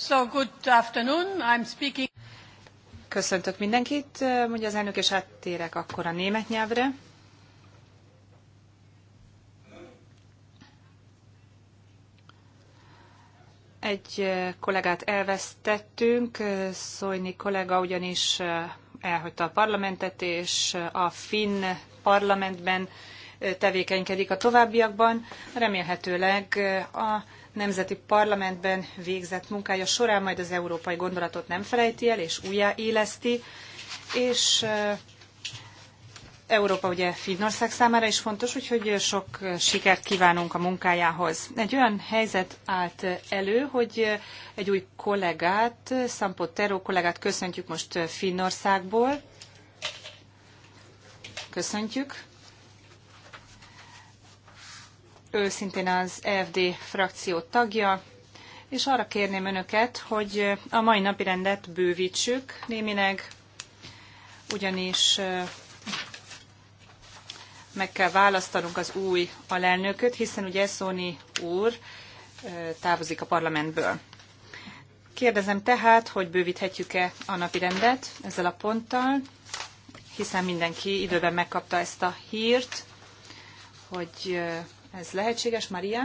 So, good afternoon. I'm speaking. Köszöntök mindenkit, eh, mondja az elnök, és áttérek akkor a német nyelvre. Egy eh, kollégát elvesztettünk, eh, Szojni kollega ugyanis elhagyta a parlamentet, és a finn parlamentben tevékenykedik a továbbiakban. Remélhetőleg a nemzeti parlamentben végzett munkája során majd az európai gondolatot nem felejti el, és újjáéleszti, és Európa ugye Finnország számára is fontos, úgyhogy sok sikert kívánunk a munkájához. Egy olyan helyzet állt elő, hogy egy új kollégát, Szampó Teró kollégát köszöntjük most Finnországból. Köszöntjük ő szintén az EFD frakció tagja, és arra kérném önöket, hogy a mai napi rendet bővítsük némileg, ugyanis meg kell választanunk az új alelnököt, hiszen ugye Szóni úr távozik a parlamentből. Kérdezem tehát, hogy bővíthetjük-e a napi rendet ezzel a ponttal, hiszen mindenki időben megkapta ezt a hírt, hogy ez lehetséges, Maria?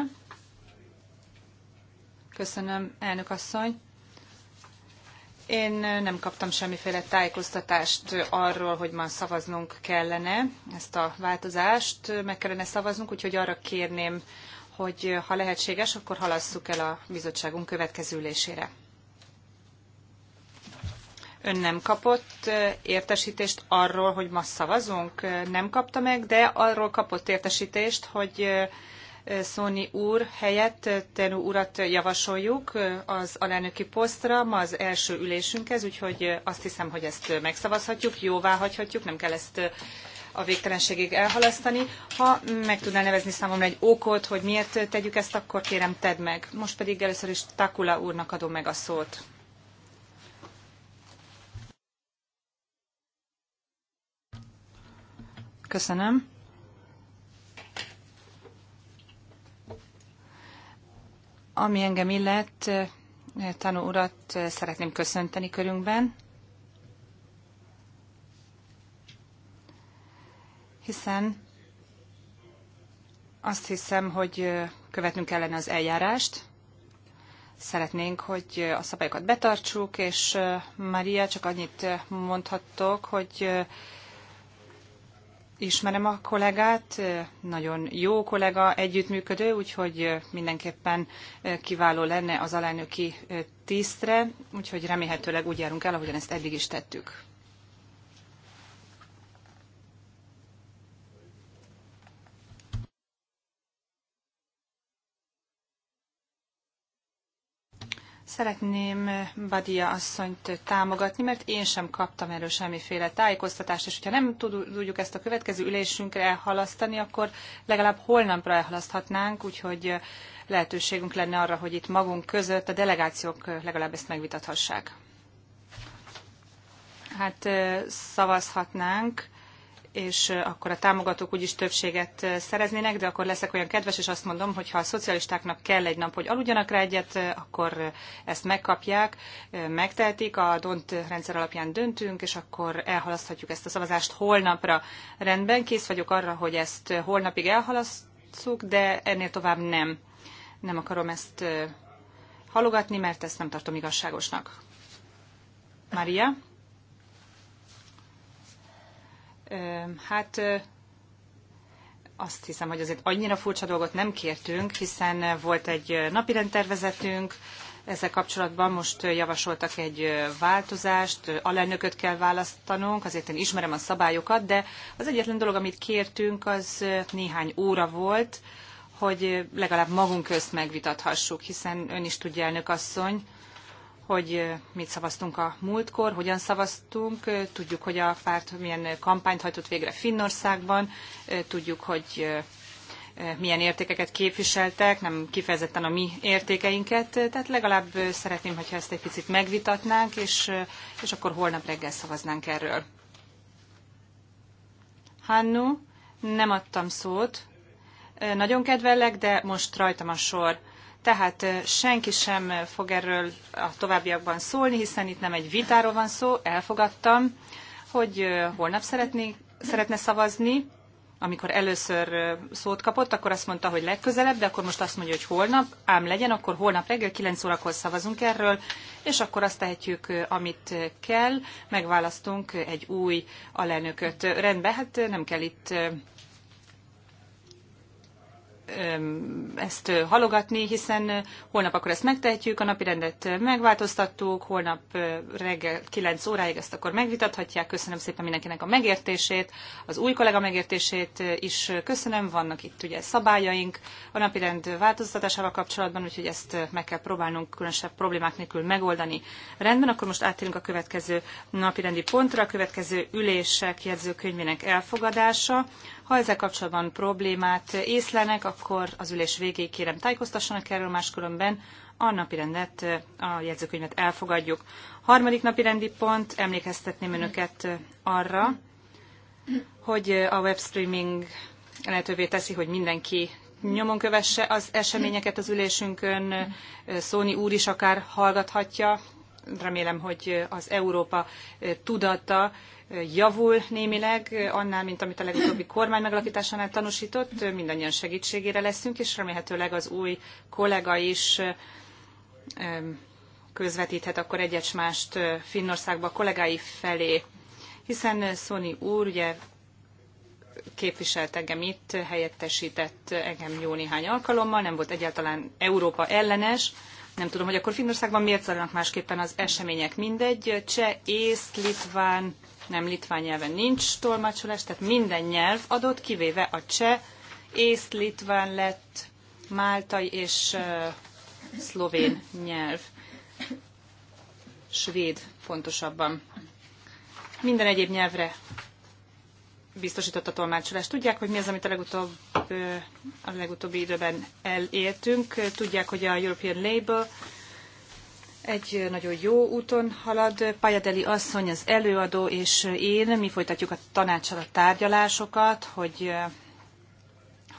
Köszönöm, elnök asszony. Én nem kaptam semmiféle tájékoztatást arról, hogy ma szavaznunk kellene ezt a változást, meg kellene szavaznunk, úgyhogy arra kérném, hogy ha lehetséges, akkor halasszuk el a bizottságunk következő ülésére. Ön nem kapott értesítést arról, hogy ma szavazunk? Nem kapta meg, de arról kapott értesítést, hogy Szóni úr helyett Tenú urat javasoljuk az alelnöki posztra, ma az első ülésünk ez, úgyhogy azt hiszem, hogy ezt megszavazhatjuk, jóvá hagyhatjuk, nem kell ezt a végtelenségig elhalasztani. Ha meg tudná nevezni számomra egy okot, hogy miért tegyük ezt, akkor kérem tedd meg. Most pedig először is Takula úrnak adom meg a szót. Köszönöm. Ami engem illet, tanú urat szeretném köszönteni körünkben, hiszen azt hiszem, hogy követnünk kellene az eljárást. Szeretnénk, hogy a szabályokat betartsuk, és eh, Maria, csak annyit mondhattok, hogy eh, Ismerem a kollégát, nagyon jó kollega, együttműködő, úgyhogy mindenképpen kiváló lenne az alelnöki tisztre, úgyhogy remélhetőleg úgy járunk el, ahogyan ezt eddig is tettük. Szeretném eh, Badia asszonyt támogatni, mert én sem kaptam erről semmiféle tájékoztatást, és hogyha nem tudjuk ezt a következő ülésünkre elhalasztani, akkor legalább holnapra elhalaszthatnánk, úgyhogy eh, lehetőségünk lenne arra, hogy itt magunk között a delegációk eh, legalább ezt megvitathassák. Hát szavazhatnánk és akkor a támogatók úgyis többséget szereznének, de akkor leszek olyan kedves, és azt mondom, hogy ha a szocialistáknak kell egy nap, hogy aludjanak rá egyet, akkor ezt megkapják, megtehetik, a DONT rendszer alapján döntünk, és akkor elhalaszthatjuk ezt a szavazást holnapra. Rendben, kész vagyok arra, hogy ezt holnapig elhalasszuk, de ennél tovább nem. Nem akarom ezt halogatni, mert ezt nem tartom igazságosnak. Maria? Hát azt hiszem, hogy azért annyira furcsa dolgot nem kértünk, hiszen volt egy napirendtervezetünk, ezzel kapcsolatban most javasoltak egy változást, alelnököt kell választanunk, azért én ismerem a szabályokat, de az egyetlen dolog, amit kértünk, az néhány óra volt, hogy legalább magunk közt megvitathassuk, hiszen ön is tudja, elnök asszony, hogy mit szavaztunk a múltkor, hogyan szavaztunk, tudjuk, hogy a párt milyen kampányt hajtott végre Finnországban, tudjuk, hogy milyen értékeket képviseltek, nem kifejezetten a mi értékeinket, tehát legalább szeretném, hogyha ezt egy picit megvitatnánk, és, és akkor holnap reggel szavaznánk erről. Hannu, nem adtam szót. Nagyon kedvellek, de most rajtam a sor. Tehát senki sem fog erről a továbbiakban szólni, hiszen itt nem egy vitáról van szó, elfogadtam, hogy holnap szeretné, szeretne szavazni, amikor először szót kapott, akkor azt mondta, hogy legközelebb, de akkor most azt mondja, hogy holnap, ám legyen, akkor holnap reggel 9 órakor szavazunk erről, és akkor azt tehetjük, amit kell, megválasztunk egy új alelnököt. Rendben, hát nem kell itt ezt halogatni, hiszen holnap akkor ezt megtehetjük, a rendet megváltoztattuk, holnap reggel 9 óráig ezt akkor megvitathatják. Köszönöm szépen mindenkinek a megértését, az új kollega megértését is köszönöm, vannak itt ugye szabályaink a rend változtatásával kapcsolatban, úgyhogy ezt meg kell próbálnunk különösebb problémák nélkül megoldani. Rendben, akkor most áttérünk a következő rendi pontra, a következő ülések jegyzőkönyvének elfogadása. Ha ezzel kapcsolatban problémát észlenek, akkor az ülés végéig kérem tájékoztassanak erről, máskülönben a napirendet, a jegyzőkönyvet elfogadjuk. Harmadik napirendi pont, emlékeztetném önöket arra, hogy a webstreaming lehetővé teszi, hogy mindenki nyomon kövesse az eseményeket az ülésünkön. Szóni úr is akár hallgathatja remélem, hogy az Európa tudata javul némileg, annál, mint amit a legutóbbi kormány megalakításánál tanúsított, mindannyian segítségére leszünk, és remélhetőleg az új kollega is közvetíthet akkor egyet mást Finnországba a kollégái felé, hiszen Szoni úr ugye képviselt engem itt, helyettesített engem jó néhány alkalommal, nem volt egyáltalán Európa ellenes, nem tudom, hogy akkor Finnországban miért zajlanak másképpen az események. Mindegy, cseh, ész, litván, nem litván nyelven nincs tolmácsolás, tehát minden nyelv adott, kivéve a cseh, ész, litván lett, máltai és uh, szlovén nyelv. Svéd pontosabban. Minden egyéb nyelvre biztosított a tolmácsolást. Tudják, hogy mi az, amit a, legutóbb, a legutóbbi időben elértünk. Tudják, hogy a European Label egy nagyon jó úton halad. Pajadeli asszony, az előadó és én, mi folytatjuk a tanácsal a tárgyalásokat, hogy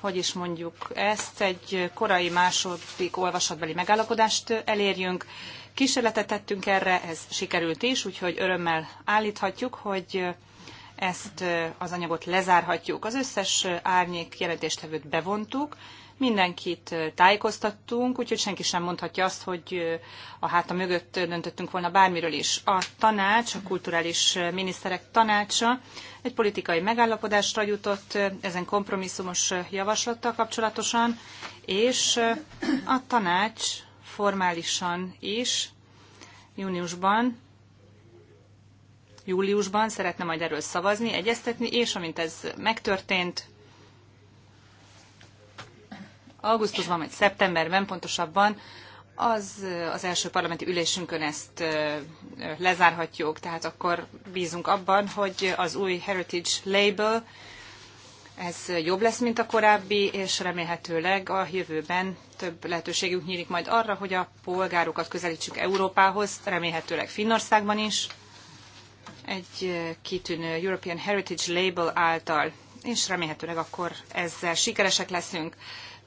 hogy is mondjuk ezt, egy korai második olvasatbeli megállapodást elérjünk. Kísérletet tettünk erre, ez sikerült is, úgyhogy örömmel állíthatjuk, hogy ezt az anyagot lezárhatjuk. Az összes árnyék jelentéstevőt bevontuk, mindenkit tájékoztattunk, úgyhogy senki sem mondhatja azt, hogy a háta mögött döntöttünk volna bármiről is. A tanács, a kulturális miniszterek tanácsa egy politikai megállapodásra jutott ezen kompromisszumos javaslattal kapcsolatosan, és a tanács formálisan is júniusban júliusban, szeretne majd erről szavazni, egyeztetni, és amint ez megtörtént, augusztusban vagy szeptemberben pontosabban, az, az első parlamenti ülésünkön ezt lezárhatjuk, tehát akkor bízunk abban, hogy az új Heritage Label, ez jobb lesz, mint a korábbi, és remélhetőleg a jövőben több lehetőségünk nyílik majd arra, hogy a polgárokat közelítsük Európához, remélhetőleg Finnországban is egy kitűnő European Heritage Label által, és remélhetőleg akkor ezzel sikeresek leszünk.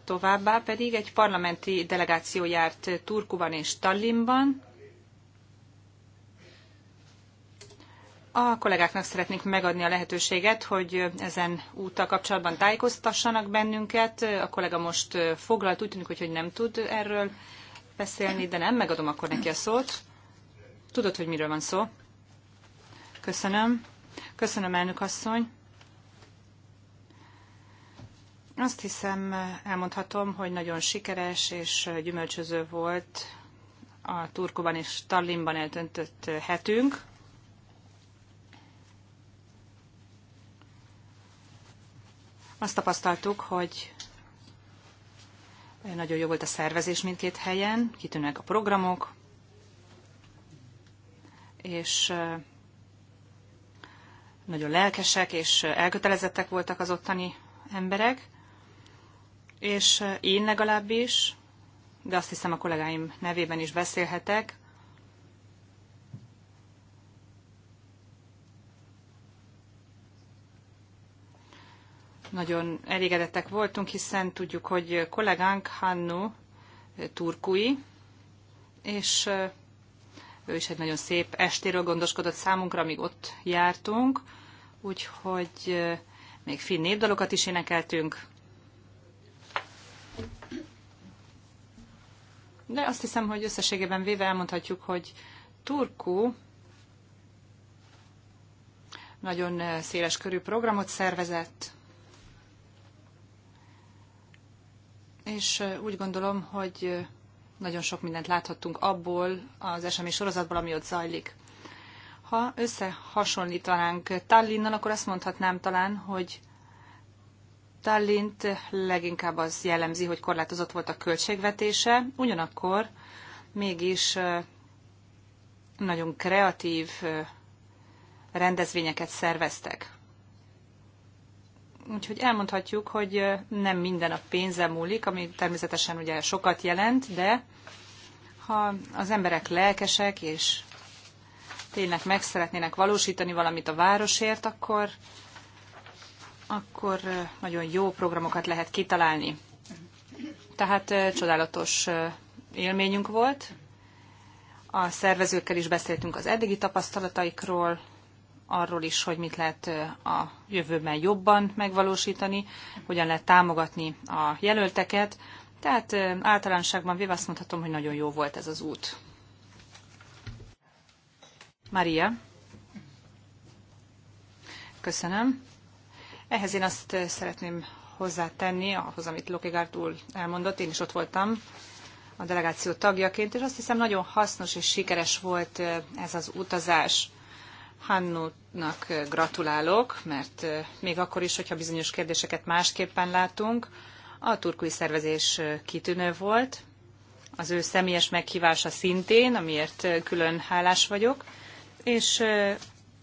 Továbbá pedig egy parlamenti delegáció járt Turkuban és Tallinnban. A kollégáknak szeretnénk megadni a lehetőséget, hogy ezen úttal kapcsolatban tájékoztassanak bennünket. A kollega most foglalt, úgy tűnik, hogy nem tud erről beszélni, de nem, megadom akkor neki a szót. Tudod, hogy miről van szó? Köszönöm. Köszönöm, elnök asszony. Azt hiszem, elmondhatom, hogy nagyon sikeres és gyümölcsöző volt a Turkuban és Tallinnban eltöntött hetünk. Azt tapasztaltuk, hogy nagyon jó volt a szervezés mindkét helyen, kitűnnek a programok, és nagyon lelkesek és elkötelezettek voltak az ottani emberek, és eh, én legalábbis, de azt hiszem a kollégáim nevében is beszélhetek, nagyon elégedettek voltunk, hiszen tudjuk, hogy kollégánk Hannu eh, turkui, és eh, ő is egy nagyon szép estéről gondoskodott számunkra, amíg ott jártunk úgyhogy még finn népdalokat is énekeltünk. De azt hiszem, hogy összességében véve elmondhatjuk, hogy Turku nagyon széles körű programot szervezett, és úgy gondolom, hogy nagyon sok mindent láthattunk abból az esemény sorozatból, ami ott zajlik. Ha összehasonlítanánk Tallinnal, akkor azt mondhatnám talán, hogy Tallint leginkább az jellemzi, hogy korlátozott volt a költségvetése, ugyanakkor mégis nagyon kreatív rendezvényeket szerveztek. Úgyhogy elmondhatjuk, hogy nem minden a pénze múlik, ami természetesen ugye sokat jelent, de ha az emberek lelkesek és tényleg meg szeretnének valósítani valamit a városért, akkor, akkor nagyon jó programokat lehet kitalálni. Tehát csodálatos élményünk volt. A szervezőkkel is beszéltünk az eddigi tapasztalataikról, arról is, hogy mit lehet a jövőben jobban megvalósítani, hogyan lehet támogatni a jelölteket. Tehát általánosságban véve azt mondhatom, hogy nagyon jó volt ez az út. Maria. Köszönöm. Ehhez én azt eh, szeretném hozzátenni, ahhoz, amit Lokegárt úr elmondott, én is ott voltam a delegáció tagjaként, és azt hiszem nagyon hasznos és sikeres volt eh, ez az utazás. Hannu-nak eh, gratulálok, mert még akkor is, hogyha bizonyos kérdéseket másképpen látunk, a turkói szervezés kitűnő volt, az ő személyes meghívása szintén, amiért külön hálás vagyok, és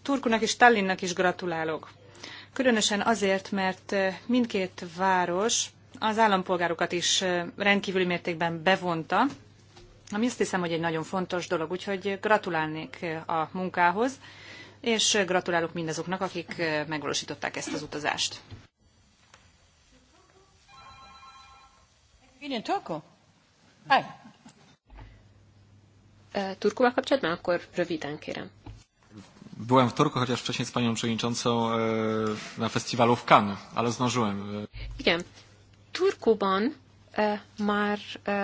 Turkunak és Tallinnnak is gratulálok. Különösen azért, mert mindkét város az állampolgárokat is rendkívüli mértékben bevonta, ami azt hiszem, hogy egy nagyon fontos dolog, úgyhogy gratulálnék a munkához, és gratulálok mindazoknak, akik megvalósították ezt az utazást. Én Turku? Turkuval kapcsolatban? Akkor röviden kérem. Byłem w Turku, chociaż wcześniej z panią przewodniczącą e, na festiwalu w Cannes, ale zdążyłem. E. Igen. Turkuban e, már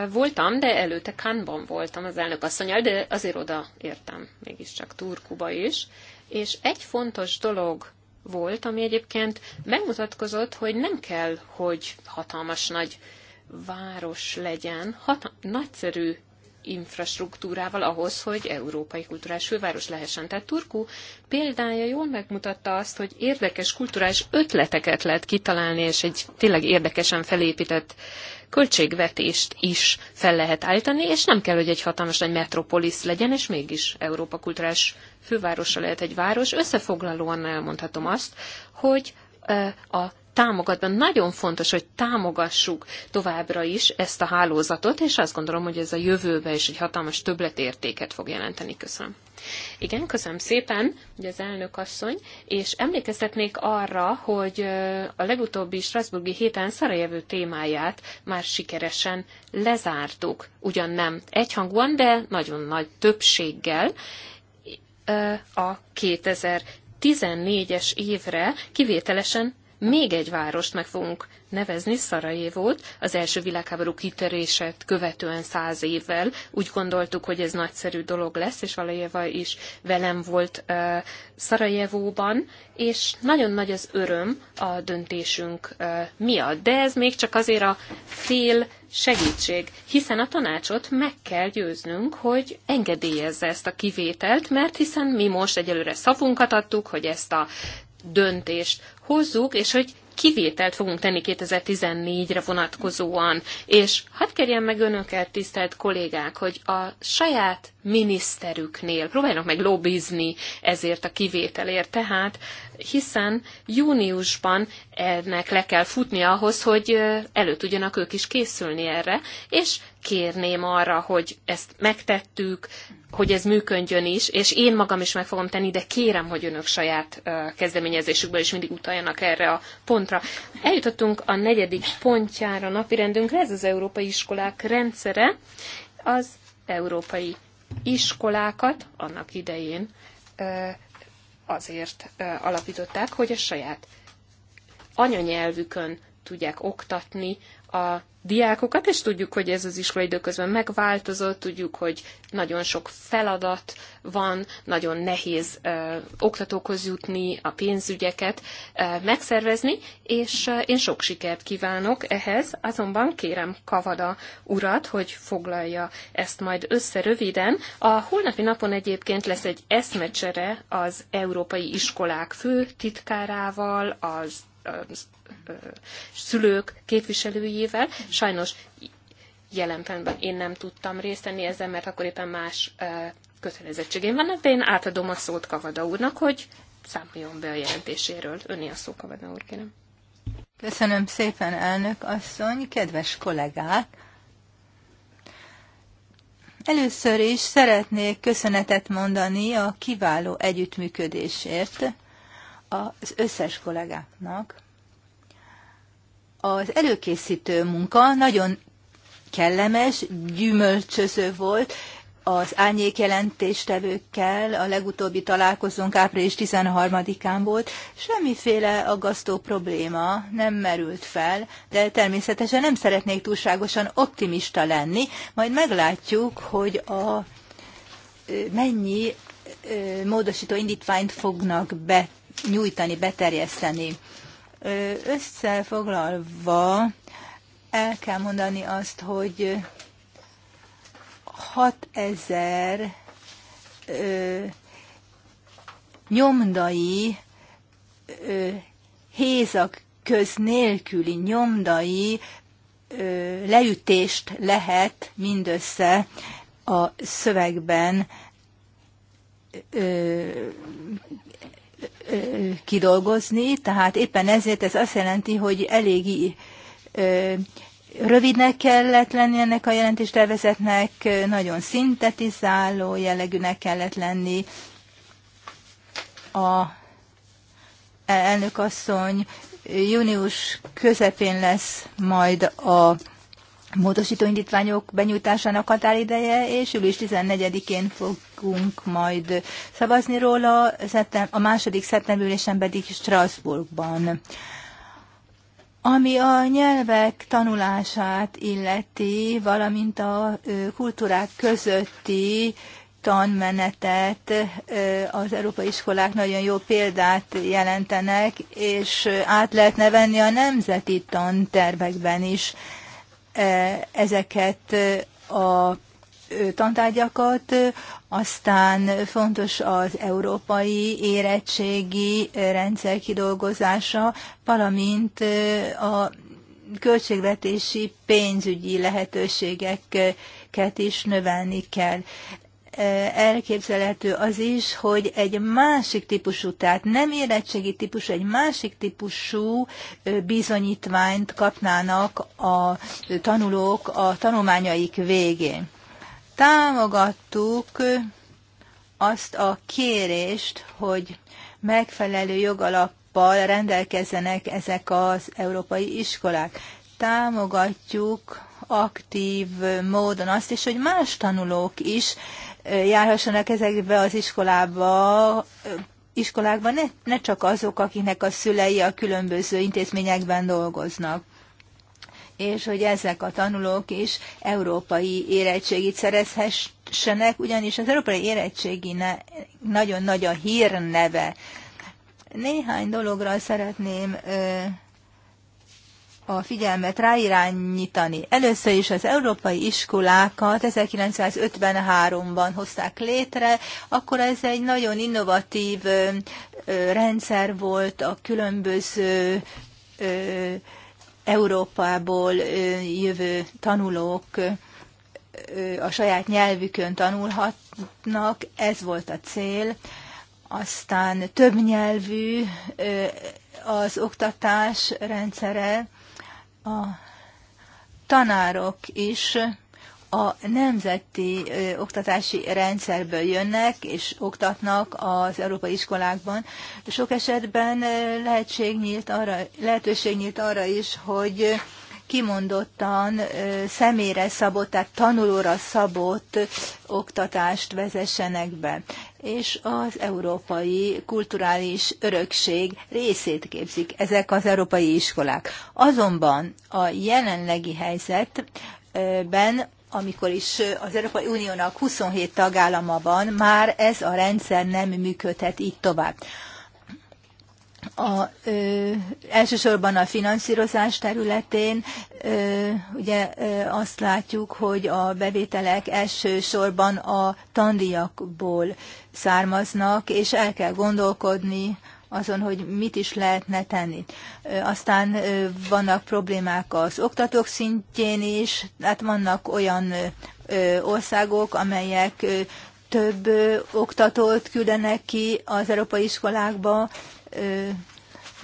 voltam, de előtte Cannesban voltam az elnök asszonyal, de azért oda értem mégiscsak Turkuba is. És egy fontos dolog volt, ami egyébként megmutatkozott, hogy nem kell, hogy hatalmas nagy város legyen, hat- nagyszerű infrastruktúrával ahhoz, hogy európai kulturális főváros lehessen. Tehát Turku példája jól megmutatta azt, hogy érdekes kulturális ötleteket lehet kitalálni, és egy tényleg érdekesen felépített költségvetést is fel lehet állítani, és nem kell, hogy egy hatalmas nagy metropolis legyen, és mégis Európa kulturális fővárosa lehet egy város. Összefoglalóan elmondhatom azt, hogy a támogatva. Nagyon fontos, hogy támogassuk továbbra is ezt a hálózatot, és azt gondolom, hogy ez a jövőbe is egy hatalmas többletértéket fog jelenteni. Köszönöm. Igen, köszönöm szépen, hogy az elnök asszony, és emlékeztetnék arra, hogy a legutóbbi Strasburgi héten Szarajevő témáját már sikeresen lezártuk. Ugyan nem egyhangúan, de nagyon nagy többséggel a 2014-es évre kivételesen még egy várost meg fogunk nevezni, Szarajévót, az első világháború kitörését követően száz évvel. Úgy gondoltuk, hogy ez nagyszerű dolog lesz, és valójában is velem volt uh, Szarajevóban, és nagyon nagy az öröm a döntésünk uh, miatt. De ez még csak azért a fél segítség, hiszen a tanácsot meg kell győznünk, hogy engedélyezze ezt a kivételt, mert hiszen mi most egyelőre szavunkat adtuk, hogy ezt a döntést hozzuk, és hogy kivételt fogunk tenni 2014-re vonatkozóan. És hadd kérjem meg önöket, tisztelt kollégák, hogy a saját miniszterüknél próbáljanak meg lobbizni ezért a kivételért. Tehát hiszen júniusban ennek le kell futni ahhoz, hogy elő tudjanak ők is készülni erre, és kérném arra, hogy ezt megtettük, hogy ez működjön is, és én magam is meg fogom tenni, de kérem, hogy önök saját kezdeményezésükből is mindig utaljanak erre a pontra. Eljutottunk a negyedik pontjára napirendünkre, ez az európai iskolák rendszere, az európai iskolákat annak idején azért alapították, hogy a saját anyanyelvükön tudják oktatni a diákokat, és tudjuk, hogy ez az iskola időközben megváltozott, tudjuk, hogy nagyon sok feladat van, nagyon nehéz ö, oktatókhoz jutni, a pénzügyeket ö, megszervezni, és ö, én sok sikert kívánok ehhez, azonban kérem Kavada urat, hogy foglalja ezt majd össze röviden. A holnapi napon egyébként lesz egy eszmecsere az európai iskolák fő titkárával, az szülők képviselőjével. Sajnos jelen pillanatban én nem tudtam részt venni ezzel, mert akkor éppen más kötelezettségén van, de én átadom a szót Kavada úrnak, hogy számoljon be a jelentéséről. Önni a szó, Kavada úr, kérem. Köszönöm szépen, elnök asszony, kedves kollégák! Először is szeretnék köszönetet mondani a kiváló együttműködésért, az összes kollégáknak. Az előkészítő munka nagyon kellemes, gyümölcsöző volt, az árnyék jelentéstevőkkel a legutóbbi találkozónk április 13-án volt, semmiféle aggasztó probléma nem merült fel, de természetesen nem szeretnék túlságosan optimista lenni, majd meglátjuk, hogy a mennyi módosító indítványt fognak be nyújtani, beterjeszteni. Összefoglalva el kell mondani azt, hogy 6000 nyomdai ö, hézak köz nélküli nyomdai ö, leütést lehet mindössze a szövegben ö, kidolgozni, tehát éppen ezért ez azt jelenti, hogy eléggé rövidnek kellett lenni ennek a jelentéstervezetnek, nagyon szintetizáló jellegűnek kellett lenni. A elnök asszony június közepén lesz majd a módosító indítványok benyújtásának határideje, és július 14-én fogunk majd szavazni róla, a második szeptemberülésen pedig Strasbourgban. Ami a nyelvek tanulását illeti, valamint a kultúrák közötti tanmenetet az európai iskolák nagyon jó példát jelentenek, és át lehetne venni a nemzeti tantervekben is E, ezeket e, a e, tantárgyakat, aztán fontos az európai érettségi rendszer kidolgozása, valamint a költségvetési pénzügyi lehetőségeket is növelni kell elképzelhető az is, hogy egy másik típusú, tehát nem érettségi típusú, egy másik típusú bizonyítványt kapnának a tanulók a tanulmányaik végén. Támogattuk azt a kérést, hogy megfelelő jogalappal rendelkezzenek ezek az európai iskolák. Támogatjuk aktív módon azt is, hogy más tanulók is járhassanak ezekbe az iskolába, iskolákban ne, ne csak azok, akiknek a szülei a különböző intézményekben dolgoznak és hogy ezek a tanulók is európai érettségit szerezhessenek, ugyanis az európai érettséginek nagyon nagy a hírneve. Néhány dologra szeretném a figyelmet ráirányítani. Először is az európai iskolákat 1953-ban hozták létre, akkor ez egy nagyon innovatív rendszer volt a különböző Európából jövő tanulók a saját nyelvükön tanulhatnak, ez volt a cél. Aztán több nyelvű az oktatás rendszere, a tanárok is a nemzeti ö, oktatási rendszerből jönnek és oktatnak az európai iskolákban. Sok esetben lehetség nyílt arra, lehetőség nyílt arra is, hogy kimondottan ö, személyre szabott, tehát tanulóra szabott oktatást vezessenek be és az európai kulturális örökség részét képzik ezek az európai iskolák. Azonban a jelenlegi helyzetben amikor is az Európai Uniónak 27 tagállama van, már ez a rendszer nem működhet így tovább a, ö, elsősorban a finanszírozás területén ö, ugye ö, azt látjuk, hogy a bevételek elsősorban a tandíjakból származnak, és el kell gondolkodni azon, hogy mit is lehetne tenni. Aztán vannak problémák az oktatók szintjén is, tehát vannak olyan országok, amelyek több oktatót küldenek ki az európai iskolákba,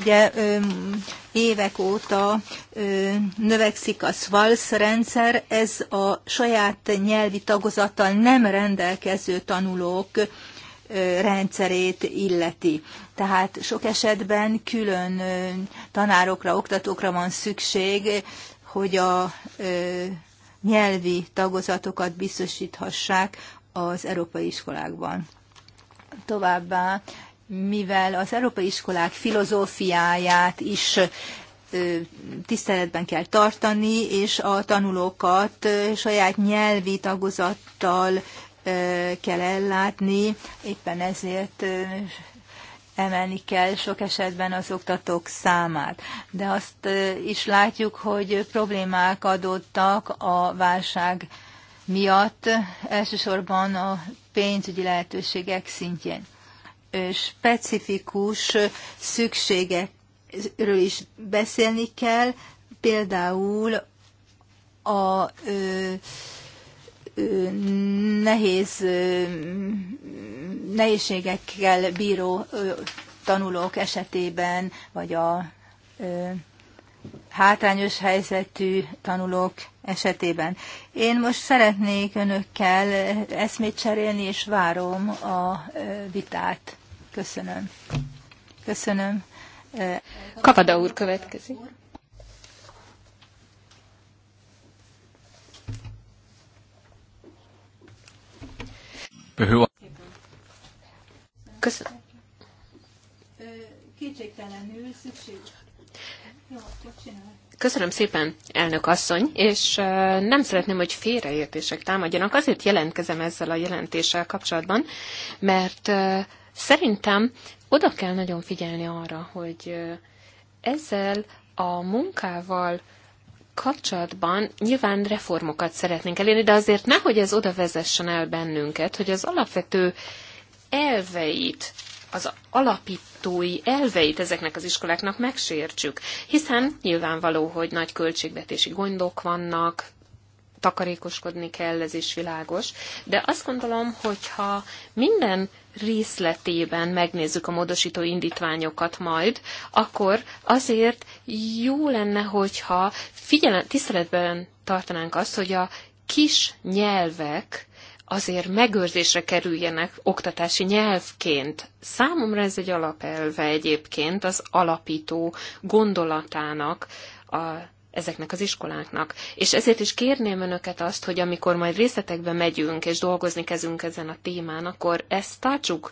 Ugye évek óta növekszik a SWALS rendszer, ez a saját nyelvi tagozattal nem rendelkező tanulók rendszerét illeti. Tehát sok esetben külön tanárokra, oktatókra van szükség, hogy a nyelvi tagozatokat biztosíthassák az európai iskolákban. Továbbá mivel az európai iskolák filozófiáját is tiszteletben kell tartani, és a tanulókat saját nyelvi tagozattal kell ellátni, éppen ezért emelni kell sok esetben az oktatók számát. De azt is látjuk, hogy problémák adottak a válság miatt, elsősorban a pénzügyi lehetőségek szintjén specifikus szükségekről is beszélni kell, például a nehéz nehézségekkel bíró tanulók esetében, vagy a hátrányos helyzetű tanulók esetében. Én most szeretnék önökkel eszmét cserélni, és várom a vitát. Köszönöm. Köszönöm. E, Kavada úr következik. Köszönöm. Köszönöm szépen, elnök asszony, és nem szeretném, hogy félreértések támadjanak. Azért jelentkezem ezzel a jelentéssel kapcsolatban, mert Szerintem oda kell nagyon figyelni arra, hogy ezzel a munkával kapcsolatban nyilván reformokat szeretnénk elérni, de azért nehogy ez oda vezessen el bennünket, hogy az alapvető elveit, az alapítói elveit ezeknek az iskoláknak megsértsük, hiszen nyilvánvaló, hogy nagy költségvetési gondok vannak, takarékoskodni kell, ez is világos. De azt gondolom, hogyha minden részletében megnézzük a módosító indítványokat majd, akkor azért jó lenne, hogyha figyelem, tiszteletben tartanánk azt, hogy a kis nyelvek azért megőrzésre kerüljenek oktatási nyelvként. Számomra ez egy alapelve egyébként az alapító gondolatának a ezeknek az iskoláknak. És ezért is kérném önöket azt, hogy amikor majd részletekbe megyünk és dolgozni kezünk ezen a témán, akkor ezt tartsuk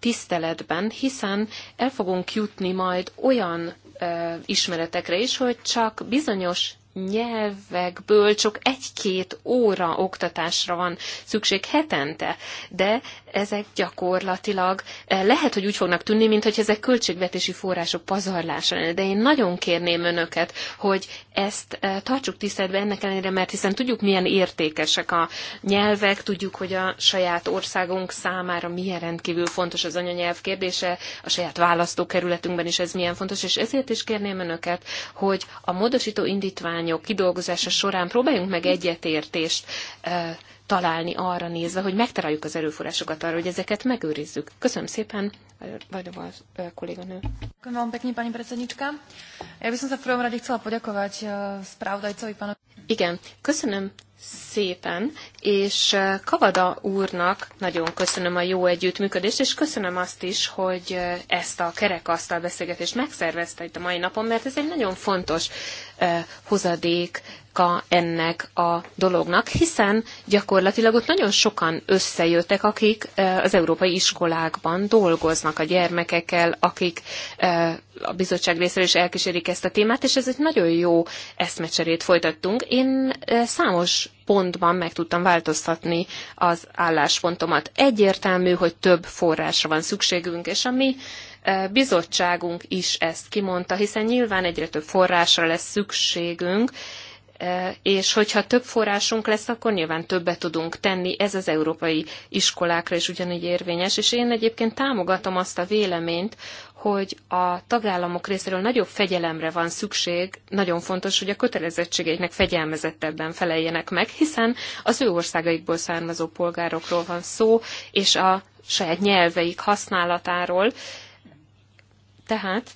tiszteletben, hiszen el fogunk jutni majd olyan ö, ismeretekre is, hogy csak bizonyos nyelvekből csak egy-két óra oktatásra van szükség hetente, de ezek gyakorlatilag eh, lehet, hogy úgy fognak tűnni, mint hogy ezek költségvetési források pazarlása lenne, de én nagyon kérném önöket, hogy ezt eh, tartsuk tiszteletben ennek ellenére, mert hiszen tudjuk, milyen értékesek a nyelvek, tudjuk, hogy a saját országunk számára milyen rendkívül fontos az anyanyelv kérdése, a saját választókerületünkben is ez milyen fontos, és ezért is kérném önöket, hogy a módosító indítvány tanulmányok kidolgozása során próbáljunk meg egyetértést találni arra nézve, hogy megtaláljuk az erőforrásokat arra, hogy ezeket megőrizzük. Köszönöm szépen, Vajdova kolléganő. Köszönöm szépen, pani predsednička. Ja viszont a sa v prvom rade chcela poďakovať spravodajcovi pánovi. Igen, köszönöm szépen, és Kavada úrnak nagyon köszönöm a jó együttműködést, és köszönöm azt is, hogy ezt a kerekasztal beszélgetést megszervezte itt a mai napon, mert ez egy nagyon fontos hozadék oka ennek a dolognak, hiszen gyakorlatilag ott nagyon sokan összejöttek, akik e, az európai iskolákban dolgoznak a gyermekekkel, akik e, a bizottság részéről is elkísérik ezt a témát, és ez egy nagyon jó eszmecserét folytattunk. Én e, számos pontban meg tudtam változtatni az álláspontomat. Egyértelmű, hogy több forrásra van szükségünk, és a mi bizottságunk is ezt kimondta, hiszen nyilván egyre több forrásra lesz szükségünk, Eh, és hogyha több forrásunk lesz, akkor nyilván többet tudunk tenni, ez az európai iskolákra is ugyanígy érvényes, és én egyébként támogatom azt a véleményt, hogy a tagállamok részéről nagyobb fegyelemre van szükség, nagyon fontos, hogy a kötelezettségeiknek fegyelmezettebben feleljenek meg, hiszen az ő országaikból származó polgárokról van szó, és a saját nyelveik használatáról, tehát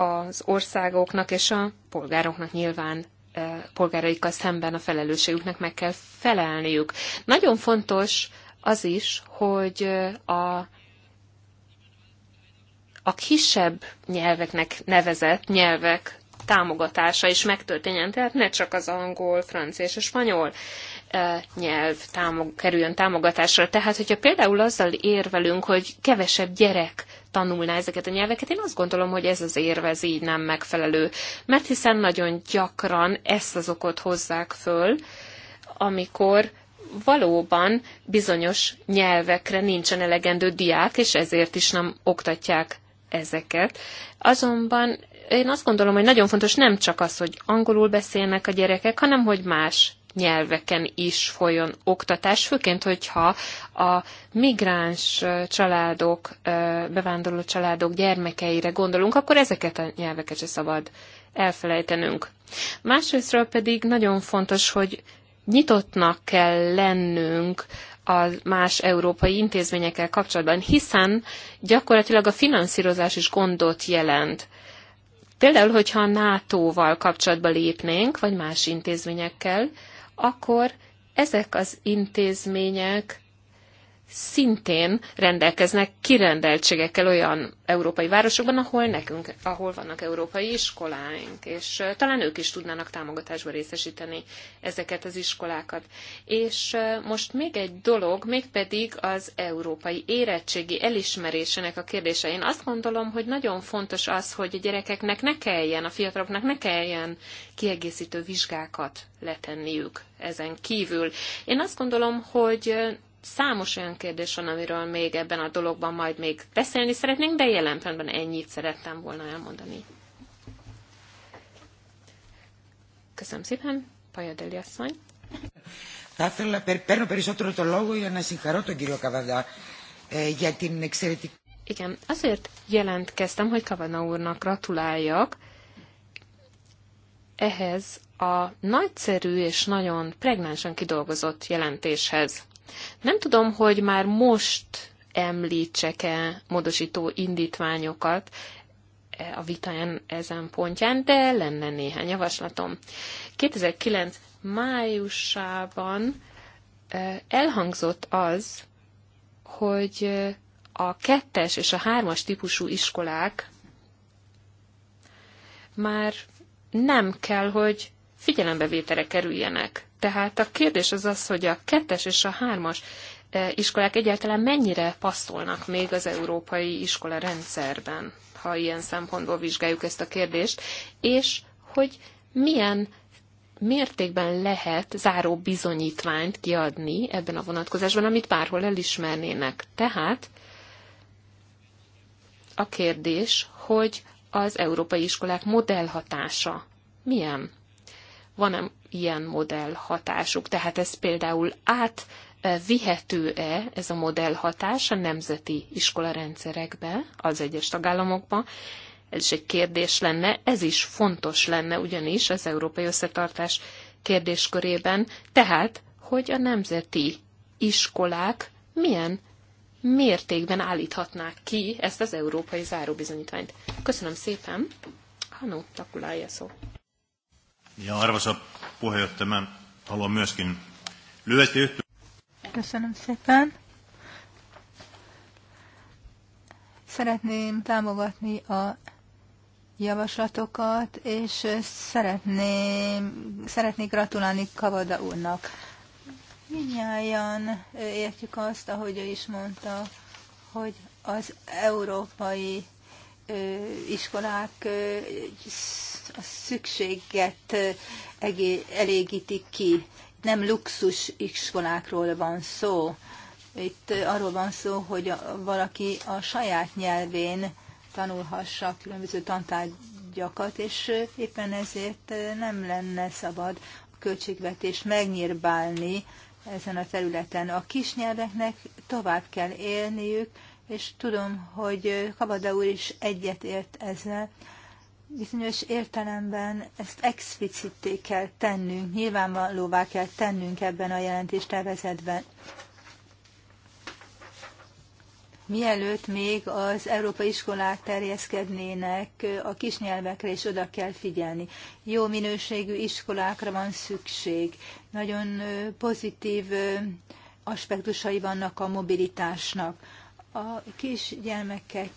az országoknak és a polgároknak nyilván polgáraikkal szemben a felelősségüknek meg kell felelniük. Nagyon fontos az is, hogy a a kisebb nyelveknek nevezett nyelvek támogatása is megtörténjen, tehát ne csak az angol, francia és a spanyol E, nyelv támog, kerüljön támogatásra. Tehát, hogyha például azzal érvelünk, hogy kevesebb gyerek tanulná ezeket a nyelveket, én azt gondolom, hogy ez az érvez így nem megfelelő. Mert hiszen nagyon gyakran ezt az okot hozzák föl, amikor valóban bizonyos nyelvekre nincsen elegendő diák, és ezért is nem oktatják ezeket. Azonban én azt gondolom, hogy nagyon fontos nem csak az, hogy angolul beszélnek a gyerekek, hanem hogy más nyelveken is folyjon oktatás, főként, hogyha a migráns családok, bevándorló családok gyermekeire gondolunk, akkor ezeket a nyelveket se szabad elfelejtenünk. Másrésztről pedig nagyon fontos, hogy nyitottnak kell lennünk a más európai intézményekkel kapcsolatban, hiszen gyakorlatilag a finanszírozás is gondot jelent. Például, hogyha a NATO-val kapcsolatba lépnénk, vagy más intézményekkel, akkor ezek az intézmények szintén rendelkeznek kirendeltségekkel olyan európai városokban, ahol nekünk, ahol vannak európai iskoláink, és talán ők is tudnának támogatásba részesíteni ezeket az iskolákat. És most még egy dolog, mégpedig az európai érettségi elismerésének a kérdése. Én azt gondolom, hogy nagyon fontos az, hogy a gyerekeknek ne kelljen, a fiataloknak ne kelljen kiegészítő vizsgákat letenniük ezen kívül. Én azt gondolom, hogy számos olyan kérdés van, amiről még ebben a dologban majd még beszélni szeretnénk, de jelen pillanatban ennyit szerettem volna elmondani. Köszönöm szépen, Pajadeli asszony. Θα ήθελα, παίρνω περισσότερο το λόγο για να συγχαρώ τον κύριο Καβαδά για την εξαιρετική... Igen, azért jelentkeztem, hogy Kavana úrnak gratuláljak ehhez a nagyszerű és nagyon pregnánsan kidolgozott jelentéshez. Nem tudom, hogy már most említsek-e módosító indítványokat e, a vitán ezen pontján, de lenne néhány javaslatom. 2009 májusában e, elhangzott az, hogy e, a kettes és a hármas típusú iskolák már nem kell, hogy figyelembevételre kerüljenek. Tehát a kérdés az az, hogy a kettes és a hármas eh, iskolák egyáltalán mennyire passzolnak még az európai iskola rendszerben, ha ilyen szempontból vizsgáljuk ezt a kérdést, és hogy milyen mértékben lehet záró bizonyítványt kiadni ebben a vonatkozásban, amit bárhol elismernének. Tehát a kérdés, hogy az európai iskolák modellhatása milyen? van-e ilyen modell hatásuk? Tehát ez például át vihető-e ez a modell hatás a nemzeti iskolarendszerekbe, az egyes tagállamokba, ez is egy kérdés lenne, ez is fontos lenne ugyanis az európai összetartás kérdéskörében, tehát, hogy a nemzeti iskolák milyen mértékben állíthatnák ki ezt az európai záróbizonyítványt. Köszönöm szépen! Hanó, takulálja szó. Ja arvoisa puheenjohtaja, mä haluan myöskin lyhyesti yhtyä. Köszönöm szépen. Szeretném támogatni a javaslatokat, és szeretném, szeretnék gratulálni Kavada úrnak. Minnyáján értjük azt, ahogy ő is mondta, hogy az európai iskolák a szükséget elégítik ki. Nem luxus iskolákról van szó. Itt arról van szó, hogy valaki a saját nyelvén tanulhassa különböző tantárgyakat, és éppen ezért nem lenne szabad a költségvetés megnyírbálni ezen a területen. A kisnyelveknek tovább kell élniük, és tudom, hogy Kabada úr is egyetért ezzel. Bizonyos értelemben ezt explicitté kell tennünk, nyilvánvalóvá kell tennünk ebben a jelentéstervezetben. Mielőtt még az európai iskolák terjeszkednének, a kisnyelvekre is oda kell figyelni. Jó minőségű iskolákra van szükség. Nagyon pozitív aspektusai vannak a mobilitásnak a kisgyermekeknek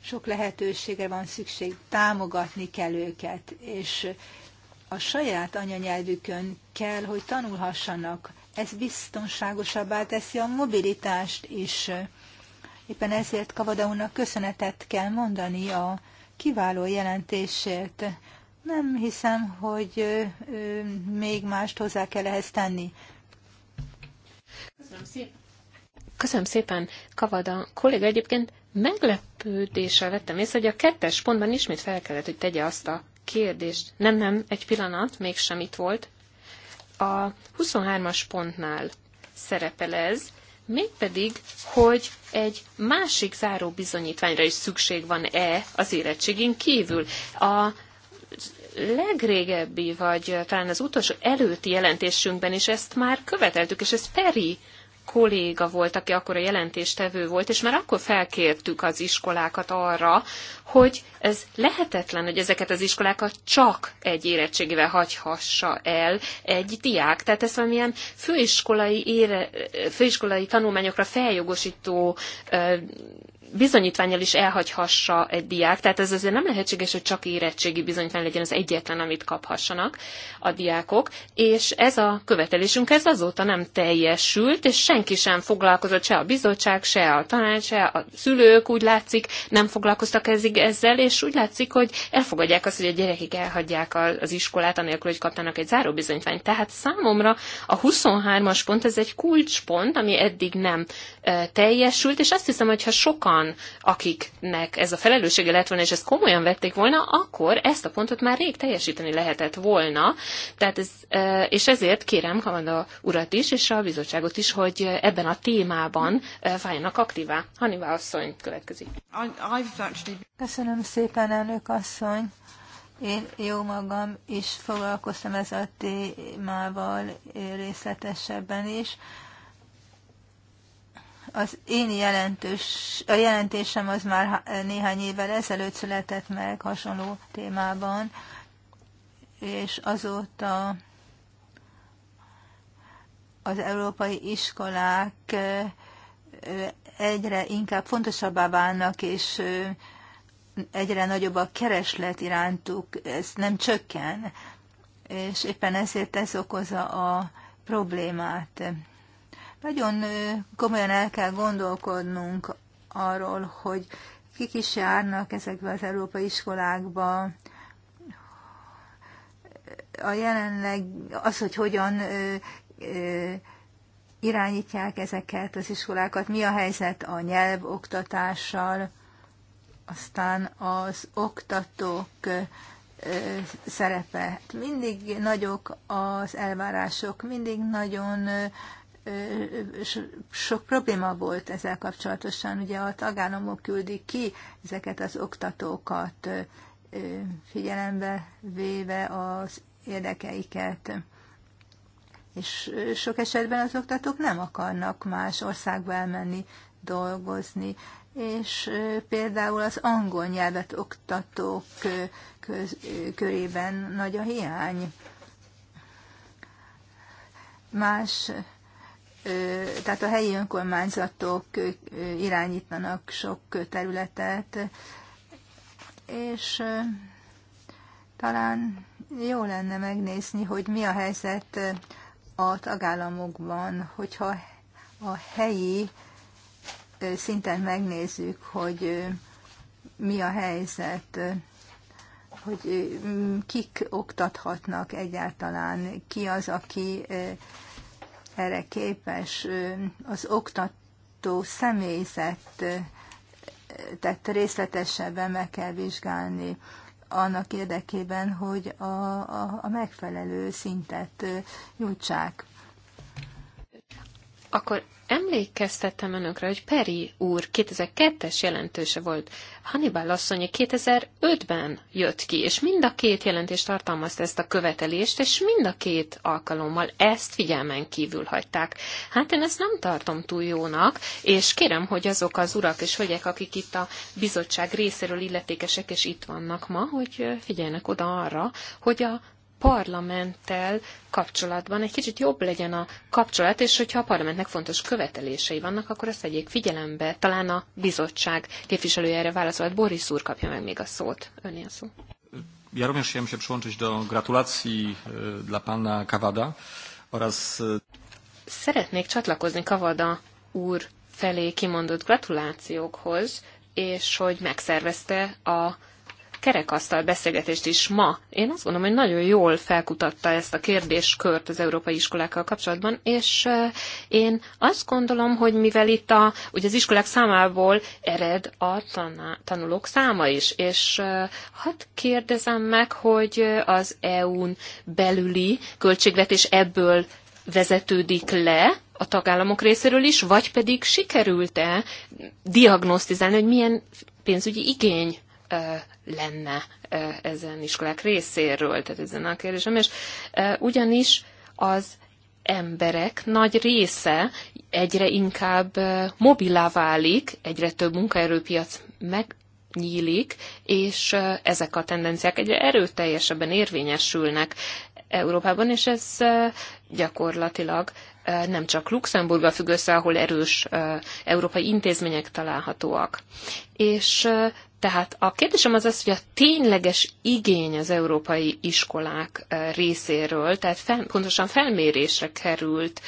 sok lehetősége van szükség, támogatni kell őket, és a saját anyanyelvükön kell, hogy tanulhassanak. Ez biztonságosabbá teszi a mobilitást is. Éppen ezért Kavadaúnak köszönetet kell mondani a kiváló jelentésért. Nem hiszem, hogy még mást hozzá kell ehhez tenni. Köszönöm szépen. Köszönöm szépen, Kavada kolléga. Egyébként meglepődéssel vettem észre, hogy a kettes pontban ismét fel kellett, hogy tegye azt a kérdést. Nem, nem, egy pillanat, mégsem itt volt. A 23-as pontnál szerepel ez, mégpedig, hogy egy másik záró bizonyítványra is szükség van-e az érettségén kívül. A legrégebbi, vagy talán az utolsó előtti jelentésünkben is ezt már követeltük, és ez Peri kolléga volt, aki akkor a jelentéstevő volt, és már akkor felkértük az iskolákat arra, hogy ez lehetetlen, hogy ezeket az iskolákat csak egy érettségével hagyhassa el egy diák. Tehát ez valamilyen főiskolai, ére, főiskolai tanulmányokra feljogosító bizonyítványjal is elhagyhassa egy diák, tehát ez azért nem lehetséges, hogy csak érettségi bizonyítvány legyen az egyetlen, amit kaphassanak a diákok, és ez a követelésünk ez azóta nem teljesült, és senki sem foglalkozott, se a bizottság, se a tanács, se a szülők, úgy látszik, nem foglalkoztak ezig ezzel, és úgy látszik, hogy elfogadják azt, hogy a gyerekek elhagyják az iskolát, anélkül, hogy kaptanak egy záró bizonyítványt. Tehát számomra a 23-as pont, ez egy kulcspont, ami eddig nem teljesült, és azt hiszem, hogy ha sokan azokban, akiknek ez a felelőssége lett volna, és ezt komolyan vették volna, akkor ezt a pontot már rég teljesíteni lehetett volna. Tehát ez, e, és ezért kérem Kamanda urat is, és a bizottságot is, hogy ebben a témában e, váljanak aktívá. Hanivá asszony következik. Köszönöm szépen, elnök asszony. Én jó magam is foglalkoztam ez a témával részletesebben is. Az én jelentős, a jelentésem az már néhány évvel ezelőtt született meg hasonló témában, és azóta az európai iskolák egyre inkább fontosabbá válnak, és egyre nagyobb a kereslet irántuk, ez nem csökken, és éppen ezért ez okozza a problémát. Nagyon komolyan el kell gondolkodnunk arról, hogy kik is járnak ezekbe az európai iskolákba, a jelenleg az, hogy hogyan ö, ö, irányítják ezeket az iskolákat, mi a helyzet a nyelvoktatással, aztán az oktatók ö, szerepe. Mindig nagyok az elvárások, mindig nagyon sok probléma volt ezzel kapcsolatosan. Ugye a tagállamok küldik ki ezeket az oktatókat, figyelembe véve az érdekeiket. És sok esetben az oktatók nem akarnak más országba elmenni dolgozni. És például az angol nyelvet oktatók köz, körében nagy a hiány. Más tehát a helyi önkormányzatok irányítanak sok területet, és talán jó lenne megnézni, hogy mi a helyzet a tagállamokban, hogyha a helyi szinten megnézzük, hogy mi a helyzet, hogy kik oktathatnak egyáltalán, ki az, aki erre képes az oktató személyzet, tehát részletesebben meg kell vizsgálni annak érdekében, hogy a, a, a megfelelő szintet nyújtsák akkor emlékeztettem önökre, hogy Peri úr 2002-es jelentőse volt, Hannibal asszonyi 2005-ben jött ki, és mind a két jelentés tartalmazta ezt a követelést, és mind a két alkalommal ezt figyelmen kívül hagyták. Hát én ezt nem tartom túl jónak, és kérem, hogy azok az urak és hölgyek, akik itt a bizottság részéről illetékesek, és itt vannak ma, hogy figyeljenek oda arra, hogy a parlamenttel kapcsolatban egy kicsit jobb legyen a kapcsolat, és hogyha a parlamentnek fontos követelései vannak, akkor azt vegyék figyelembe. Talán a bizottság képviselője erre válaszolt. Boris úr kapja meg még a szót. Önné a szó. Ja również chciałem się przyłączyć do gratulacji e, dla pana Kawada oraz... E, Szeretnék csatlakozni Kavada úr felé kimondott gratulációkhoz, és hogy megszervezte a kerekasztal beszélgetést is ma. Én azt gondolom, hogy nagyon jól felkutatta ezt a kérdéskört az európai iskolákkal kapcsolatban, és én azt gondolom, hogy mivel itt a, ugye az iskolák számából ered a tanulók száma is, és hadd kérdezem meg, hogy az EU-n belüli költségvetés ebből vezetődik le, a tagállamok részéről is, vagy pedig sikerült-e diagnosztizálni, hogy milyen pénzügyi igény lenne ezen iskolák részéről, tehát ezen a kérdésem, és ugyanis az emberek nagy része egyre inkább mobilá válik, egyre több munkaerőpiac meg, nyílik, és ezek a tendenciák egyre erőteljesebben érvényesülnek. Európában, és ez gyakorlatilag nem csak Luxemburggal függ össze, ahol erős európai intézmények találhatóak. És tehát a kérdésem az az, hogy a tényleges igény az európai iskolák részéről, tehát fel, pontosan felmérésre került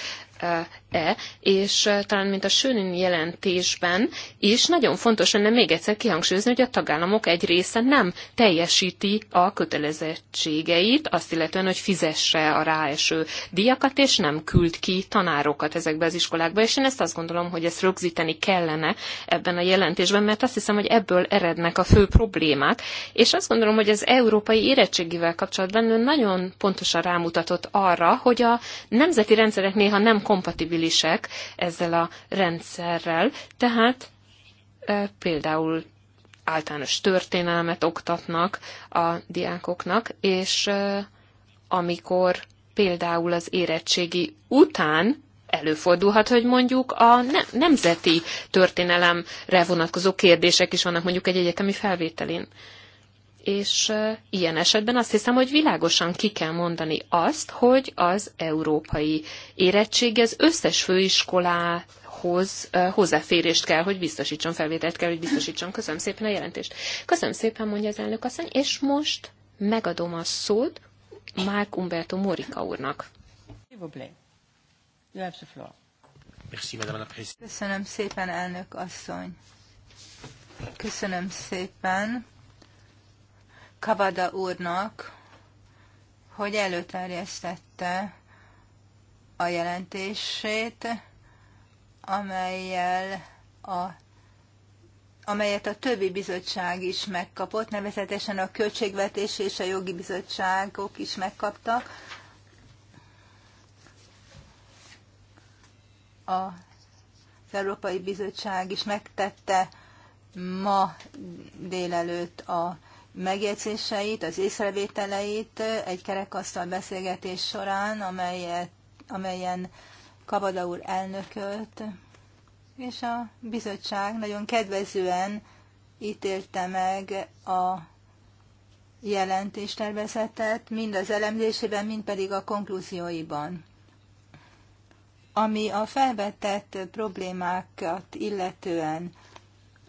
e, és e, talán mint a Sönin jelentésben is nagyon fontos lenne még egyszer kihangsúlyozni, hogy a tagállamok egy része nem teljesíti a kötelezettségeit, azt illetően, hogy fizesse a ráeső díjakat, és nem küld ki tanárokat ezekbe az iskolákba, és én ezt azt gondolom, hogy ezt rögzíteni kellene ebben a jelentésben, mert azt hiszem, hogy ebből erednek a fő problémák, és azt gondolom, hogy az európai érettségivel kapcsolatban nagyon pontosan rámutatott arra, hogy a nemzeti rendszerek néha nem kompatibilisek ezzel a rendszerrel, tehát például általános történelmet oktatnak a diákoknak, és amikor például az érettségi után előfordulhat, hogy mondjuk a ne- nemzeti történelemre vonatkozó kérdések is vannak mondjuk egy egyetemi felvételén és ilyen esetben azt hiszem, hogy világosan ki kell mondani azt, hogy az európai érettség az összes főiskolához hozzáférést kell, hogy biztosítson, felvételt kell, hogy biztosítson. Köszönöm szépen a jelentést. Köszönöm szépen, mondja az elnök asszony, és most megadom a szót Márk Umberto Morika úrnak. Köszönöm szépen, elnök asszony. Köszönöm szépen Kavada úrnak, hogy előterjesztette a jelentését, amelyel a, amelyet a többi bizottság is megkapott, nevezetesen a költségvetés és a jogi bizottságok is megkaptak. A az Európai Bizottság is megtette ma délelőtt a megjegyzéseit, az észrevételeit egy kerekasztal beszélgetés során, amelyet, amelyen Kabada úr elnökölt, és a bizottság nagyon kedvezően ítélte meg a jelentéstervezetet, mind az elemzésében, mind pedig a konklúzióiban. Ami a felvetett problémákat illetően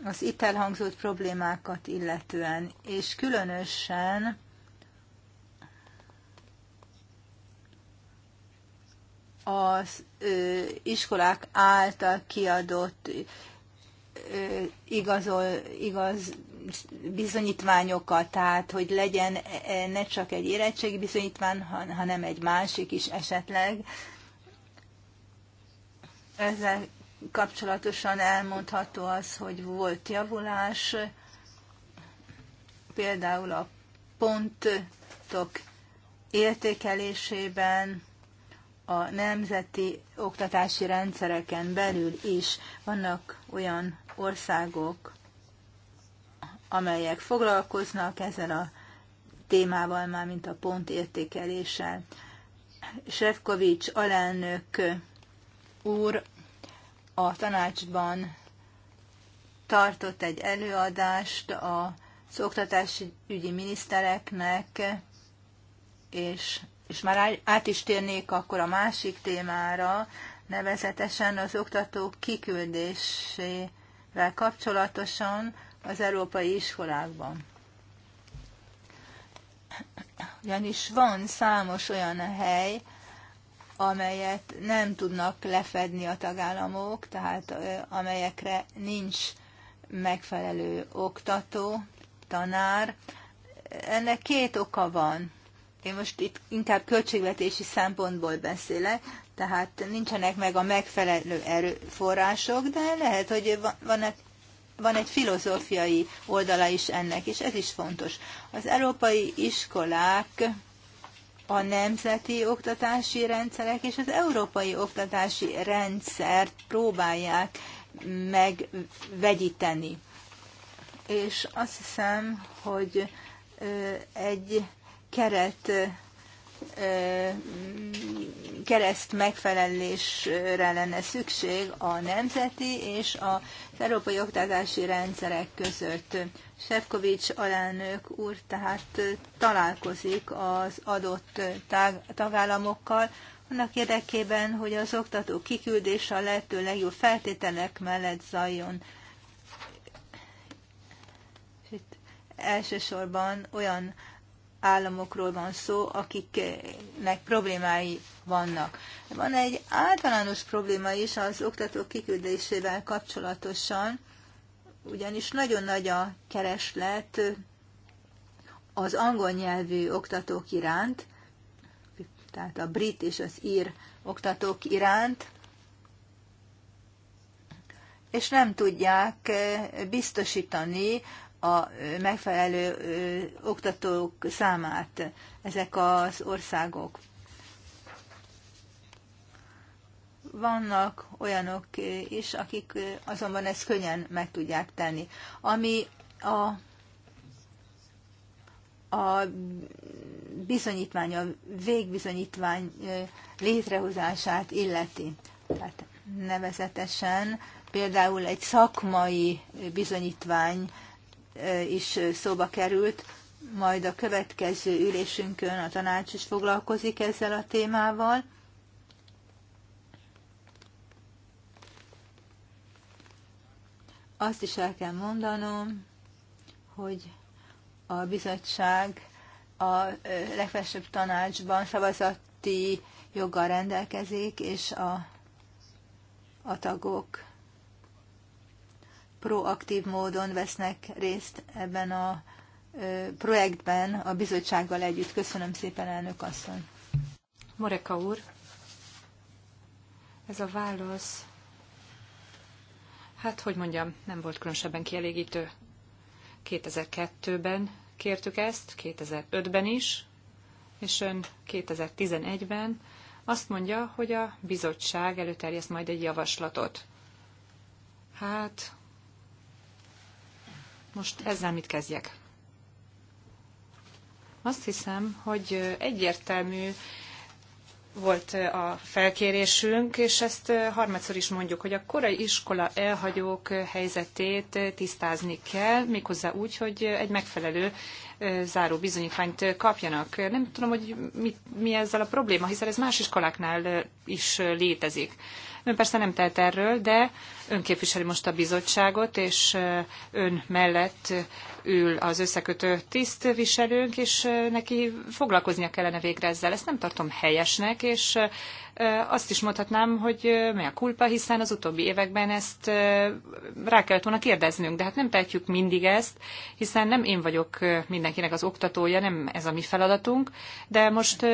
az itt elhangzott problémákat illetően, és különösen az ö, iskolák által kiadott ö, igazol, igaz bizonyítványokat, tehát hogy legyen e, ne csak egy érettségi bizonyítvány, hanem egy másik is esetleg. Ezzel kapcsolatosan elmondható az, hogy volt javulás, például a pontok értékelésében, a nemzeti oktatási rendszereken belül is vannak olyan országok, amelyek foglalkoznak ezzel a témával, már mint a pont értékeléssel. Sefkovics alelnök úr a tanácsban tartott egy előadást a szoktatási ügyi minisztereknek, és, és már át is térnék akkor a másik témára, nevezetesen az oktatók kiküldésével kapcsolatosan az európai iskolákban. Ugyanis van számos olyan hely, amelyet nem tudnak lefedni a tagállamok, tehát amelyekre nincs megfelelő oktató, tanár. Ennek két oka van. Én most itt inkább költségvetési szempontból beszélek, tehát nincsenek meg a megfelelő erőforrások, de lehet, hogy van, van egy filozófiai oldala is ennek, és ez is fontos. Az európai iskolák a nemzeti oktatási rendszerek és az európai oktatási rendszert próbálják megvegyíteni. És azt hiszem, hogy egy keret kereszt megfelelésre lenne szükség a nemzeti és a európai oktatási rendszerek között. Sefkovics alelnök úr tehát találkozik az adott tag, tagállamokkal, annak érdekében, hogy az oktató kiküldése a lehető legjobb feltételek mellett zajjon. És itt elsősorban olyan államokról van szó, akiknek problémái vannak. Van egy általános probléma is az oktatók kiküldésével kapcsolatosan, ugyanis nagyon nagy a kereslet az angol nyelvű oktatók iránt, tehát a brit és az ír oktatók iránt, és nem tudják eh, biztosítani a eh, megfelelő eh, oktatók számát ezek az országok. vannak olyanok is, akik azonban ezt könnyen meg tudják tenni. Ami a, a bizonyítvány, a végbizonyítvány létrehozását illeti. Tehát nevezetesen például egy szakmai bizonyítvány is szóba került, majd a következő ülésünkön a tanács is foglalkozik ezzel a témával. Azt is el kell mondanom, hogy a bizottság a legfelsőbb tanácsban szavazati joggal rendelkezik, és a, a tagok proaktív módon vesznek részt ebben a projektben a bizottsággal együtt. Köszönöm szépen, elnök asszony. Moreka úr, ez a válasz hát hogy mondjam, nem volt különösebben kielégítő. 2002-ben kértük ezt, 2005-ben is, és ön 2011-ben azt mondja, hogy a bizottság előterjeszt majd egy javaslatot. Hát, most ezzel mit kezdjek? Azt hiszem, hogy egyértelmű volt a felkérésünk, és ezt harmadszor is mondjuk, hogy a korai iskola elhagyók helyzetét tisztázni kell, méghozzá úgy, hogy egy megfelelő záró bizonyítványt kapjanak. Nem tudom, hogy mi, mi ezzel a probléma, hiszen ez más iskoláknál is létezik. Ön persze nem telt erről, de ön képviseli most a bizottságot, és ön mellett ül az összekötő tisztviselőnk, és neki foglalkoznia kellene végre ezzel. Ezt nem tartom helyesnek, és azt is mondhatnám, hogy mi a kulpa, hiszen az utóbbi években ezt rá kellett volna kérdeznünk, de hát nem tehetjük mindig ezt, hiszen nem én vagyok mindenkinek az oktatója, nem ez a mi feladatunk, de most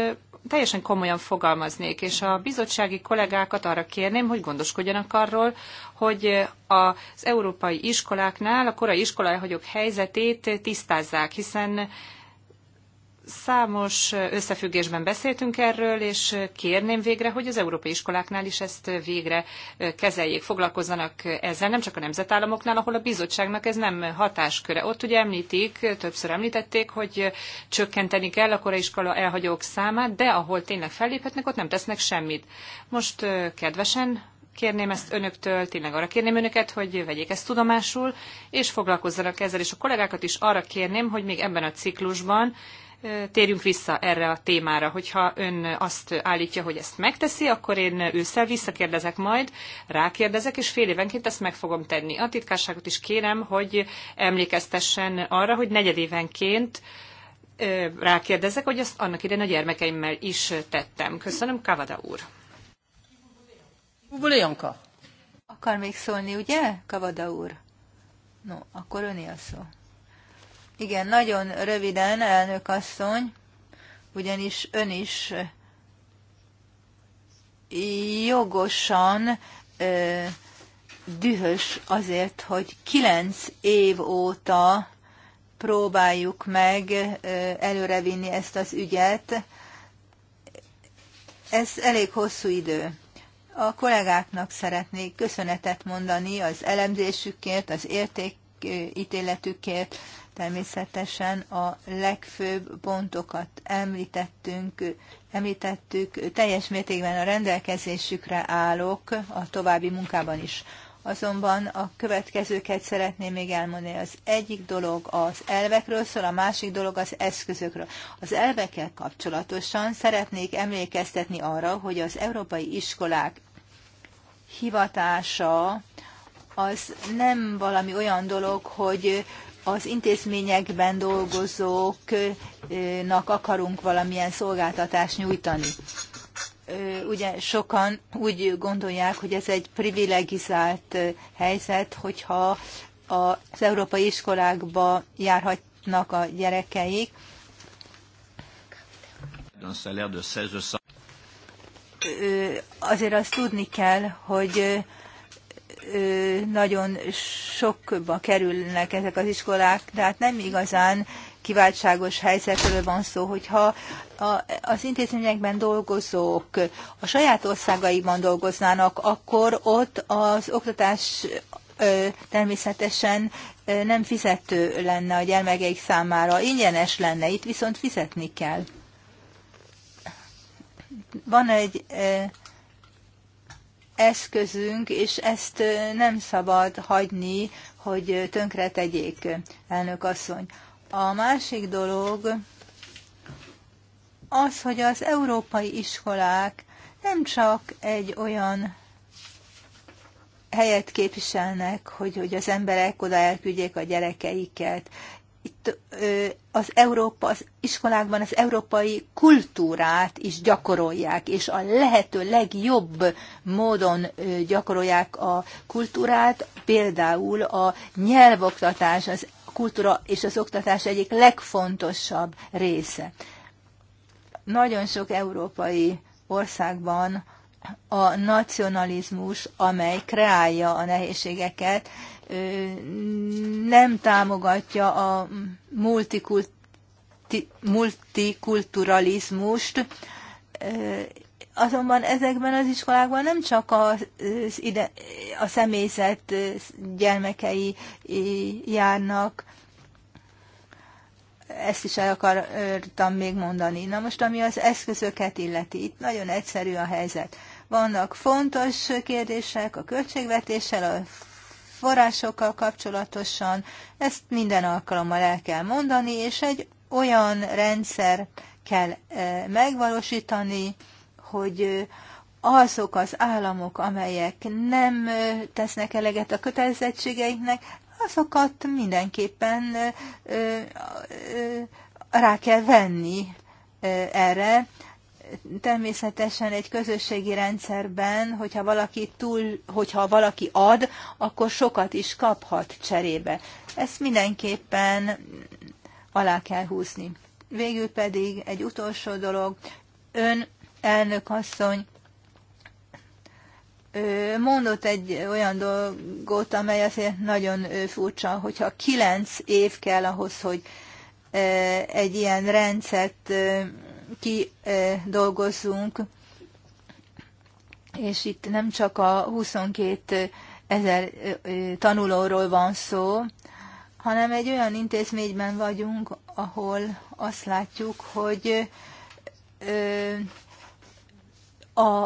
teljesen komolyan fogalmaznék, és a bizottsági kollégákat arra kérném, hogy gondoskodjanak arról, hogy az európai iskoláknál a korai iskolai helyzetét tisztázzák, hiszen Számos összefüggésben beszéltünk erről, és kérném végre, hogy az európai iskoláknál is ezt végre kezeljék, foglalkozzanak ezzel, nem csak a nemzetállamoknál, ahol a bizottságnak ez nem hatásköre. Ott ugye említik, többször említették, hogy csökkenteni kell a korai iskola elhagyók számát, de ahol tényleg felléphetnek, ott nem tesznek semmit. Most kedvesen kérném ezt önöktől, tényleg arra kérném önöket, hogy vegyék ezt tudomásul, és foglalkozzanak ezzel, és a kollégákat is arra kérném, hogy még ebben a ciklusban térjünk vissza erre a témára. Hogyha ön azt állítja, hogy ezt megteszi, akkor én ősszel visszakérdezek majd, rákérdezek, és fél évenként ezt meg fogom tenni. A titkárságot is kérem, hogy emlékeztessen arra, hogy negyedévenként rákérdezek, hogy ezt annak idején a gyermekeimmel is tettem. Köszönöm, Kavada úr. Akar még szólni, ugye, Kavada úr? No, akkor öné a szó. Igen, nagyon röviden, elnök asszony, ugyanis ön is eh, jogosan ö, eh, dühös azért, hogy kilenc év óta próbáljuk meg eh, előrevinni ezt az ügyet. Ez elég hosszú idő. A kollégáknak szeretnék köszönetet mondani az elemzésükért, az értékítéletükért, Természetesen a legfőbb pontokat említettünk, említettük, teljes mértékben a rendelkezésükre állok a további munkában is. Azonban a következőket szeretném még elmondani. Az egyik dolog az elvekről szól, a másik dolog az eszközökről. Az elvekkel kapcsolatosan szeretnék emlékeztetni arra, hogy az európai iskolák hivatása az nem valami olyan dolog, hogy az intézményekben dolgozóknak akarunk valamilyen szolgáltatást nyújtani. Ugye sokan úgy gondolják, hogy ez egy privilegizált helyzet, hogyha az európai iskolákba járhatnak a gyerekeik. Azért azt tudni kell, hogy nagyon sokba kerülnek ezek az iskolák, tehát nem igazán kiváltságos helyzetről van szó, hogyha a, az intézményekben dolgozók a saját országaiban dolgoznának, akkor ott az oktatás természetesen nem fizető lenne a gyermekeik számára, ingyenes lenne, itt viszont fizetni kell. Van egy eszközünk, és ezt nem szabad hagyni, hogy tönkre tegyék, elnök asszony. A másik dolog az, hogy az európai iskolák nem csak egy olyan helyet képviselnek, hogy, hogy az emberek oda elküldjék a gyerekeiket az Európa, az iskolákban az európai kultúrát is gyakorolják, és a lehető legjobb módon gyakorolják a kultúrát, például a nyelvoktatás, az kultúra és az oktatás egyik legfontosabb része. Nagyon sok európai országban a nacionalizmus, amely kreálja a nehézségeket, nem támogatja a multikulturalizmust, azonban ezekben az iskolákban nem csak a a személyzet gyermekei járnak, ezt is el akartam még mondani. Na most, ami az eszközöket illeti, itt nagyon egyszerű a helyzet. Vannak fontos kérdések a költségvetéssel, a forrásokkal kapcsolatosan, ezt minden alkalommal el kell mondani, és egy olyan rendszer kell eh, megvalósítani, hogy eh, azok az államok, amelyek nem eh, tesznek eleget a kötelezettségeiknek, azokat mindenképpen rá kell venni erre, természetesen egy közösségi rendszerben, hogyha valaki túl, hogyha valaki ad, akkor sokat is kaphat cserébe. Ezt mindenképpen alá kell húzni. Végül pedig egy utolsó dolog, ön elnök asszony mondott egy olyan dolgot, amely azért nagyon furcsa, hogyha kilenc év kell ahhoz, hogy egy ilyen rendszert kidolgozzunk, eh, és itt nem csak a 22 ezer eh, eh, tanulóról van szó, hanem egy olyan intézményben vagyunk, ahol azt látjuk, hogy a,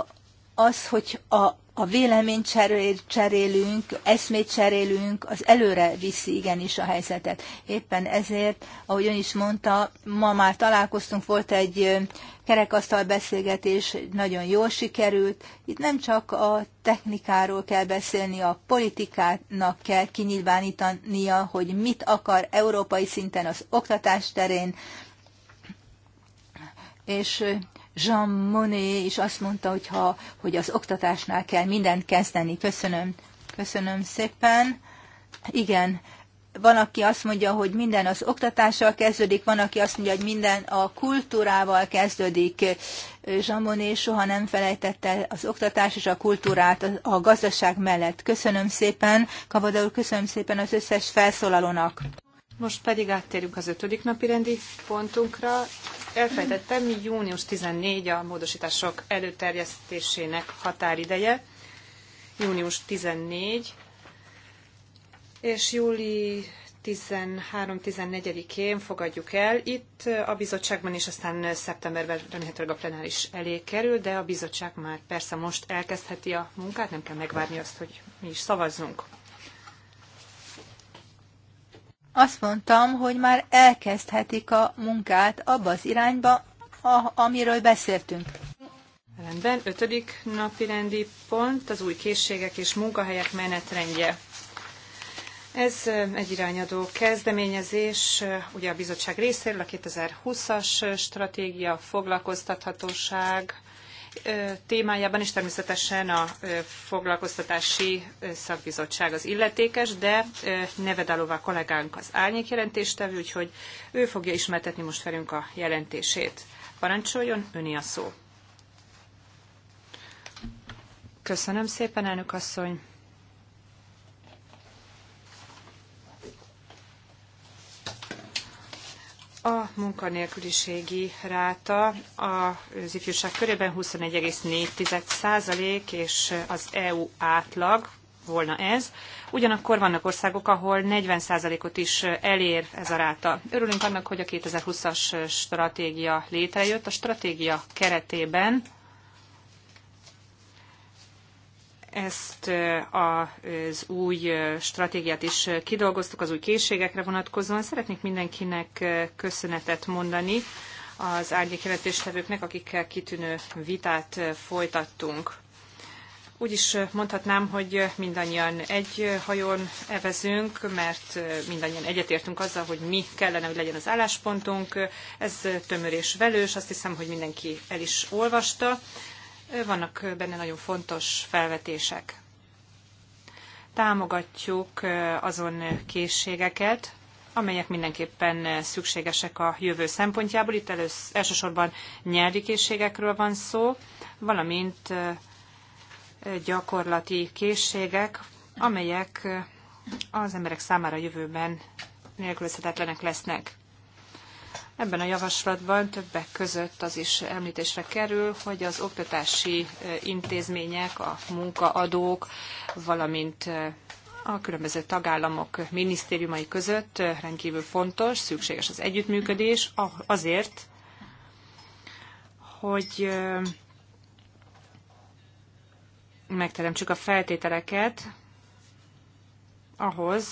az, hogy a a véleményt cserélünk, eszmét cserélünk, az előre viszi igenis a helyzetet. Éppen ezért, ahogy ön is mondta, ma már találkoztunk, volt egy kerekasztal beszélgetés, nagyon jól sikerült. Itt nem csak a technikáról kell beszélni, a politikának kell kinyilvánítania, hogy mit akar európai szinten az oktatás terén, és Jean Monnet is azt mondta, hogy ha hogy az oktatásnál kell mindent kezdeni. Köszönöm. Köszönöm szépen. Igen, van, aki azt mondja, hogy minden az oktatással kezdődik, van, aki azt mondja, hogy minden a kultúrával kezdődik. Monnet soha nem felejtette az oktatás és a kultúrát a gazdaság mellett. Köszönöm szépen, Kavada úr, köszönöm szépen az összes felszólalónak. Most pedig áttérünk az ötödik napi rendi pontunkra. Elfejtettem, június 14 a módosítások előterjesztésének határideje. Június 14 és júli 13-14-én fogadjuk el. Itt a bizottságban is aztán szeptemberben remélhetőleg a plenáris elé kerül, de a bizottság már persze most elkezdheti a munkát, nem kell megvárni azt, hogy mi is szavazzunk azt mondtam, hogy már elkezdhetik a munkát abba az irányba, a, amiről beszéltünk. Rendben, ötödik napi rendi pont az új készségek és munkahelyek menetrendje. Ez egy irányadó kezdeményezés, ugye a bizottság részéről a 2020-as stratégia, foglalkoztathatóság, témájában, és természetesen a foglalkoztatási szakbizottság az illetékes, de Nevedalová kollégánk az árnyék jelentéstevő, úgyhogy ő fogja ismertetni most velünk a jelentését. Parancsoljon, öné a szó. Köszönöm szépen, elnök asszony. A munkanélküliségi ráta az ifjúság körében 21,4 és az EU átlag volna ez. Ugyanakkor vannak országok, ahol 40%-ot is elér ez a ráta. Örülünk annak, hogy a 2020-as stratégia létrejött. A stratégia keretében ezt az új stratégiát is kidolgoztuk, az új készségekre vonatkozóan. Szeretnék mindenkinek köszönetet mondani az árnyékjelentéstevőknek, akikkel kitűnő vitát folytattunk. Úgy is mondhatnám, hogy mindannyian egy hajón evezünk, mert mindannyian egyetértünk azzal, hogy mi kellene, hogy legyen az álláspontunk. Ez tömör és velős, azt hiszem, hogy mindenki el is olvasta. Vannak benne nagyon fontos felvetések. Támogatjuk azon készségeket, amelyek mindenképpen szükségesek a jövő szempontjából. Itt elősz, elsősorban nyelvi készségekről van szó, valamint gyakorlati készségek, amelyek az emberek számára jövőben nélkülözhetetlenek lesznek. Ebben a javaslatban többek között az is említésre kerül, hogy az oktatási intézmények, a munkaadók, valamint a különböző tagállamok minisztériumai között rendkívül fontos, szükséges az együttműködés azért, hogy megteremtsük a feltételeket ahhoz,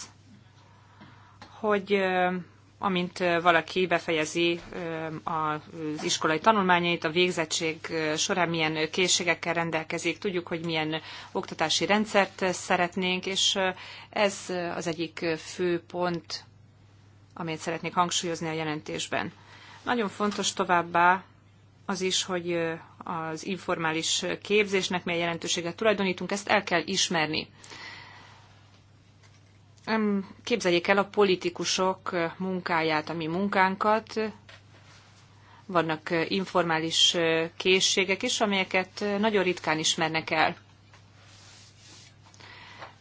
hogy amint valaki befejezi az iskolai tanulmányait, a végzettség során milyen készségekkel rendelkezik, tudjuk, hogy milyen oktatási rendszert szeretnénk, és ez az egyik fő pont, amit szeretnék hangsúlyozni a jelentésben. Nagyon fontos továbbá az is, hogy az informális képzésnek milyen jelentőséget tulajdonítunk, ezt el kell ismerni. Képzeljék el a politikusok munkáját, a mi munkánkat. Vannak informális készségek is, amelyeket nagyon ritkán ismernek el.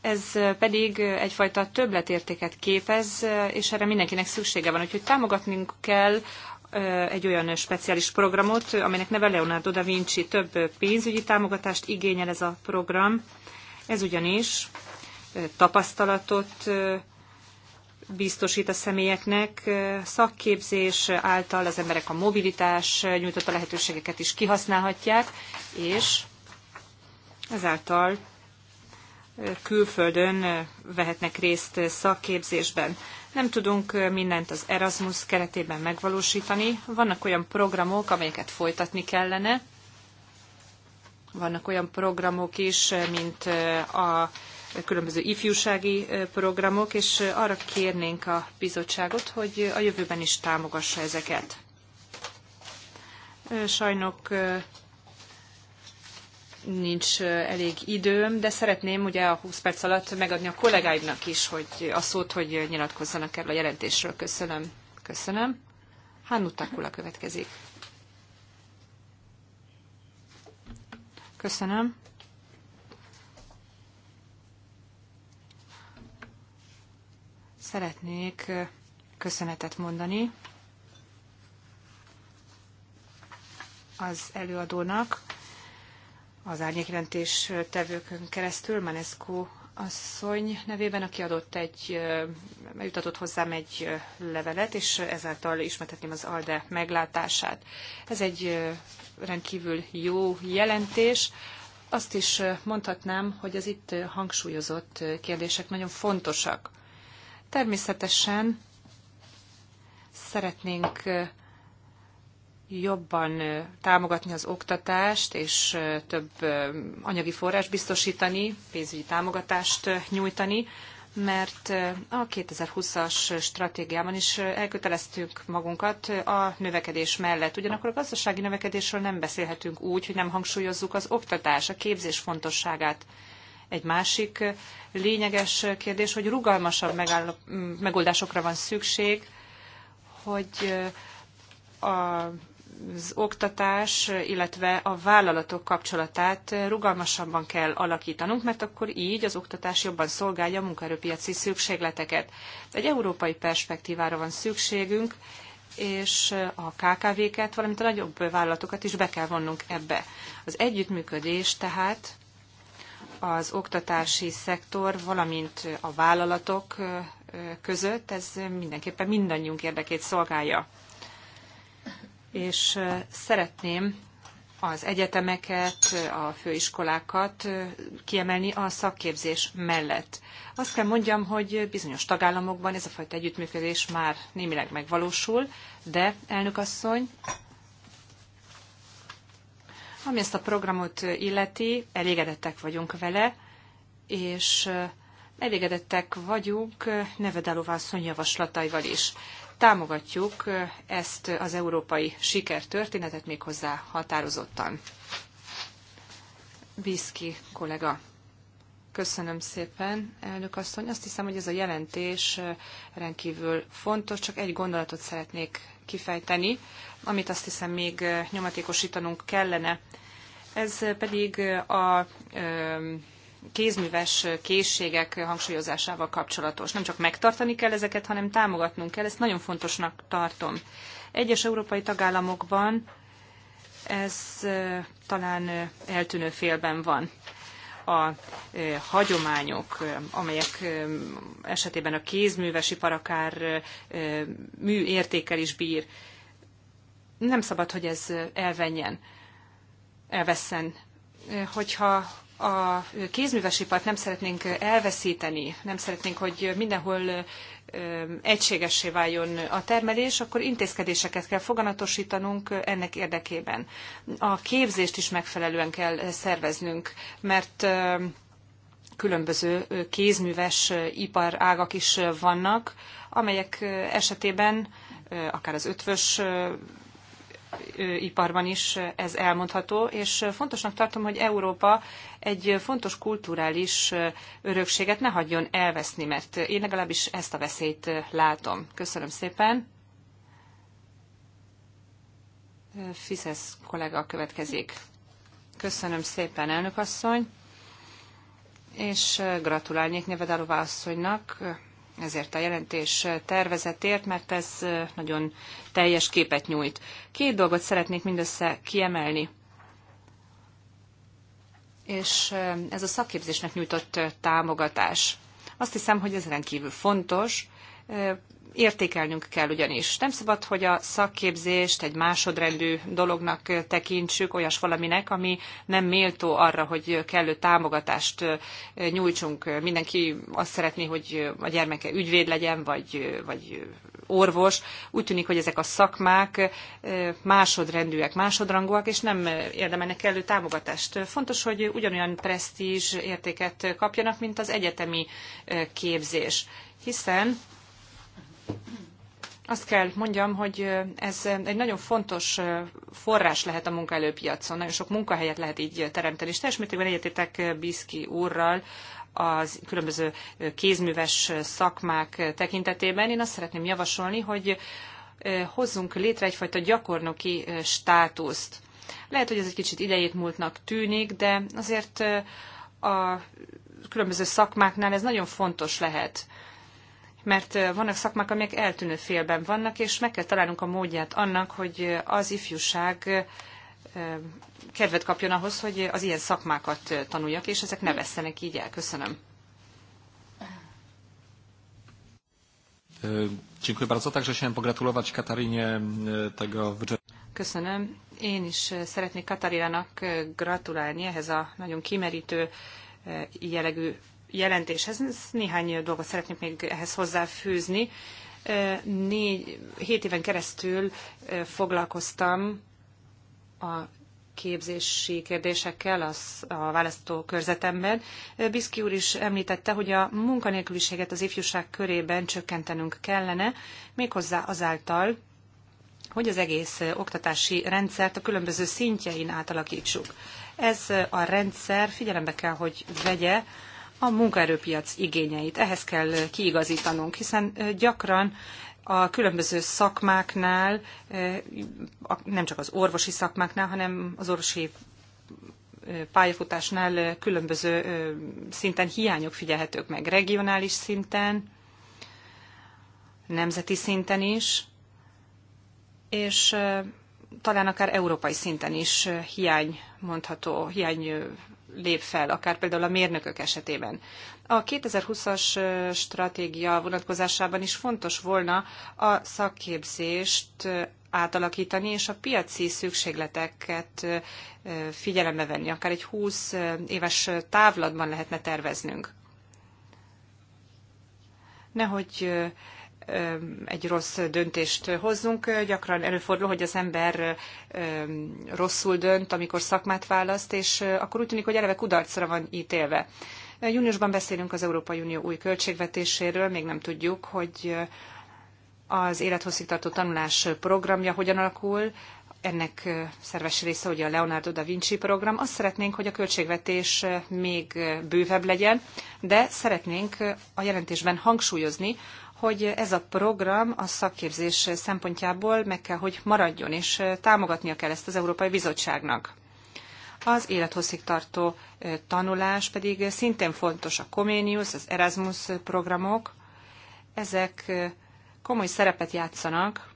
Ez pedig egyfajta többletértéket képez, és erre mindenkinek szüksége van. Úgyhogy támogatnunk kell egy olyan speciális programot, aminek neve Leonardo da Vinci több pénzügyi támogatást igényel ez a program. Ez ugyanis tapasztalatot biztosít a személyeknek. Szakképzés által az emberek a mobilitás nyújtotta lehetőségeket is kihasználhatják, és ezáltal külföldön vehetnek részt szakképzésben. Nem tudunk mindent az Erasmus keretében megvalósítani. Vannak olyan programok, amelyeket folytatni kellene. Vannak olyan programok is, mint a különböző ifjúsági programok, és arra kérnénk a bizottságot, hogy a jövőben is támogassa ezeket. Sajnok nincs elég időm, de szeretném ugye a 20 perc alatt megadni a kollégáimnak is hogy a szót, hogy nyilatkozzanak erről a jelentésről. Köszönöm. Köszönöm. Hannutakula következik. Köszönöm. Szeretnék köszönetet mondani az előadónak, az árnyékjelentés tevőkön keresztül, Manescu asszony nevében, aki adott egy, jutatott hozzám egy levelet, és ezáltal ismertetném az ALDE meglátását. Ez egy rendkívül jó jelentés. Azt is mondhatnám, hogy az itt hangsúlyozott kérdések nagyon fontosak. Természetesen szeretnénk jobban támogatni az oktatást, és több anyagi forrás biztosítani, pénzügyi támogatást nyújtani, mert a 2020-as stratégiában is elköteleztük magunkat a növekedés mellett. Ugyanakkor a gazdasági növekedésről nem beszélhetünk úgy, hogy nem hangsúlyozzuk az oktatás, a képzés fontosságát. Egy másik lényeges kérdés, hogy rugalmasabb megoldásokra van szükség, hogy az oktatás, illetve a vállalatok kapcsolatát rugalmasabban kell alakítanunk, mert akkor így az oktatás jobban szolgálja a munkaerőpiaci szükségleteket. Egy európai perspektívára van szükségünk, és a KKV-ket, valamint a nagyobb vállalatokat is be kell vonnunk ebbe. Az együttműködés tehát az oktatási szektor, valamint a vállalatok között, ez mindenképpen mindannyiunk érdekét szolgálja. És szeretném az egyetemeket, a főiskolákat kiemelni a szakképzés mellett. Azt kell mondjam, hogy bizonyos tagállamokban ez a fajta együttműködés már némileg megvalósul, de elnök asszony, ami ezt a programot illeti, elégedettek vagyunk vele, és elégedettek vagyunk Nevedálov asszony javaslataival is. Támogatjuk ezt az európai sikertörténetet méghozzá határozottan. Viszki kollega. Köszönöm szépen, elnök asszony. Azt hiszem, hogy ez a jelentés rendkívül fontos. Csak egy gondolatot szeretnék kifejteni, amit azt hiszem még nyomatékosítanunk kellene. Ez pedig a kézműves készségek hangsúlyozásával kapcsolatos. Nem csak megtartani kell ezeket, hanem támogatnunk kell, ezt nagyon fontosnak tartom. Egyes európai tagállamokban ez talán eltűnő félben van a e, hagyományok, e, amelyek e, esetében a kézműves ipar akár műértékkel is bír, nem szabad, hogy ez elvenjen, elveszen. Hogyha a kézművesipart nem szeretnénk elveszíteni, nem szeretnénk, hogy mindenhol egységessé váljon a termelés, akkor intézkedéseket kell foganatosítanunk ennek érdekében. A képzést is megfelelően kell szerveznünk, mert különböző kézműves iparágak is vannak, amelyek esetében akár az ötvös iparban is ez elmondható, és fontosnak tartom, hogy Európa egy fontos kulturális örökséget ne hagyjon elveszni, mert én legalábbis ezt a veszélyt látom. Köszönöm szépen. Fiszesz kollega következik. Köszönöm szépen, elnök asszony, és gratulálnék Nevedalová asszonynak ezért a jelentés tervezetért, mert ez nagyon teljes képet nyújt. Két dolgot szeretnék mindössze kiemelni. És ez a szakképzésnek nyújtott támogatás. Azt hiszem, hogy ez rendkívül fontos, értékelnünk kell ugyanis. Nem szabad, hogy a szakképzést egy másodrendű dolognak tekintsük, olyas valaminek, ami nem méltó arra, hogy kellő támogatást nyújtsunk. Mindenki azt szeretné, hogy a gyermeke ügyvéd legyen, vagy, vagy orvos. Úgy tűnik, hogy ezek a szakmák másodrendűek, másodrangúak, és nem érdemelnek kellő támogatást. Fontos, hogy ugyanolyan presztízs értéket kapjanak, mint az egyetemi képzés hiszen azt kell mondjam, hogy ez egy nagyon fontos forrás lehet a munkaerőpiacon. Nagyon sok munkahelyet lehet így teremteni. És teljes mértékben egyetétek Biszki úrral az különböző kézműves szakmák tekintetében. Én azt szeretném javasolni, hogy hozzunk létre egyfajta gyakornoki státuszt. Lehet, hogy ez egy kicsit idejét múltnak tűnik, de azért a különböző szakmáknál ez nagyon fontos lehet mert vannak szakmák, amelyek eltűnő félben vannak, és meg kell találnunk a módját annak, hogy az ifjúság kedvet kapjon ahhoz, hogy az ilyen szakmákat tanuljak, és ezek ne vesszenek így el. Köszönöm. Dziękuję bardzo. Także chciałem pogratulować Katarinie e, tego Köszönöm. Én is e, szeretnék Katarinának e, gratulálni ehhez a nagyon kimerítő jellegű jelentéshez. Néhány dolgot szeretnék még ehhez hozzáfűzni. Négy, hét éven keresztül foglalkoztam a képzési kérdésekkel az a választókörzetemben. Biszki úr is említette, hogy a munkanélküliséget az ifjúság körében csökkentenünk kellene, méghozzá azáltal, hogy az egész oktatási rendszert a különböző szintjein átalakítsuk. Ez a rendszer figyelembe kell, hogy vegye a munkaerőpiac igényeit. Ehhez kell kiigazítanunk, hiszen gyakran a különböző szakmáknál, nem csak az orvosi szakmáknál, hanem az orvosi pályafutásnál különböző szinten hiányok figyelhetők meg, regionális szinten, nemzeti szinten is, és talán akár európai szinten is hiány mondható, hiány lép fel, akár például a mérnökök esetében. A 2020-as stratégia vonatkozásában is fontos volna a szakképzést átalakítani, és a piaci szükségleteket figyelembe venni. Akár egy 20 éves távlatban lehetne terveznünk. Nehogy egy rossz döntést hozzunk. Gyakran előfordul, hogy az ember rosszul dönt, amikor szakmát választ, és akkor úgy tűnik, hogy eleve kudarcra van ítélve. Júniusban beszélünk az Európai Unió új költségvetéséről, még nem tudjuk, hogy az élethosszígtartó tanulás programja hogyan alakul, ennek szerves része ugye a Leonardo da Vinci program. Azt szeretnénk, hogy a költségvetés még bővebb legyen, de szeretnénk a jelentésben hangsúlyozni, hogy ez a program a szakképzés szempontjából meg kell, hogy maradjon, és támogatnia kell ezt az Európai Bizottságnak. Az élethosszig tartó tanulás pedig szintén fontos a Comenius, az Erasmus programok. Ezek komoly szerepet játszanak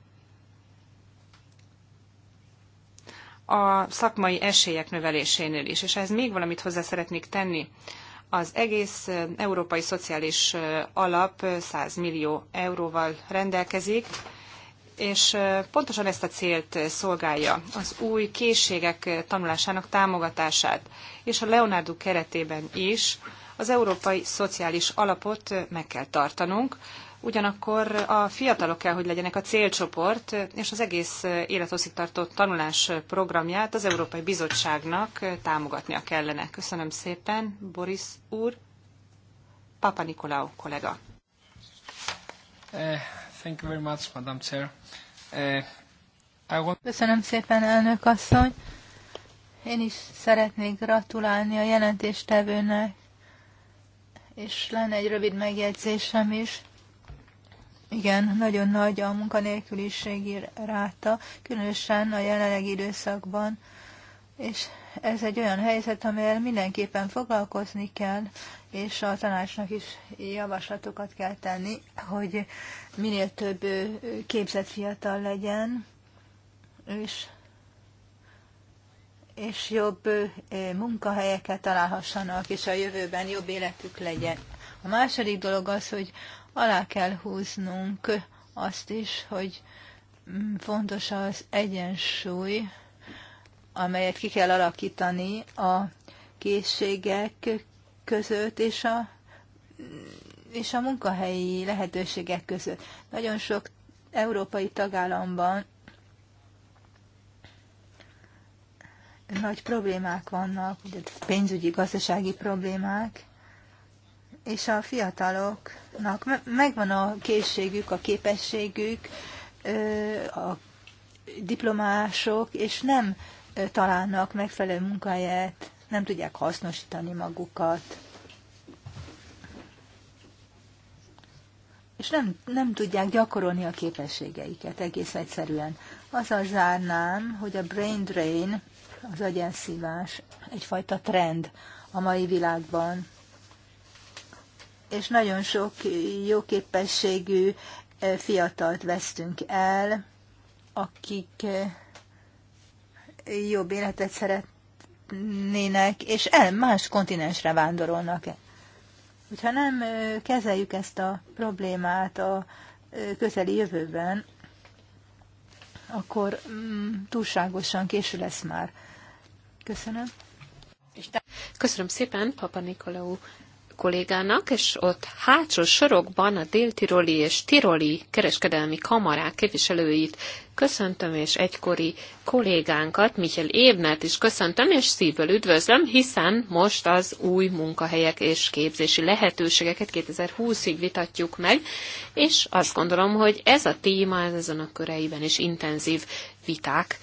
a szakmai esélyek növelésénél is. És ehhez még valamit hozzá szeretnék tenni. Az egész Európai Szociális Alap 100 millió euróval rendelkezik, és pontosan ezt a célt szolgálja, az új készségek tanulásának támogatását, és a Leonardo keretében is az Európai Szociális Alapot meg kell tartanunk, ugyanakkor a fiatalok kell, hogy legyenek a célcsoport, és az egész élethosszígtartó tanulás programját az Európai Bizottságnak támogatnia kellene. Köszönöm szépen, Boris úr. Papa Nikolau kollega. Eh, thank you very much, Madam Chair. Eh, Köszönöm szépen, elnök asszony. Én is szeretnék gratulálni a jelentéstevőnek, és lenne egy rövid megjegyzésem is. Igen, nagyon nagy a munkanélküliségi ráta, különösen a jelenlegi időszakban, és ez egy olyan helyzet, amivel mindenképpen foglalkozni kell, és a tanácsnak is javaslatokat kell tenni, hogy minél több képzett fiatal legyen, és, és jobb munkahelyeket találhassanak, és a jövőben jobb életük legyen. A második dolog az, hogy alá kell húznunk azt is, hogy mm, fontos az egyensúly, amelyet ki kell alakítani a készségek között és a, és a munkahelyi lehetőségek között. Nagyon sok európai tagállamban nagy problémák vannak, pénzügyi, gazdasági problémák, és a fiataloknak megvan a készségük, a képességük, a diplomások, és nem találnak megfelelő munkáját, nem tudják hasznosítani magukat. És nem, nem tudják gyakorolni a képességeiket egész egyszerűen. Azzal zárnám, hogy a brain drain, az agyenszívás egyfajta trend a mai világban és nagyon sok jóképességű eh, fiatalt vesztünk el, akik eh, jobb életet szeretnének, és el más kontinensre vándorolnak. Hogyha nem eh, kezeljük ezt a problémát a közeli jövőben, akkor mm, túlságosan késő lesz már. Köszönöm. Köszönöm szépen, Papa Nikolaou kollégának, és ott hátsó sorokban a déltiroli és tiroli kereskedelmi kamarák képviselőit köszöntöm, és egykori kollégánkat, Michel Ébnert is köszöntöm, és szívből üdvözlöm, hiszen most az új munkahelyek és képzési lehetőségeket 2020-ig vitatjuk meg, és azt gondolom, hogy ez a téma ez azon a köreiben is intenzív viták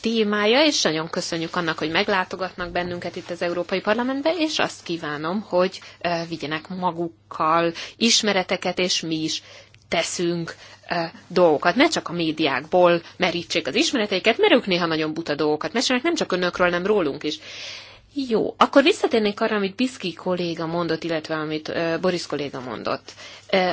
témája, és nagyon köszönjük annak, hogy meglátogatnak bennünket itt az Európai Parlamentbe, és azt kívánom, hogy vigyenek magukkal ismereteket, és mi is teszünk dolgokat. Ne csak a médiákból merítsék az ismereteiket, mert ők néha nagyon buta dolgokat mesélnek, nem csak önökről, nem rólunk is. Jó, akkor visszatérnék arra, amit Biszki kolléga mondott, illetve amit Boris kolléga mondott.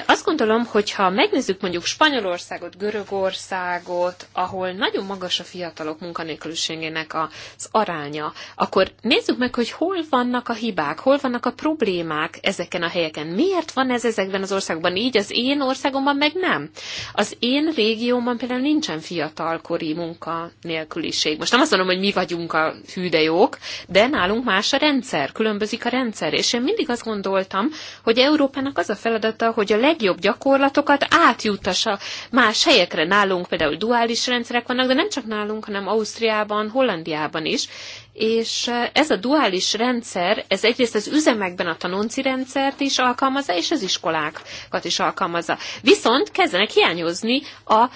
Azt gondolom, hogy ha megnézzük mondjuk Spanyolországot, Görögországot, ahol nagyon magas a fiatalok munkanélküliségének az aránya, akkor nézzük meg, hogy hol vannak a hibák, hol vannak a problémák ezeken a helyeken. Miért van ez ezekben az országban, Így az én országomban meg nem. Az én régiómban például nincsen fiatalkori munkanélküliség. Most nem azt mondom, hogy mi vagyunk a hűdejók, de nálunk nálunk más a rendszer, különbözik a rendszer, és én mindig azt gondoltam, hogy Európának az a feladata, hogy a legjobb gyakorlatokat átjutassa más helyekre. Nálunk például duális rendszerek vannak, de nem csak nálunk, hanem Ausztriában, Hollandiában is, és eh, ez a duális rendszer, ez egyrészt az üzemekben a tanonci rendszert is alkalmazza, és az iskolákat is alkalmazza. Viszont kezdenek hiányozni a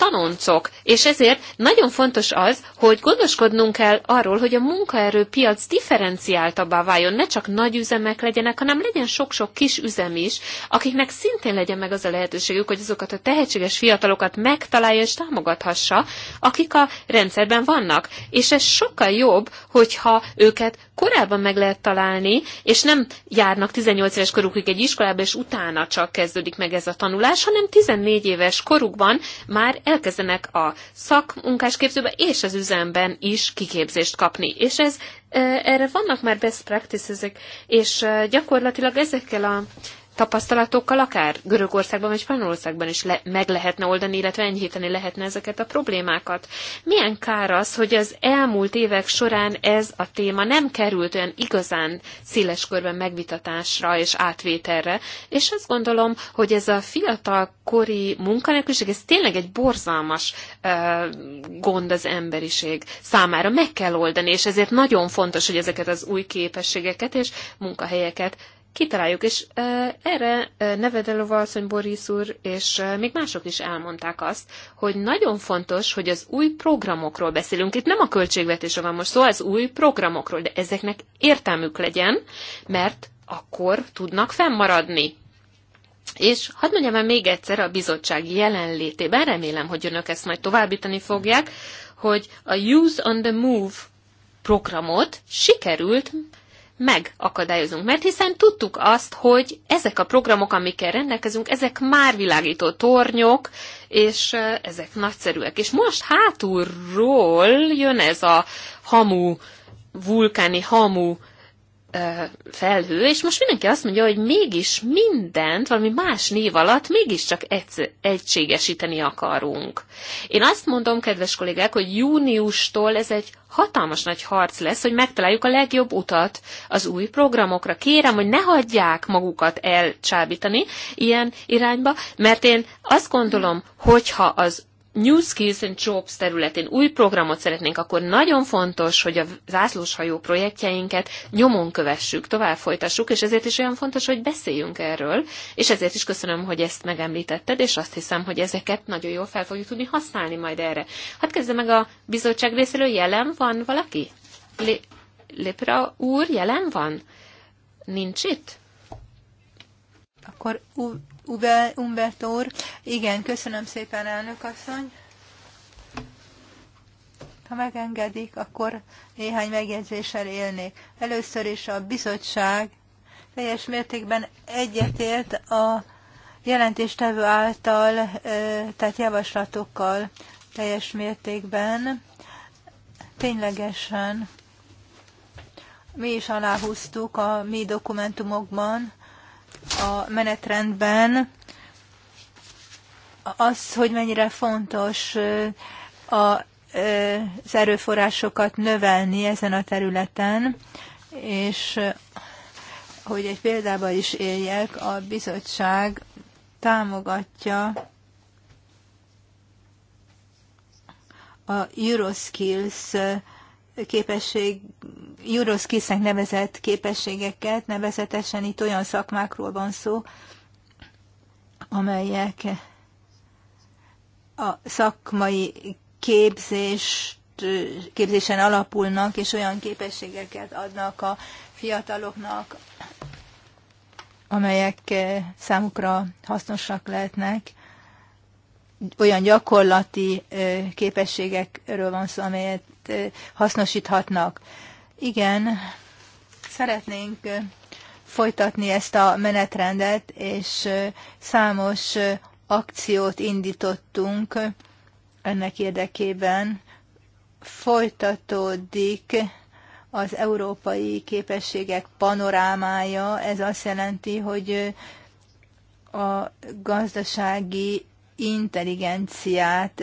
tanoncok, és ezért nagyon fontos az, hogy gondoskodnunk kell arról, hogy a munkaerőpiac differenciáltabbá váljon, ne csak nagy üzemek legyenek, hanem legyen sok-sok kis üzem is, akiknek szintén legyen meg az a lehetőségük, hogy azokat a tehetséges fiatalokat megtalálja és támogathassa, akik a rendszerben vannak. És ez sokkal jobb, hogyha őket korábban meg lehet találni, és nem járnak 18 éves korukig egy iskolába, és utána csak kezdődik meg ez a tanulás, hanem 14 éves korukban már elkezdenek a szakmunkásképzőbe és az üzemben is kiképzést kapni. És ez eh, erre vannak már best practices és eh, gyakorlatilag ezekkel a tapasztalatokkal akár Görögországban vagy Spanyolországban is le- meg lehetne oldani, illetve enyhíteni lehetne ezeket a problémákat. Milyen kár az, hogy az elmúlt évek során ez a téma nem került olyan igazán széles körben megvitatásra és átvételre, és azt gondolom, hogy ez a fiatal kori munkanélküliség, ez tényleg egy borzalmas uh, gond az emberiség számára. Meg kell oldani, és ezért nagyon fontos, hogy ezeket az új képességeket és munkahelyeket kitaláljuk, és erre Nevedelova asszony, Boris úr, és még mások is elmondták azt, hogy nagyon fontos, hogy az új programokról beszélünk. Itt nem a költségvetésről van most szó, az új programokról, de ezeknek értelmük legyen, mert akkor tudnak fennmaradni. És hadd mondjam el még egyszer a bizottság jelenlétében, remélem, hogy önök ezt majd továbbítani fogják, hogy a Use on the Move programot sikerült megakadályozunk. Mert hiszen tudtuk azt, hogy ezek a programok, amikkel rendelkezünk, ezek már világító tornyok, és ezek nagyszerűek. És most hátulról jön ez a hamu, vulkáni hamu felhő, és most mindenki azt mondja, hogy mégis mindent valami más név alatt mégiscsak egységesíteni akarunk. Én azt mondom, kedves kollégák, hogy júniustól ez egy hatalmas nagy harc lesz, hogy megtaláljuk a legjobb utat az új programokra. Kérem, hogy ne hagyják magukat elcsábítani ilyen irányba, mert én azt gondolom, hogyha az New Skills and Jobs területén új programot szeretnénk, akkor nagyon fontos, hogy a zászlóshajó projektjeinket nyomon kövessük, tovább folytassuk, és ezért is olyan fontos, hogy beszéljünk erről, és ezért is köszönöm, hogy ezt megemlítetted, és azt hiszem, hogy ezeket nagyon jól fel fogjuk tudni használni majd erre. Hát kezdve meg a bizottság részéről, jelen van valaki? Le- Lepra úr jelen van? Nincs itt? Akkor Ube, Umbert úr. Igen, köszönöm szépen, elnök asszony. Ha megengedik, akkor néhány megjegyzéssel élnék. Először is a bizottság teljes mértékben egyetért a jelentéstevő által tehát javaslatokkal teljes mértékben. Ténylegesen mi is aláhúztuk a mi dokumentumokban, a menetrendben az, hogy mennyire fontos a az erőforrásokat növelni ezen a területen, és hogy egy példával is éljek, a bizottság támogatja a Euroskills képesség, Juroszkisznek nevezett képességeket, nevezetesen itt olyan szakmákról van szó, amelyek a szakmai képzést, képzésen alapulnak, és olyan képességeket adnak a fiataloknak, amelyek eh, számukra hasznosak lehetnek. Olyan gyakorlati eh, képességekről van szó, amelyet hasznosíthatnak. Igen, szeretnénk folytatni ezt a menetrendet, és számos akciót indítottunk ennek érdekében. Folytatódik az európai képességek panorámája, ez azt jelenti, hogy a gazdasági intelligenciát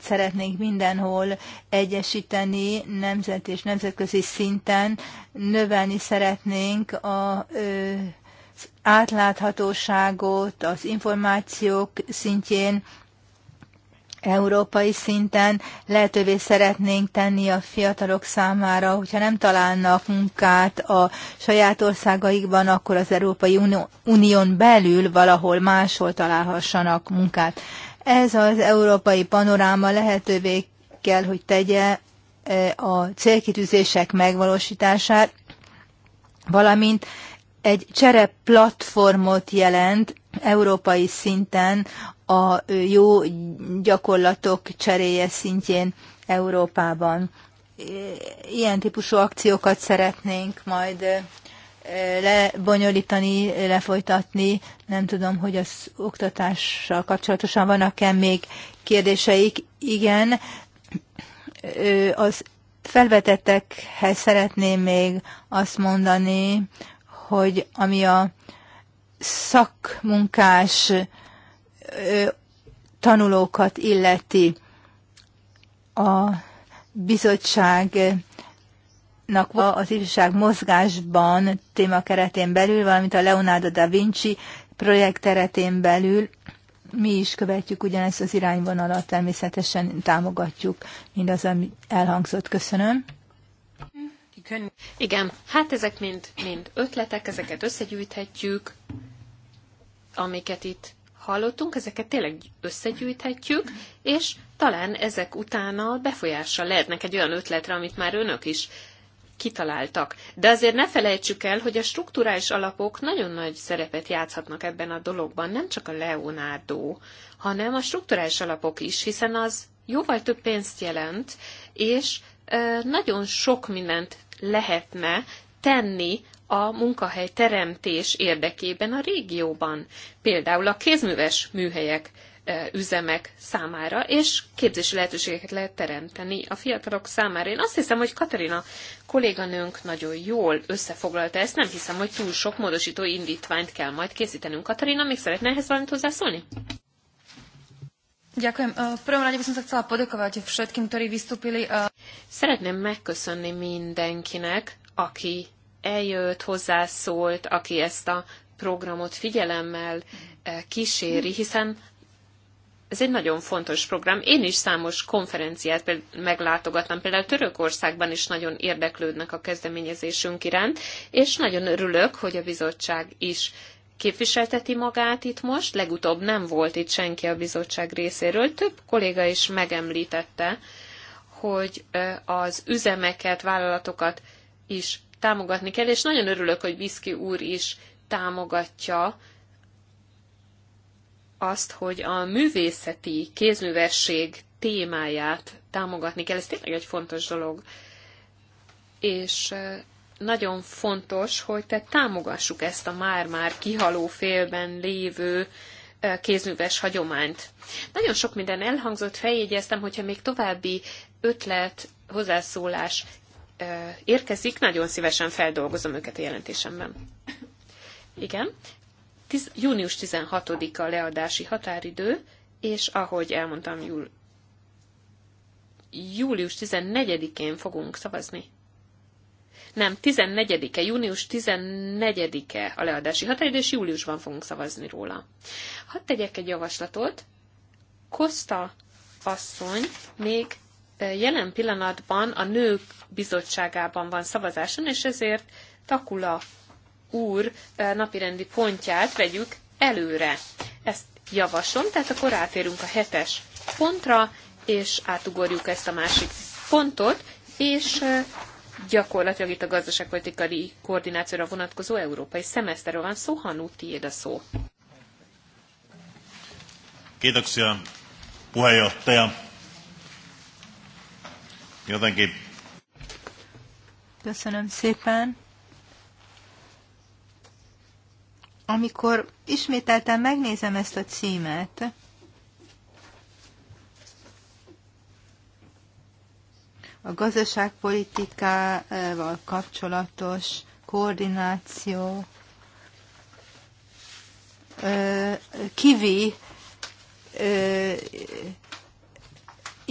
szeretnénk mindenhol egyesíteni nemzet és nemzetközi szinten, növelni szeretnénk a átláthatóságot az információk szintjén, európai szinten lehetővé szeretnénk tenni a fiatalok számára, hogyha nem találnak munkát a saját országaikban, akkor az Európai Unión belül valahol máshol találhassanak munkát. Ez az európai panoráma lehetővé kell, hogy tegye e, a célkitűzések megvalósítását, valamint egy csere platformot jelent európai szinten a jó gyakorlatok cseréje szintjén Európában. Ilyen típusú akciókat szeretnénk majd eh, lebonyolítani, lefolytatni. Nem tudom, hogy az oktatással kapcsolatosan vannak-e még kérdéseik. Igen, eh, az felvetettekhez szeretném még azt mondani, hogy ami a szakmunkás tanulókat illeti. A bizottságnak az ifjúság mozgásban keretén belül, valamint a Leonardo da Vinci projekt keretén belül mi is követjük ugyanezt az irányvonalat, természetesen támogatjuk mindaz, ami elhangzott. Köszönöm. Igen, hát ezek mind, mind ötletek, ezeket összegyűjthetjük, amiket itt hallottunk, ezeket tényleg összegyűjthetjük, és talán ezek utána befolyással lehetnek egy olyan ötletre, amit már önök is kitaláltak. De azért ne felejtsük el, hogy a strukturális alapok nagyon nagy szerepet játszhatnak ebben a dologban, nem csak a Leonardo, hanem a strukturális alapok is, hiszen az jóval több pénzt jelent, és nagyon sok mindent lehetne tenni a munkahely teremtés érdekében a régióban, például a kézműves műhelyek üzemek számára, és képzési lehetőségeket lehet teremteni a fiatalok számára. Én azt hiszem, hogy Katarina kolléganőnk nagyon jól összefoglalta ezt, nem hiszem, hogy túl sok módosító indítványt kell majd készítenünk. Katarina, még szeretne ehhez valamit hozzászólni? Szeretném megköszönni mindenkinek, aki eljött, hozzászólt, aki ezt a programot figyelemmel eh, kíséri, hiszen ez egy nagyon fontos program. Én is számos konferenciát meglátogattam, például Törökországban is nagyon érdeklődnek a kezdeményezésünk iránt, és nagyon örülök, hogy a bizottság is képviselteti magát itt most. Legutóbb nem volt itt senki a bizottság részéről. Több kolléga is megemlítette, hogy eh, az üzemeket, vállalatokat is támogatni kell, és nagyon örülök, hogy Biszki úr is támogatja azt, hogy a művészeti kézművesség témáját támogatni kell. Ez tényleg egy fontos dolog. És nagyon fontos, hogy te támogassuk ezt a már-már kihaló félben lévő kézműves hagyományt. Nagyon sok minden elhangzott, feljegyeztem, hogyha még további ötlet, hozzászólás érkezik, nagyon szívesen feldolgozom őket a jelentésemben. Igen. Tiz, június 16-a leadási határidő, és ahogy elmondtam, július 14-én fogunk szavazni. Nem, 14-e, június 14-e a leadási határidő, és júliusban fogunk szavazni róla. Hadd tegyek egy javaslatot. Kosta asszony még jelen pillanatban a nők bizottságában van szavazáson, és ezért Takula úr e, napirendi pontját vegyük előre. Ezt javaslom, tehát akkor átérünk a hetes pontra, és átugorjuk ezt a másik pontot, és e, gyakorlatilag itt a gazdaságpolitikai koordinációra vonatkozó európai szemeszterről van szó, Hanú, tiéd a szó. Kiitoksia, puheenjohtaja. Jó, thank Köszönöm szépen. Amikor ismételten megnézem ezt a címet, a gazdaságpolitikával kapcsolatos koordináció, Kivi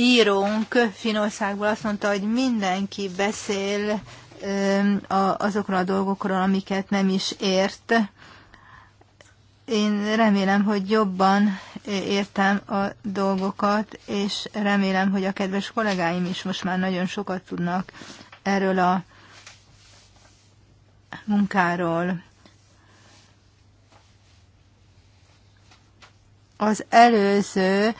írónk Finországból azt mondta, hogy mindenki beszél azokról a dolgokról, amiket nem is ért. Én remélem, hogy jobban értem a dolgokat, és remélem, hogy a kedves kollégáim is most már nagyon sokat tudnak erről a munkáról. Az előző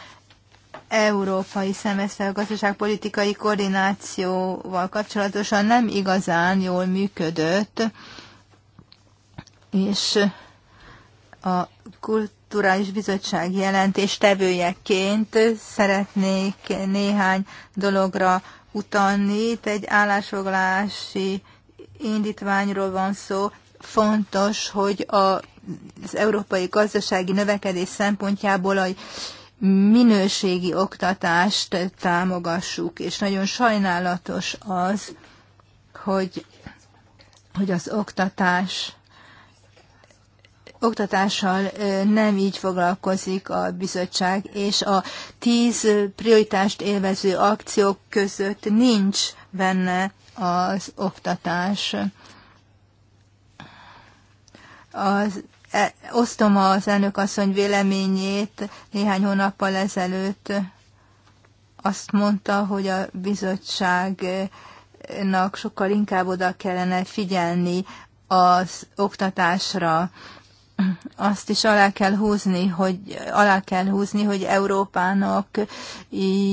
európai szemeszter gazdaságpolitikai koordinációval kapcsolatosan nem igazán jól működött, és a Kulturális Bizottság jelentés tevőjeként szeretnék néhány dologra utalni. Itt egy állásfoglalási indítványról van szó. Fontos, hogy a, az európai gazdasági növekedés szempontjából a minőségi oktatást támogassuk, és nagyon sajnálatos az, hogy, hogy az oktatás oktatással nem így foglalkozik a bizottság, és a tíz prioritást élvező akciók között nincs benne az oktatás. Az E, osztom az elnök asszony véleményét néhány hónappal ezelőtt. Azt mondta, hogy a bizottságnak sokkal inkább oda kellene figyelni az oktatásra. Azt is alá kell húzni, hogy, alá kell húzni, hogy Európának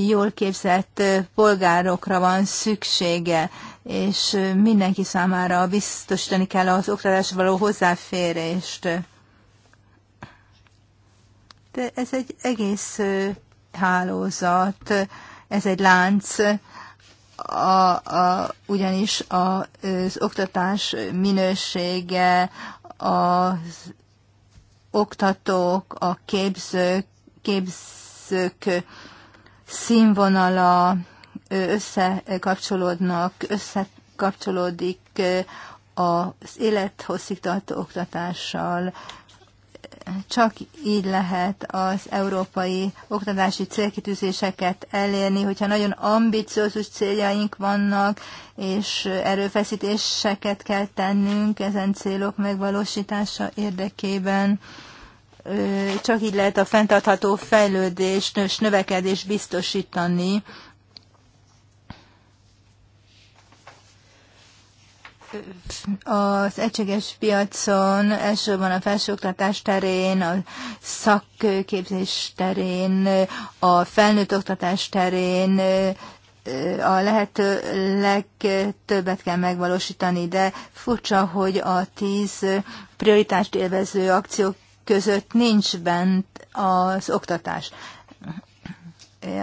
jól képzett polgárokra van szüksége és mindenki számára biztosítani kell az oktatás való hozzáférést. De ez egy egész hálózat, ez egy lánc, a, a, ugyanis az oktatás minősége, az oktatók, a képzők, képzők színvonala, összekapcsolódnak, összekapcsolódik az élethosszígtartó oktatással. Csak így lehet az európai oktatási célkitűzéseket elérni, hogyha nagyon ambiciózus céljaink vannak, és erőfeszítéseket kell tennünk ezen célok megvalósítása érdekében csak így lehet a fenntartható fejlődést és növekedést biztosítani az egységes piacon, elsősorban a felsőoktatás terén, a szakképzés terén, a felnőtt oktatás terén a lehető legtöbbet kell megvalósítani, de furcsa, hogy a tíz prioritást élvező akciók között nincs bent az oktatás.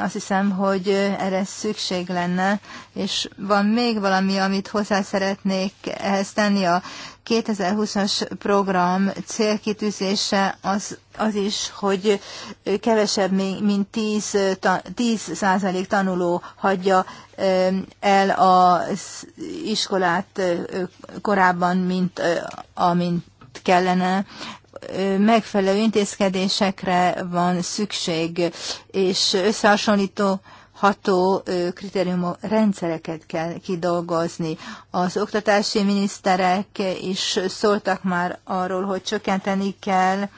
Azt hiszem, hogy erre szükség lenne, és van még valami, amit hozzá szeretnék ehhez tenni. A 2020-as program célkitűzése az, az is, hogy kevesebb, mint 10, 10 százalék tanuló hagyja el az iskolát korábban, mint amint kellene megfelelő intézkedésekre van szükség, és összehasonlító ható kritériumok, rendszereket kell kidolgozni. Az oktatási miniszterek is szóltak már arról, hogy csökkenteni kell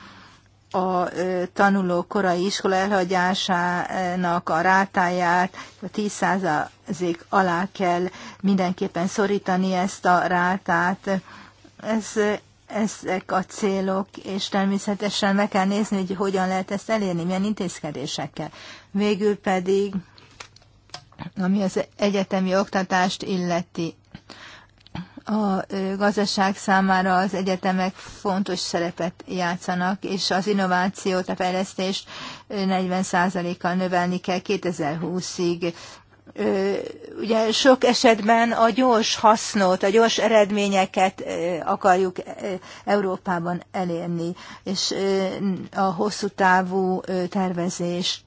a tanuló korai iskola elhagyásának a rátáját, a 10% alá kell mindenképpen szorítani ezt a rátát. Ez ezek a célok, és természetesen meg kell nézni, hogy hogyan lehet ezt elérni, milyen intézkedésekkel. Végül pedig, ami az egyetemi oktatást illeti, a gazdaság számára az egyetemek fontos szerepet játszanak, és az innovációt, a fejlesztést 40%-kal növelni kell 2020-ig ugye sok esetben a gyors hasznot, a gyors eredményeket akarjuk Európában elérni, és a hosszú távú tervezést,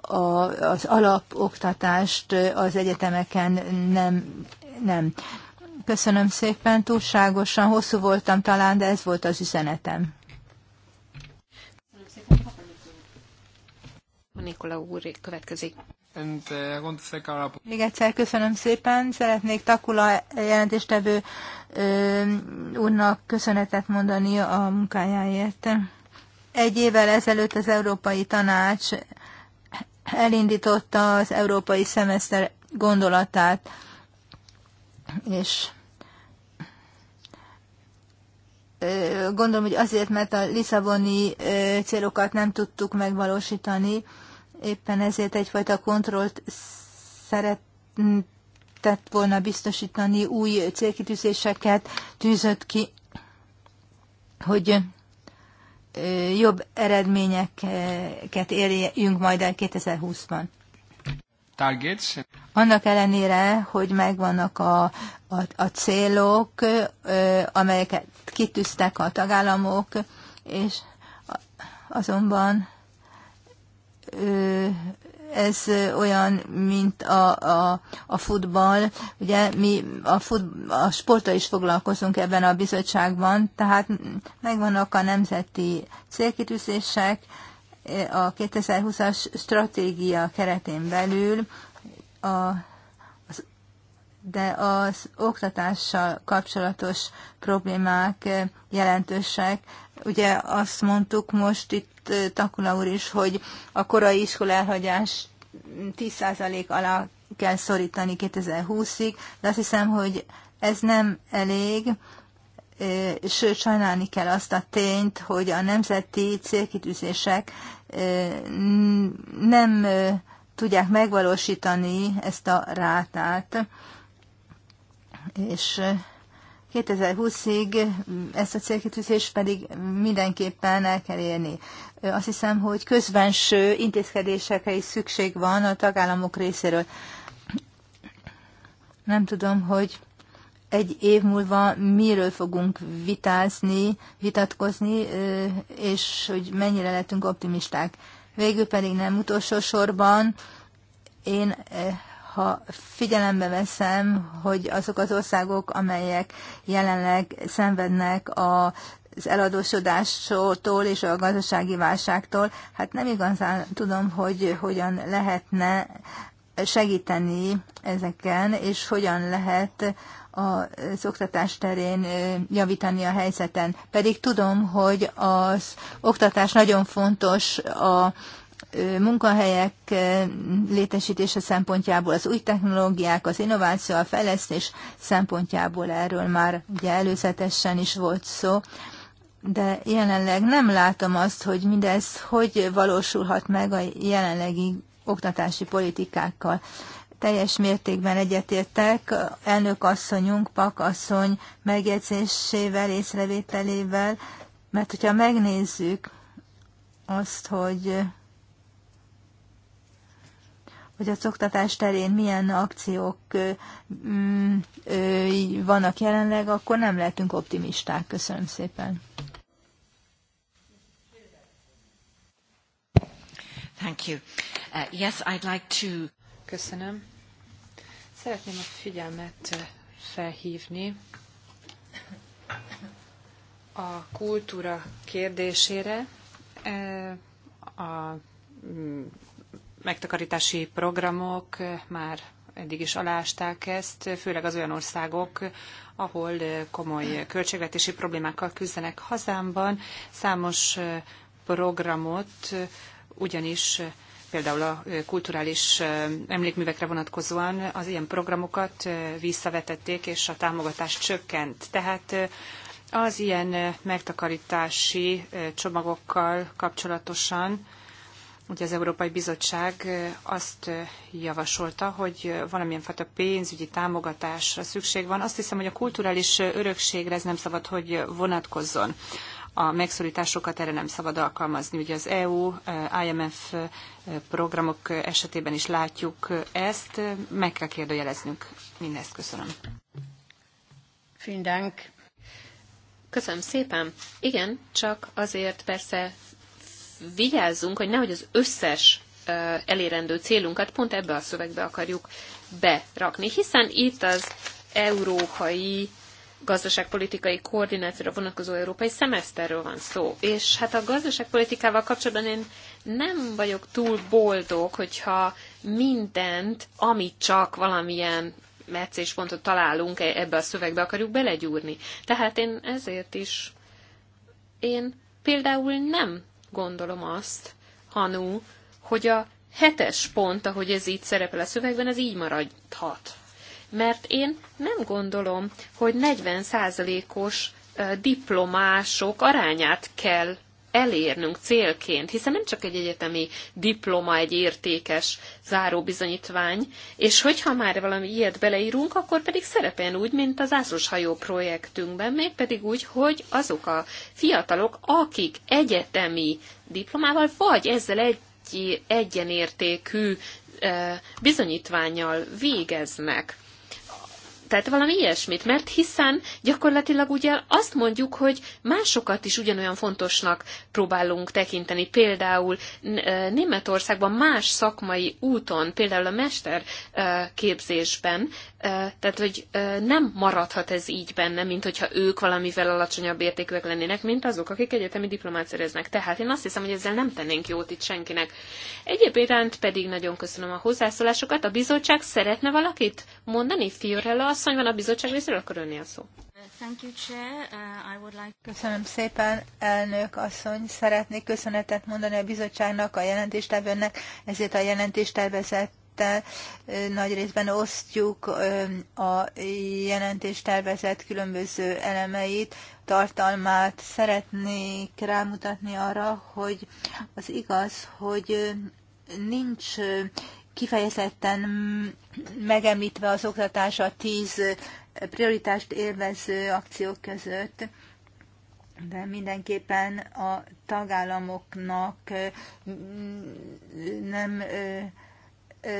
az alapoktatást az egyetemeken nem. nem. Köszönöm szépen, túlságosan hosszú voltam talán, de ez volt az üzenetem. Nikola úr következik. Uh, Még egyszer köszönöm szépen. Szeretnék Takula jelentéstevő úrnak köszönetet mondani a munkájáért. Egy évvel ezelőtt az Európai Tanács elindította az európai szemeszter gondolatát, és gondolom, hogy azért, mert a Lisszaboni célokat nem tudtuk megvalósítani, Éppen ezért egyfajta kontrollt szeretett volna biztosítani, új célkitűzéseket tűzött ki, hogy jobb eredményeket érjünk majd el 2020-ban. Targets. Annak ellenére, hogy megvannak a, a, a célok, amelyeket kitűztek a tagállamok, és azonban ez olyan, mint a, a, a futball. Ugye mi a, fut, a sporttal is foglalkozunk ebben a bizottságban, tehát megvannak a nemzeti célkitűzések a 2020-as stratégia keretén belül, a, az, de az oktatással kapcsolatos problémák jelentősek. Ugye azt mondtuk most itt Eh, Takula úr is, hogy a korai iskola elhagyás 10% alá kell szorítani 2020-ig, de azt hiszem, hogy ez nem elég, eh, sőt sajnálni kell azt a tényt, hogy a nemzeti célkitűzések eh, nem tudják megvalósítani ezt a rátát, és 2020-ig mm, ezt a célkitűzést pedig mindenképpen el kell érni azt hiszem, hogy közbenső intézkedésekre is szükség van a tagállamok részéről. Nem tudom, hogy egy év múlva miről fogunk vitázni, vitatkozni, és hogy mennyire lettünk optimisták. Végül pedig nem utolsó sorban, én ha figyelembe veszem, hogy azok az országok, amelyek jelenleg szenvednek a az eladósodástól és a gazdasági válságtól, hát nem igazán tudom, hogy hogyan lehetne segíteni ezeken, és hogyan lehet a oktatás terén javítani a helyzeten. Pedig tudom, hogy az oktatás nagyon fontos a munkahelyek létesítése szempontjából, az új technológiák, az innováció, a fejlesztés szempontjából erről már ugye előzetesen is volt szó de jelenleg nem látom azt, hogy mindez hogy valósulhat meg a jelenlegi oktatási politikákkal. Teljes mértékben egyetértek elnök asszonyunk, pak asszony megjegyzésével, észrevételével, mert hogyha megnézzük azt, hogy hogy az oktatás terén milyen akciók mm, vannak jelenleg, akkor nem lehetünk optimisták. Köszönöm szépen. Thank you. Uh, yes, I'd like to... Köszönöm. Szeretném a figyelmet uh, felhívni a kultúra kérdésére. Uh, a mm, megtakarítási programok uh, már eddig is alásták ezt, főleg az olyan országok, ahol komoly költségvetési problémákkal küzdenek hazámban. Számos programot ugyanis például a kulturális emlékművekre vonatkozóan az ilyen programokat visszavetették, és a támogatás csökkent. Tehát az ilyen megtakarítási csomagokkal kapcsolatosan Ugye az Európai Bizottság azt javasolta, hogy valamilyen fajta pénzügyi támogatásra szükség van. Azt hiszem, hogy a kulturális örökségre ez nem szabad, hogy vonatkozzon a megszorításokat erre nem szabad alkalmazni. Ugye az EU, eh, IMF eh, programok esetében is látjuk eh, ezt, meg kell kérdőjeleznünk mindezt. Köszönöm. Fündánk. Köszönöm szépen. Igen, csak azért persze vigyázzunk, hogy nehogy az összes elérendő célunkat pont ebbe a szövegbe akarjuk berakni, hiszen itt az európai gazdaságpolitikai koordinációra vonatkozó európai szemeszterről van szó. És hát a gazdaságpolitikával kapcsolatban én nem vagyok túl boldog, hogyha mindent, amit csak valamilyen meccéspontot találunk, e- ebbe a szövegbe akarjuk belegyúrni. Tehát én ezért is, én például nem gondolom azt, Hanu, hogy a hetes pont, ahogy ez itt szerepel a szövegben, ez így maradhat mert én nem gondolom, hogy 40%-os diplomások arányát kell elérnünk célként, hiszen nem csak egy egyetemi diploma egy értékes záróbizonyítvány, és hogyha már valami ilyet beleírunk, akkor pedig szerepeljen úgy, mint az hajó projektünkben, mégpedig úgy, hogy azok a fiatalok, akik egyetemi diplomával, vagy ezzel egy egyenértékű bizonyítványjal végeznek tehát valami ilyesmit, mert hiszen gyakorlatilag ugye azt mondjuk, hogy másokat is ugyanolyan fontosnak próbálunk tekinteni. Például Németországban más szakmai úton, például a mesterképzésben, tehát hogy nem maradhat ez így benne, mint hogyha ők valamivel alacsonyabb értékűek lennének, mint azok, akik egyetemi diplomát szereznek. Tehát én azt hiszem, hogy ezzel nem tennénk jót itt senkinek. Egyéb iránt pedig nagyon köszönöm a hozzászólásokat. A bizottság szeretne valakit mondani? Fiorella asszony van a bizottság részéről, akkor önnél szó. Uh, Köszönöm szépen, elnök asszony. Szeretnék köszönetet mondani a bizottságnak, a jelentéstevőnek, ezért a jelentéstervezet nagy részben osztjuk a jelentéstervezet különböző elemeit, tartalmát. Szeretnék rámutatni arra, hogy az igaz, hogy nincs kifejezetten megemlítve az oktatás a tíz prioritást élvező akciók között, de mindenképpen a tagállamoknak nem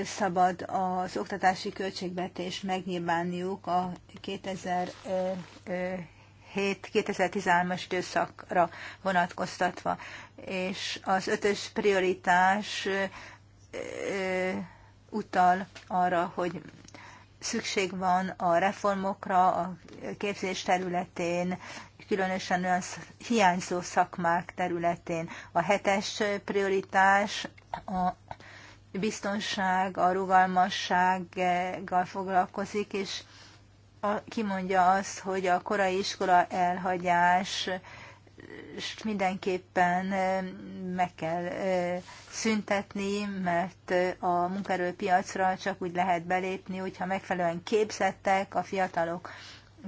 szabad az oktatási költségvetést megnyilvánniuk a 2007-2013-as időszakra vonatkoztatva. És az ötös prioritás utal arra, hogy szükség van a reformokra a képzés területén, különösen olyan hiányzó szakmák területén. A hetes prioritás a biztonság, a rugalmassággal foglalkozik, és a, kimondja azt, hogy a korai iskola elhagyás mindenképpen meg kell szüntetni, mert a munkaerőpiacra csak úgy lehet belépni, hogyha megfelelően képzettek a fiatalok,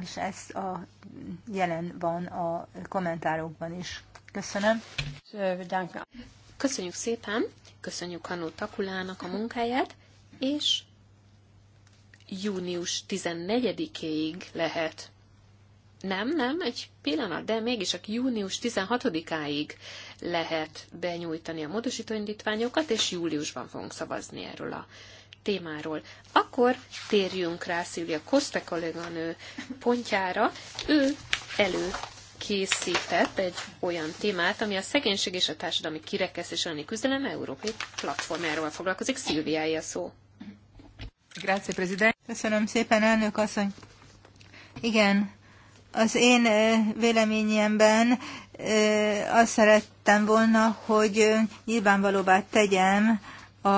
és ez a, jelen van a kommentárokban is. Köszönöm. Köszönjük szépen, köszönjük Hanó Takulának a munkáját, és június 14 ig lehet nem, nem, egy pillanat, de mégis a június 16-áig lehet benyújtani a módosítóindítványokat, és júliusban fogunk szavazni erről a témáról. Akkor térjünk rá Szilvia Koszte kolléganő pontjára. Ő elő készített egy olyan témát, ami a szegénység és a társadalmi kirekesztés elleni küzdelem európai platformjáról foglalkozik. Szilviája a szó. Grazie, prezident. Köszönöm szépen, elnök asszony. Igen, az én véleményemben azt szerettem volna, hogy nyilvánvalóvá tegyem a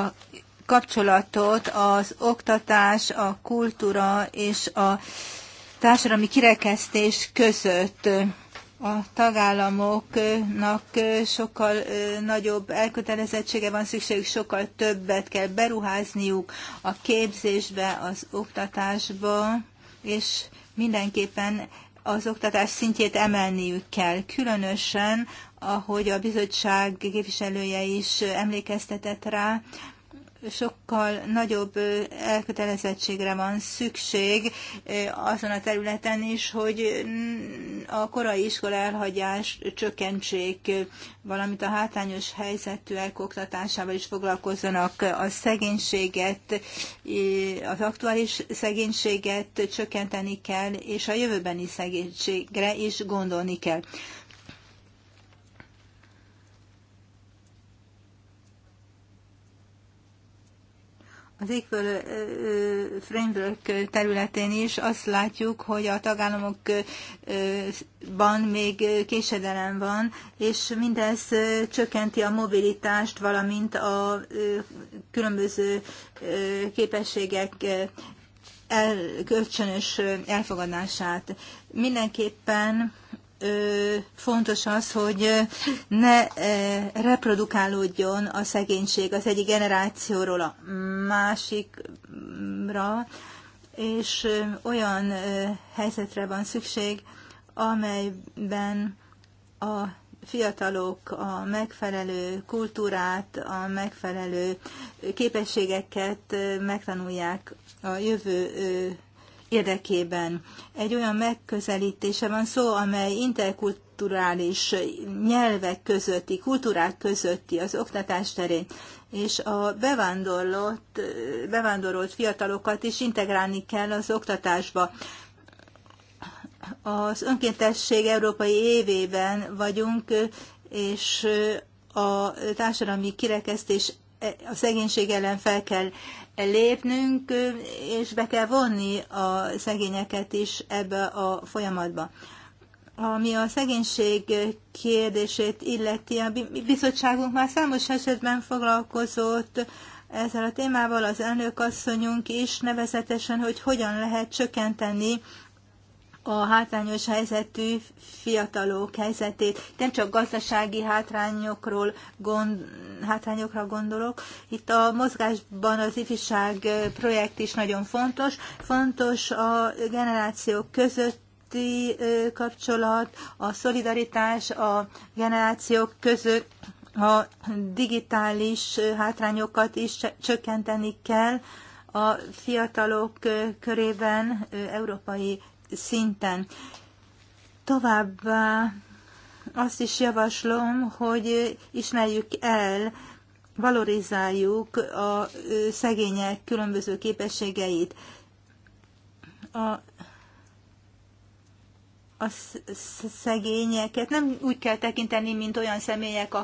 kapcsolatot az oktatás, a kultúra és a társadalmi kirekesztés között a tagállamoknak sokkal nagyobb elkötelezettsége van szükségük, sokkal többet kell beruházniuk a képzésbe, az oktatásba, és mindenképpen az oktatás szintjét emelniük kell, különösen, ahogy a bizottság képviselője is emlékeztetett rá, sokkal nagyobb elkötelezettségre van szükség azon a területen is, hogy mm, a korai iskola elhagyás csökkentsék, valamint a hátrányos helyzetűek oktatásával is foglalkozzanak, a szegénységet, az aktuális szegénységet csökkenteni kell, és a jövőbeni szegénységre is gondolni kell. az égből Framework területén is azt látjuk, hogy a tagállamokban még késedelem van, és mindez csökkenti a mobilitást, valamint a különböző képességek el, kölcsönös elfogadását. Mindenképpen fontos az, hogy ne reprodukálódjon a szegénység az egyik generációról a másikra, és olyan helyzetre van szükség, amelyben a fiatalok a megfelelő kultúrát, a megfelelő képességeket megtanulják a jövő érdekében. Egy olyan megközelítése van szó, amely interkulturális nyelvek közötti, kultúrák közötti az oktatás terén, és a bevándorlott, bevándorolt fiatalokat is integrálni kell az oktatásba. Az önkéntesség európai évében vagyunk, és a társadalmi kirekesztés, a szegénység ellen fel kell lépnünk, és be kell vonni a szegényeket is ebbe a folyamatba. Ami a szegénység kérdését illeti, a bizottságunk már számos esetben foglalkozott ezzel a témával, az elnök asszonyunk is, nevezetesen, hogy hogyan lehet csökkenteni a hátrányos helyzetű fiatalok helyzetét. Nem csak gazdasági hátrányokról gond, hátrányokra gondolok. Itt a mozgásban az ifjúság projekt is nagyon fontos. Fontos a generációk között kapcsolat, a szolidaritás a generációk között, a digitális hátrányokat is csökkenteni kell a fiatalok körében európai szinten. Továbbá azt is javaslom, hogy ismerjük el, valorizáljuk a szegények különböző képességeit. A a szegényeket nem úgy kell tekinteni, mint olyan személyek,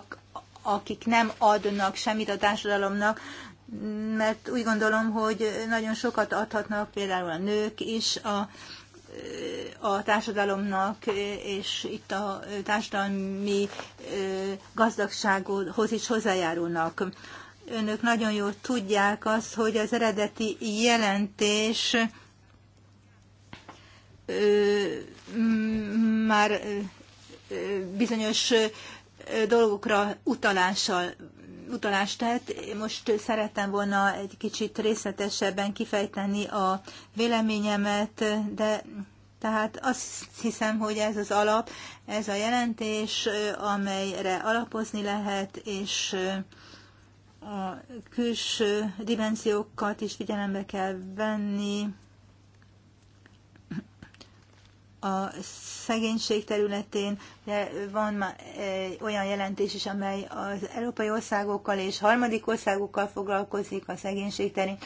akik nem adnak semmit a társadalomnak, mert úgy gondolom, hogy nagyon sokat adhatnak például a nők is a a társadalomnak, és itt a társadalmi gazdagsághoz is hozzájárulnak. Önök nagyon jól tudják azt, hogy az eredeti jelentés már bizonyos dolgokra utalással utalást tett. Most szerettem volna egy kicsit részletesebben kifejteni a véleményemet, de tehát azt hiszem, hogy ez az alap, ez a jelentés, amelyre alapozni lehet, és a külső dimenziókat is figyelembe kell venni. A szegénység területén de van már olyan jelentés is, amely az európai országokkal és harmadik országokkal foglalkozik a szegénység terén.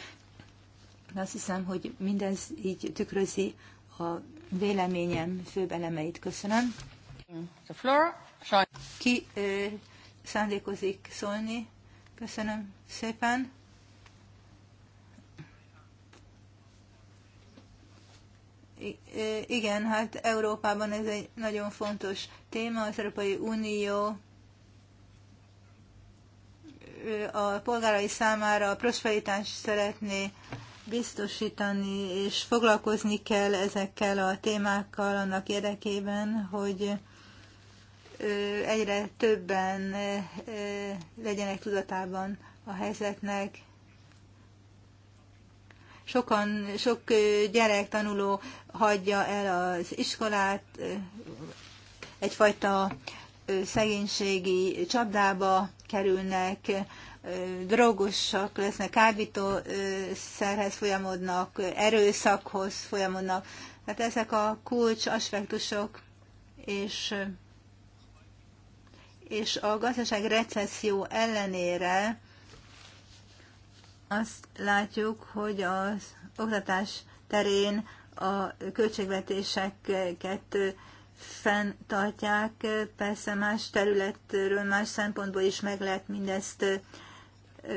Azt hiszem, hogy mindez így tükrözi a véleményem főbelemeit Köszönöm. The floor. Ki ö, szándékozik szólni? Köszönöm szépen. Igen, hát Európában ez egy nagyon fontos téma, az Európai Unió a polgárai számára a prosperitást szeretné biztosítani, és foglalkozni kell ezekkel a témákkal annak érdekében, hogy egyre többen legyenek tudatában a helyzetnek. Sokan, sok gyerek, tanuló hagyja el az iskolát, egyfajta szegénységi csapdába kerülnek, drogosak lesznek, kábítószerhez folyamodnak, erőszakhoz folyamodnak. Tehát ezek a kulcs aspektusok, és, és a gazdaság recesszió ellenére azt látjuk, hogy az oktatás terén a költségvetéseket fenntartják, persze más területről, más szempontból is meg lehet mindezt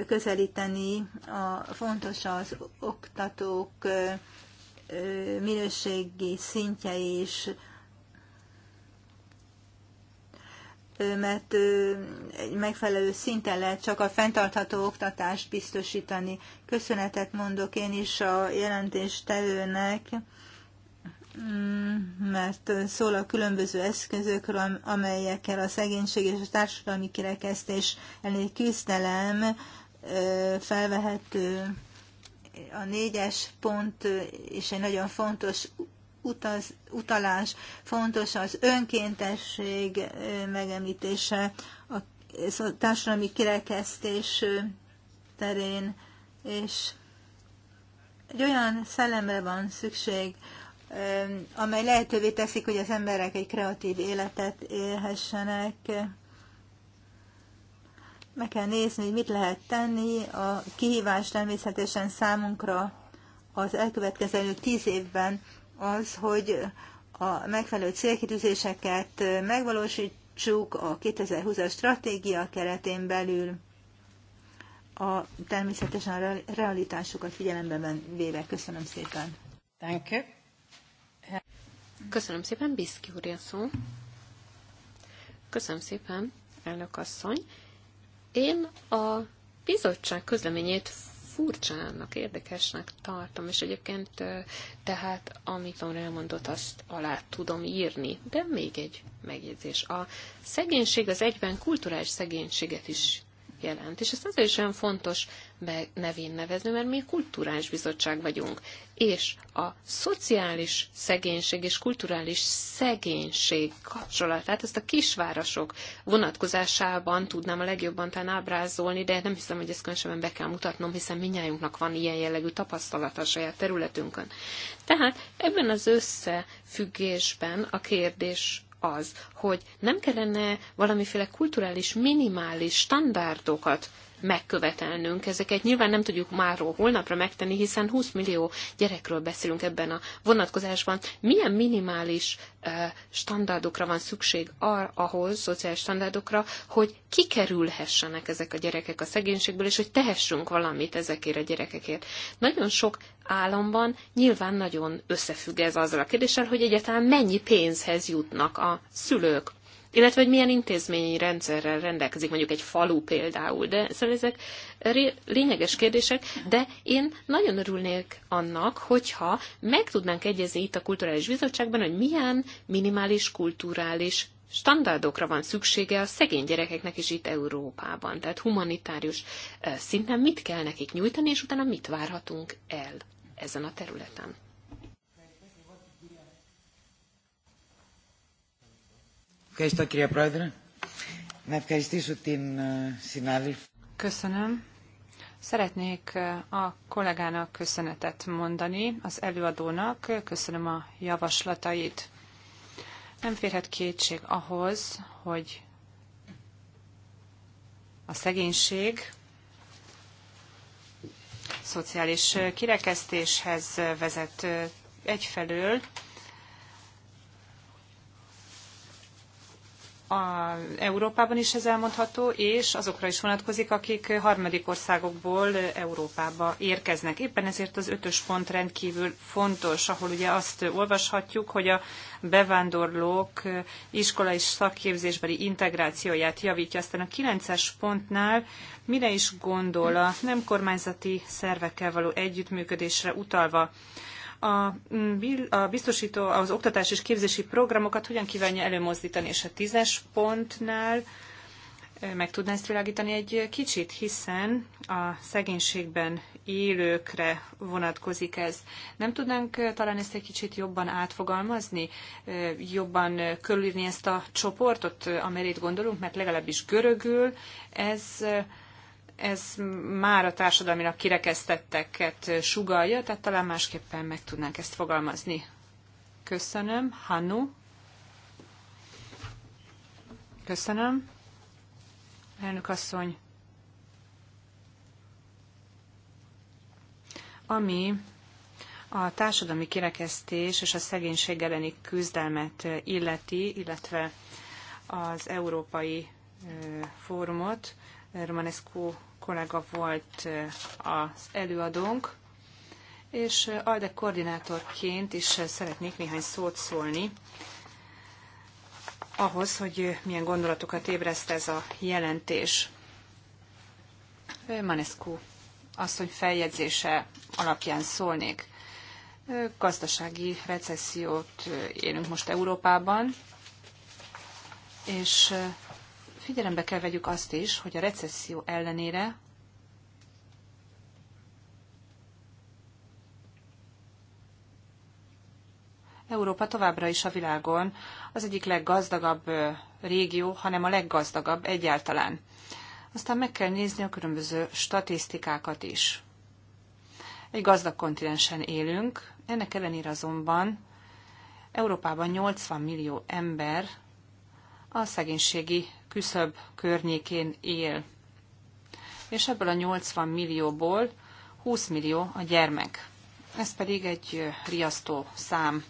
közelíteni. A, fontos az oktatók minőségi szintje is, mert egy megfelelő szinten lehet csak a fenntartható oktatást biztosítani. Köszönetet mondok én is a jelentéstevőnek. Mm, mert szól a különböző eszközökről, amelyekkel a szegénység és a társadalmi kirekesztés elleni küzdelem felvehető. A négyes pont és egy nagyon fontos utaz, utalás, fontos az önkéntesség megemlítése a társadalmi kirekesztés terén, és egy olyan szellemre van szükség, amely lehetővé teszik, hogy az emberek egy kreatív életet élhessenek. Meg kell nézni, hogy mit lehet tenni. A kihívás természetesen számunkra az elkövetkező tíz évben az, hogy a megfelelő célkitűzéseket megvalósítsuk a 2020-as stratégia keretén belül a természetesen a realitásokat figyelembe véve. Köszönöm szépen. you. Köszönöm szépen, Biszki úr szó. Köszönöm szépen, elnök asszony. Én a bizottság közleményét furcsának, érdekesnek tartom, és egyébként tehát, amit van elmondott, azt alá tudom írni. De még egy megjegyzés. A szegénység az egyben kulturális szegénységet is jelent. És ezt azért is olyan fontos nevén nevezni, mert mi kulturális bizottság vagyunk. És a szociális szegénység és kulturális szegénység kapcsolatát, ezt a kisvárosok vonatkozásában tudnám a legjobban talán ábrázolni, de nem hiszem, hogy ezt különösebben be kell mutatnom, hiszen minnyájunknak van ilyen jellegű tapasztalata a saját területünkön. Tehát ebben az összefüggésben a kérdés az, hogy nem kellene valamiféle kulturális, minimális standardokat megkövetelnünk ezeket. Nyilván nem tudjuk máról holnapra megtenni, hiszen 20 millió gyerekről beszélünk ebben a vonatkozásban. Milyen minimális standardokra van szükség ar- ahhoz, szociális standardokra, hogy kikerülhessenek ezek a gyerekek a szegénységből, és hogy tehessünk valamit ezekért a gyerekekért. Nagyon sok államban nyilván nagyon összefügg ez azzal a kérdéssel, hogy egyáltalán mennyi pénzhez jutnak a szülők illetve hogy milyen intézményi rendszerrel rendelkezik mondjuk egy falu például. De szóval ezek lényeges kérdések, de én nagyon örülnék annak, hogyha meg tudnánk egyezni itt a Kulturális Bizottságban, hogy milyen minimális kulturális standardokra van szüksége a szegény gyerekeknek is itt Európában. Tehát humanitárius eh, szinten mit kell nekik nyújtani, és utána mit várhatunk el ezen a területen. Ευχαριστώ κυρία Πρόεδρε. Να ευχαριστήσω την συνάδελφη. Köszönöm. Szeretnék a kollégának köszönetet mondani, az előadónak, köszönöm a javaslatait. Nem férhet kétség ahhoz, hogy a szegénység szociális kirekesztéshez vezet egyfelől, a Európában is ez elmondható, és azokra is vonatkozik, akik harmadik országokból Európába érkeznek. Éppen ezért az ötös pont rendkívül fontos, ahol ugye azt olvashatjuk, hogy a bevándorlók iskola és szakképzésbeli integrációját javítja. Aztán a kilences pontnál mire is gondol a nem kormányzati szervekkel való együttműködésre utalva a, mm, a biztosító, az oktatás és képzési programokat hogyan kívánja előmozdítani, és a tízes pontnál meg tudná ezt világítani egy kicsit, hiszen a szegénységben élőkre vonatkozik ez. Nem tudnánk talán ezt egy kicsit jobban átfogalmazni, jobban körülírni ezt a csoportot, amelyet gondolunk, mert legalábbis görögül ez ez már a társadalminak kirekesztetteket sugalja, tehát talán másképpen meg tudnánk ezt fogalmazni. Köszönöm. Hannu? Köszönöm. Elnök asszony. Ami a társadalmi kirekesztés és a szegénység elleni küzdelmet illeti, illetve az európai fórumot, Romanescu kollega volt eh, az előadónk, és eh, ALDE koordinátorként is eh, szeretnék néhány szót szólni ahhoz, hogy milyen gondolatokat ébreszt ez a jelentés. Manescu asszony feljegyzése alapján szólnék. Gazdasági recessziót élünk most Európában, és figyelembe kell vegyük azt is, hogy a recesszió ellenére Európa továbbra is a világon az egyik leggazdagabb régió, hanem a leggazdagabb egyáltalán. Aztán meg kell nézni a különböző statisztikákat is. Egy gazdag kontinensen élünk, ennek ellenére azonban Európában 80 millió ember a szegénységi küszöb környékén él. És ebből a 80 millióból 20 millió a gyermek. Ez pedig egy riasztó szám.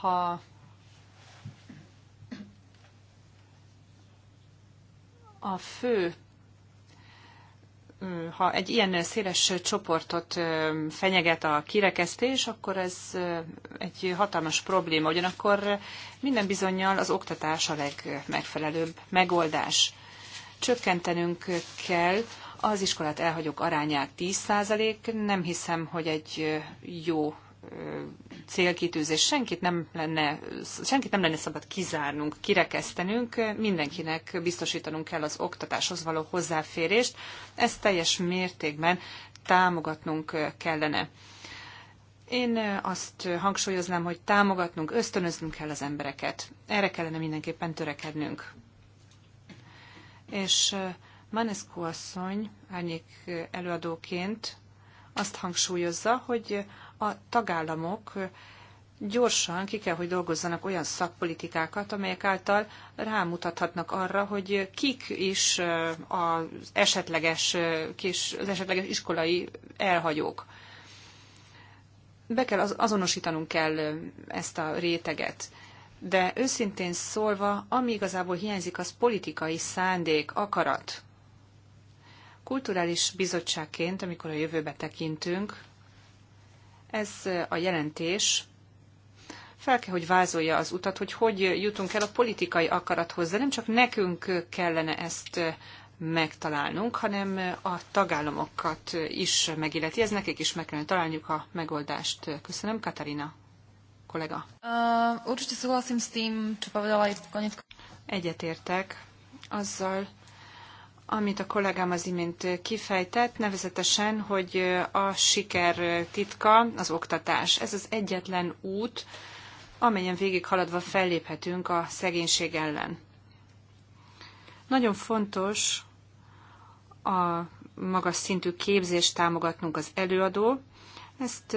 Ha a fő ha egy ilyen széles csoportot fenyeget a kirekesztés, akkor ez egy hatalmas probléma. Ugyanakkor minden bizonyal az oktatás a legmegfelelőbb megoldás. Csökkentenünk kell az iskolát elhagyók arányát 10%, nem hiszem, hogy egy jó célkitűzés. Senkit nem lenne, senkit nem lenne szabad kizárnunk, kirekesztenünk, mindenkinek biztosítanunk kell az oktatáshoz való hozzáférést. Ezt teljes mértékben támogatnunk kellene. Én azt hangsúlyoznám, hogy támogatnunk, ösztönöznünk kell az embereket. Erre kellene mindenképpen törekednünk. És Manescu asszony árnyék előadóként azt hangsúlyozza, hogy a tagállamok gyorsan ki kell, hogy dolgozzanak olyan szakpolitikákat, amelyek által rámutathatnak arra, hogy kik is az esetleges, kis, az esetleges iskolai elhagyók. Be kell azonosítanunk kell ezt a réteget. De őszintén szólva, ami igazából hiányzik, az politikai szándék, akarat. Kulturális bizottságként, amikor a jövőbe tekintünk, ez a jelentés fel kell, hogy vázolja az utat, hogy hogy jutunk el a politikai akarathoz, de nem csak nekünk kellene ezt megtalálnunk, hanem a tagállamokat is megilleti. Ez nekik is meg kellene találniuk a megoldást. Köszönöm, Katarina kollega. Uh, Egyetértek azzal, amit a kollégám az imént kifejtett, nevezetesen, hogy a siker titka az oktatás. Ez az egyetlen út, amelyen végig haladva felléphetünk a szegénység ellen. Nagyon fontos a magas szintű képzést támogatnunk az előadó. Ezt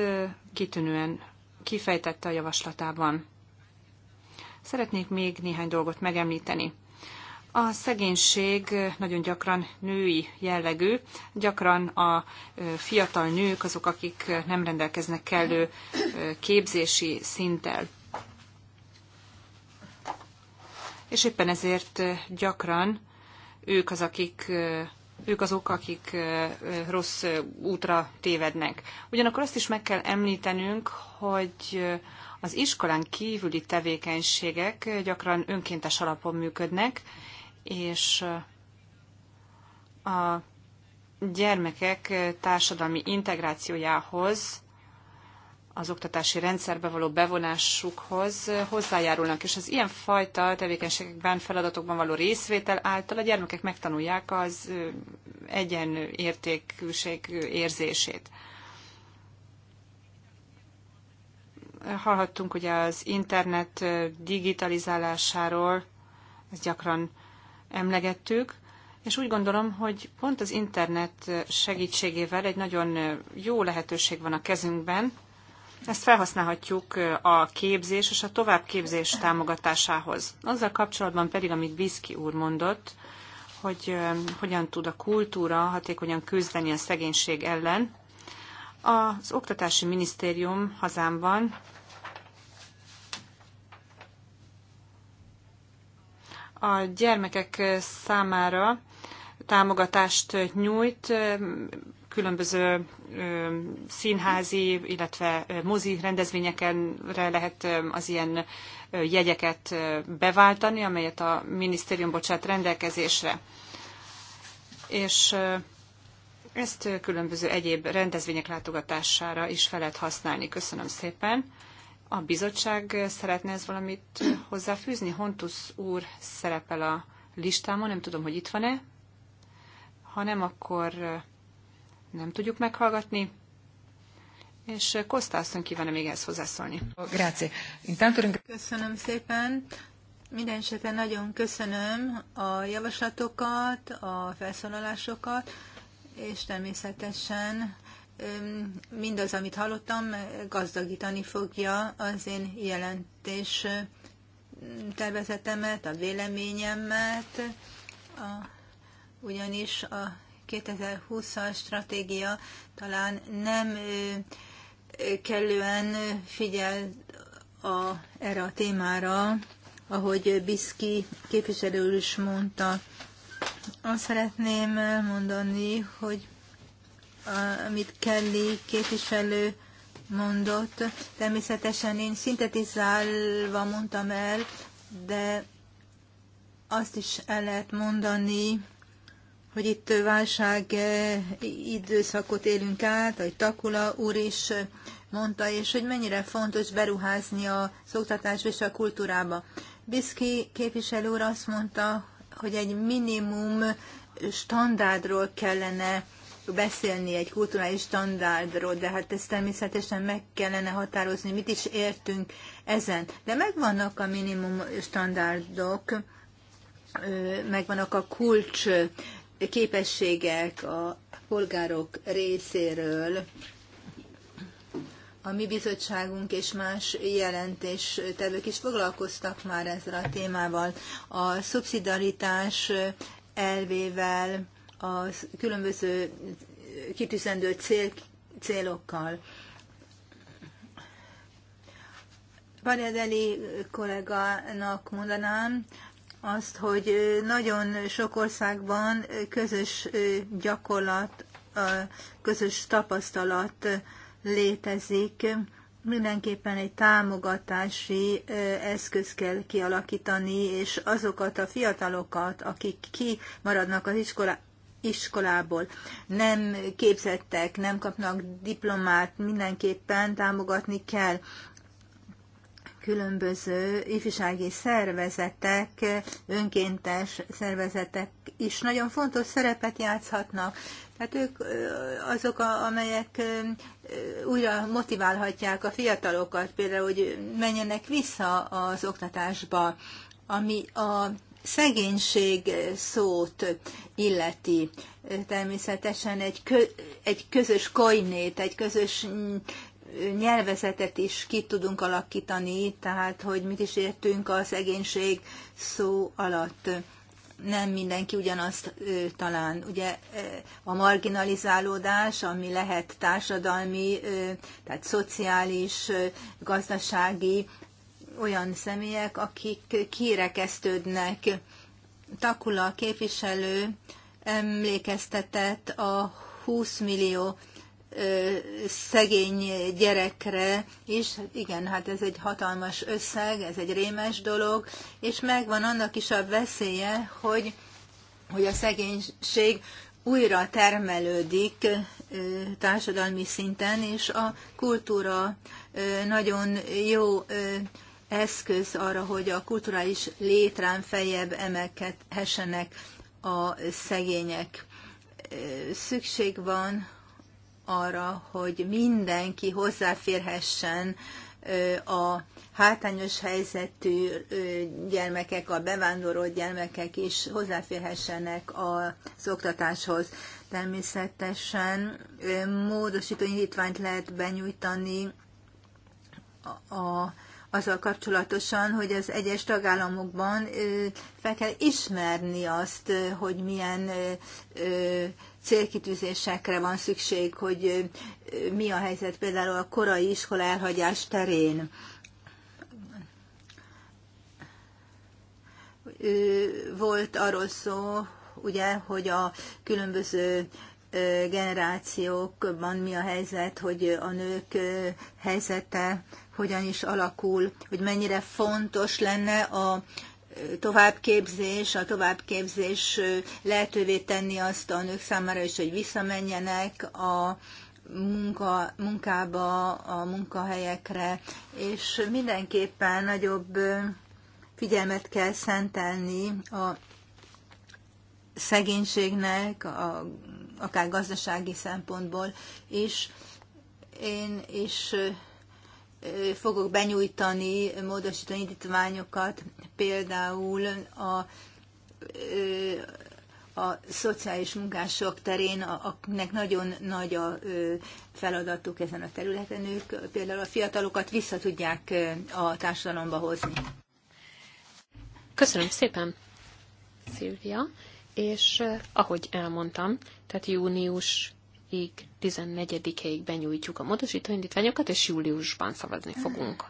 kitűnően kifejtette a javaslatában. Szeretnék még néhány dolgot megemlíteni. A szegénység nagyon gyakran női jellegű, gyakran a fiatal nők azok, akik nem rendelkeznek kellő képzési szinttel. És éppen ezért gyakran ők, az, akik, ők azok, akik rossz útra tévednek. Ugyanakkor azt is meg kell említenünk, hogy az iskolán kívüli tevékenységek gyakran önkéntes alapon működnek, és a gyermekek társadalmi integrációjához, az oktatási rendszerbe való bevonásukhoz hozzájárulnak, és az ilyen fajta tevékenységekben, feladatokban való részvétel által a gyermekek megtanulják az egyenértékűség érzését. Hallhattunk ugye az internet digitalizálásáról, ez gyakran emlegettük, és úgy gondolom, hogy pont az internet segítségével egy nagyon jó lehetőség van a kezünkben. Ezt felhasználhatjuk a képzés és a továbbképzés támogatásához. Azzal kapcsolatban pedig, amit Biszki úr mondott, hogy hogyan tud a kultúra hatékonyan küzdeni a szegénység ellen. Az Oktatási Minisztérium hazámban a gyermekek számára támogatást nyújt, különböző színházi, illetve mozi rendezvényekre lehet az ilyen jegyeket beváltani, amelyet a minisztérium bocsát rendelkezésre. És ezt különböző egyéb rendezvények látogatására is fel lehet használni. Köszönöm szépen. A bizottság szeretne ez valamit hozzáfűzni? Hontus úr szerepel a listámon, nem tudom, hogy itt van-e. Ha nem, akkor nem tudjuk meghallgatni. És Kosztászon kívánom még ezt hozzászólni. Grazie. Köszönöm szépen. Minden esetben nagyon köszönöm a javaslatokat, a felszólalásokat, és természetesen mindaz, amit hallottam, gazdagítani fogja az én jelentés tervezetemet, a véleményemet, a, ugyanis a 2020-as stratégia talán nem kellően figyel a, erre a témára, ahogy Biszki képviselő is mondta. Azt szeretném mondani, hogy amit Kelly képviselő mondott. Természetesen én szintetizálva mondtam el, de azt is el lehet mondani, hogy itt válság időszakot élünk át, hogy Takula úr is mondta, és hogy mennyire fontos beruházni a szoktatásba és a kultúrába. Biszki képviselő úr azt mondta, hogy egy minimum standardról kellene beszélni egy kulturális standardról, de hát ezt természetesen meg kellene határozni, mit is értünk ezen. De megvannak a minimum standardok, megvannak a kulcs képességek a polgárok részéről, a mi bizottságunk és más jelentés tervek is foglalkoztak már ezzel a témával, a szubszidaritás elvével, a különböző kitűzendő cél, célokkal. Paredeli kollégának mondanám azt, hogy nagyon sok országban közös gyakorlat, közös tapasztalat létezik. Mindenképpen egy támogatási eszköz kell kialakítani, és azokat a fiatalokat, akik kimaradnak az iskola, iskolából nem képzettek, nem kapnak diplomát, mindenképpen támogatni kell különböző ifjúsági szervezetek, önkéntes szervezetek is nagyon fontos szerepet játszhatnak. Tehát ők azok, amelyek újra motiválhatják a fiatalokat, például, hogy menjenek vissza az oktatásba, ami a szegénység szót illeti. Természetesen egy, kö, egy közös koinét, egy közös nyelvezetet is ki tudunk alakítani, tehát hogy mit is értünk a szegénység szó alatt. Nem mindenki ugyanazt talán. Ugye a marginalizálódás, ami lehet társadalmi, tehát szociális, gazdasági, olyan személyek, akik kirekesztődnek. Takula képviselő emlékeztetett a 20 millió szegény gyerekre is. Igen, hát ez egy hatalmas összeg, ez egy rémes dolog, és megvan annak is a veszélye, hogy, hogy a szegénység újra termelődik társadalmi szinten, és a kultúra nagyon jó eszköz arra, hogy a kulturális létrán feljebb emelkedhessenek a szegények. Szükség van arra, hogy mindenki hozzáférhessen a hátányos helyzetű gyermekek, a bevándorolt gyermekek is hozzáférhessenek az oktatáshoz. Természetesen módosító indítványt lehet benyújtani a azzal kapcsolatosan, hogy az egyes tagállamokban fel kell ismerni azt, hogy milyen célkitűzésekre van szükség, hogy mi a helyzet például a korai iskola elhagyás terén. Volt arról szó, ugye, hogy a különböző generációkban mi a helyzet, hogy a nők helyzete hogyan is alakul, hogy mennyire fontos lenne a továbbképzés, a továbbképzés lehetővé tenni azt a nők számára is, hogy visszamenjenek a munka, munkába, a munkahelyekre, és mindenképpen nagyobb figyelmet kell szentelni a szegénységnek, a, akár gazdasági szempontból is. Én is fogok benyújtani módosítani indítványokat, például a, a szociális munkások terén, akiknek nagyon nagy a feladatuk ezen a területen, ők például a fiatalokat vissza tudják a társadalomba hozni. Köszönöm szépen, Szilvia, és ahogy elmondtam, tehát június ig 14-ig benyújtjuk a módosító indítványokat, és júliusban szavazni fogunk a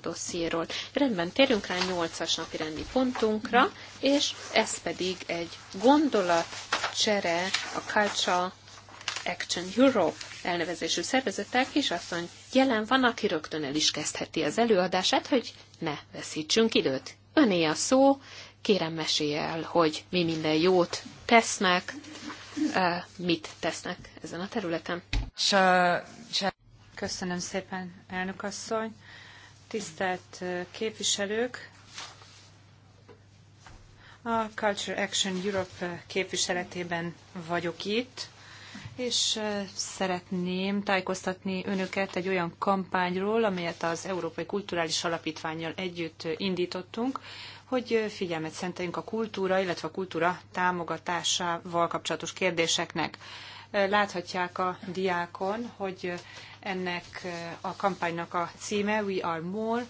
dossziéról. Rendben, térjünk rá 8-as napi rendi pontunkra, és ez pedig egy gondolatcsere a Culture Action Europe elnevezésű szervezettel kisasszony jelen van, aki rögtön el is kezdheti az előadását, hogy ne veszítsünk időt. Öné a szó, kérem mesélj el, hogy mi minden jót tesznek mit tesznek ezen a területen. Köszönöm szépen, elnök asszony. Tisztelt képviselők, a Culture Action Europe képviseletében vagyok itt, és szeretném tájékoztatni önöket egy olyan kampányról, amelyet az Európai Kulturális Alapítványjal együtt indítottunk, hogy figyelmet szenteljünk a kultúra, illetve a kultúra támogatásával kapcsolatos kérdéseknek. Láthatják a diákon, hogy ennek a kampánynak a címe We Are More,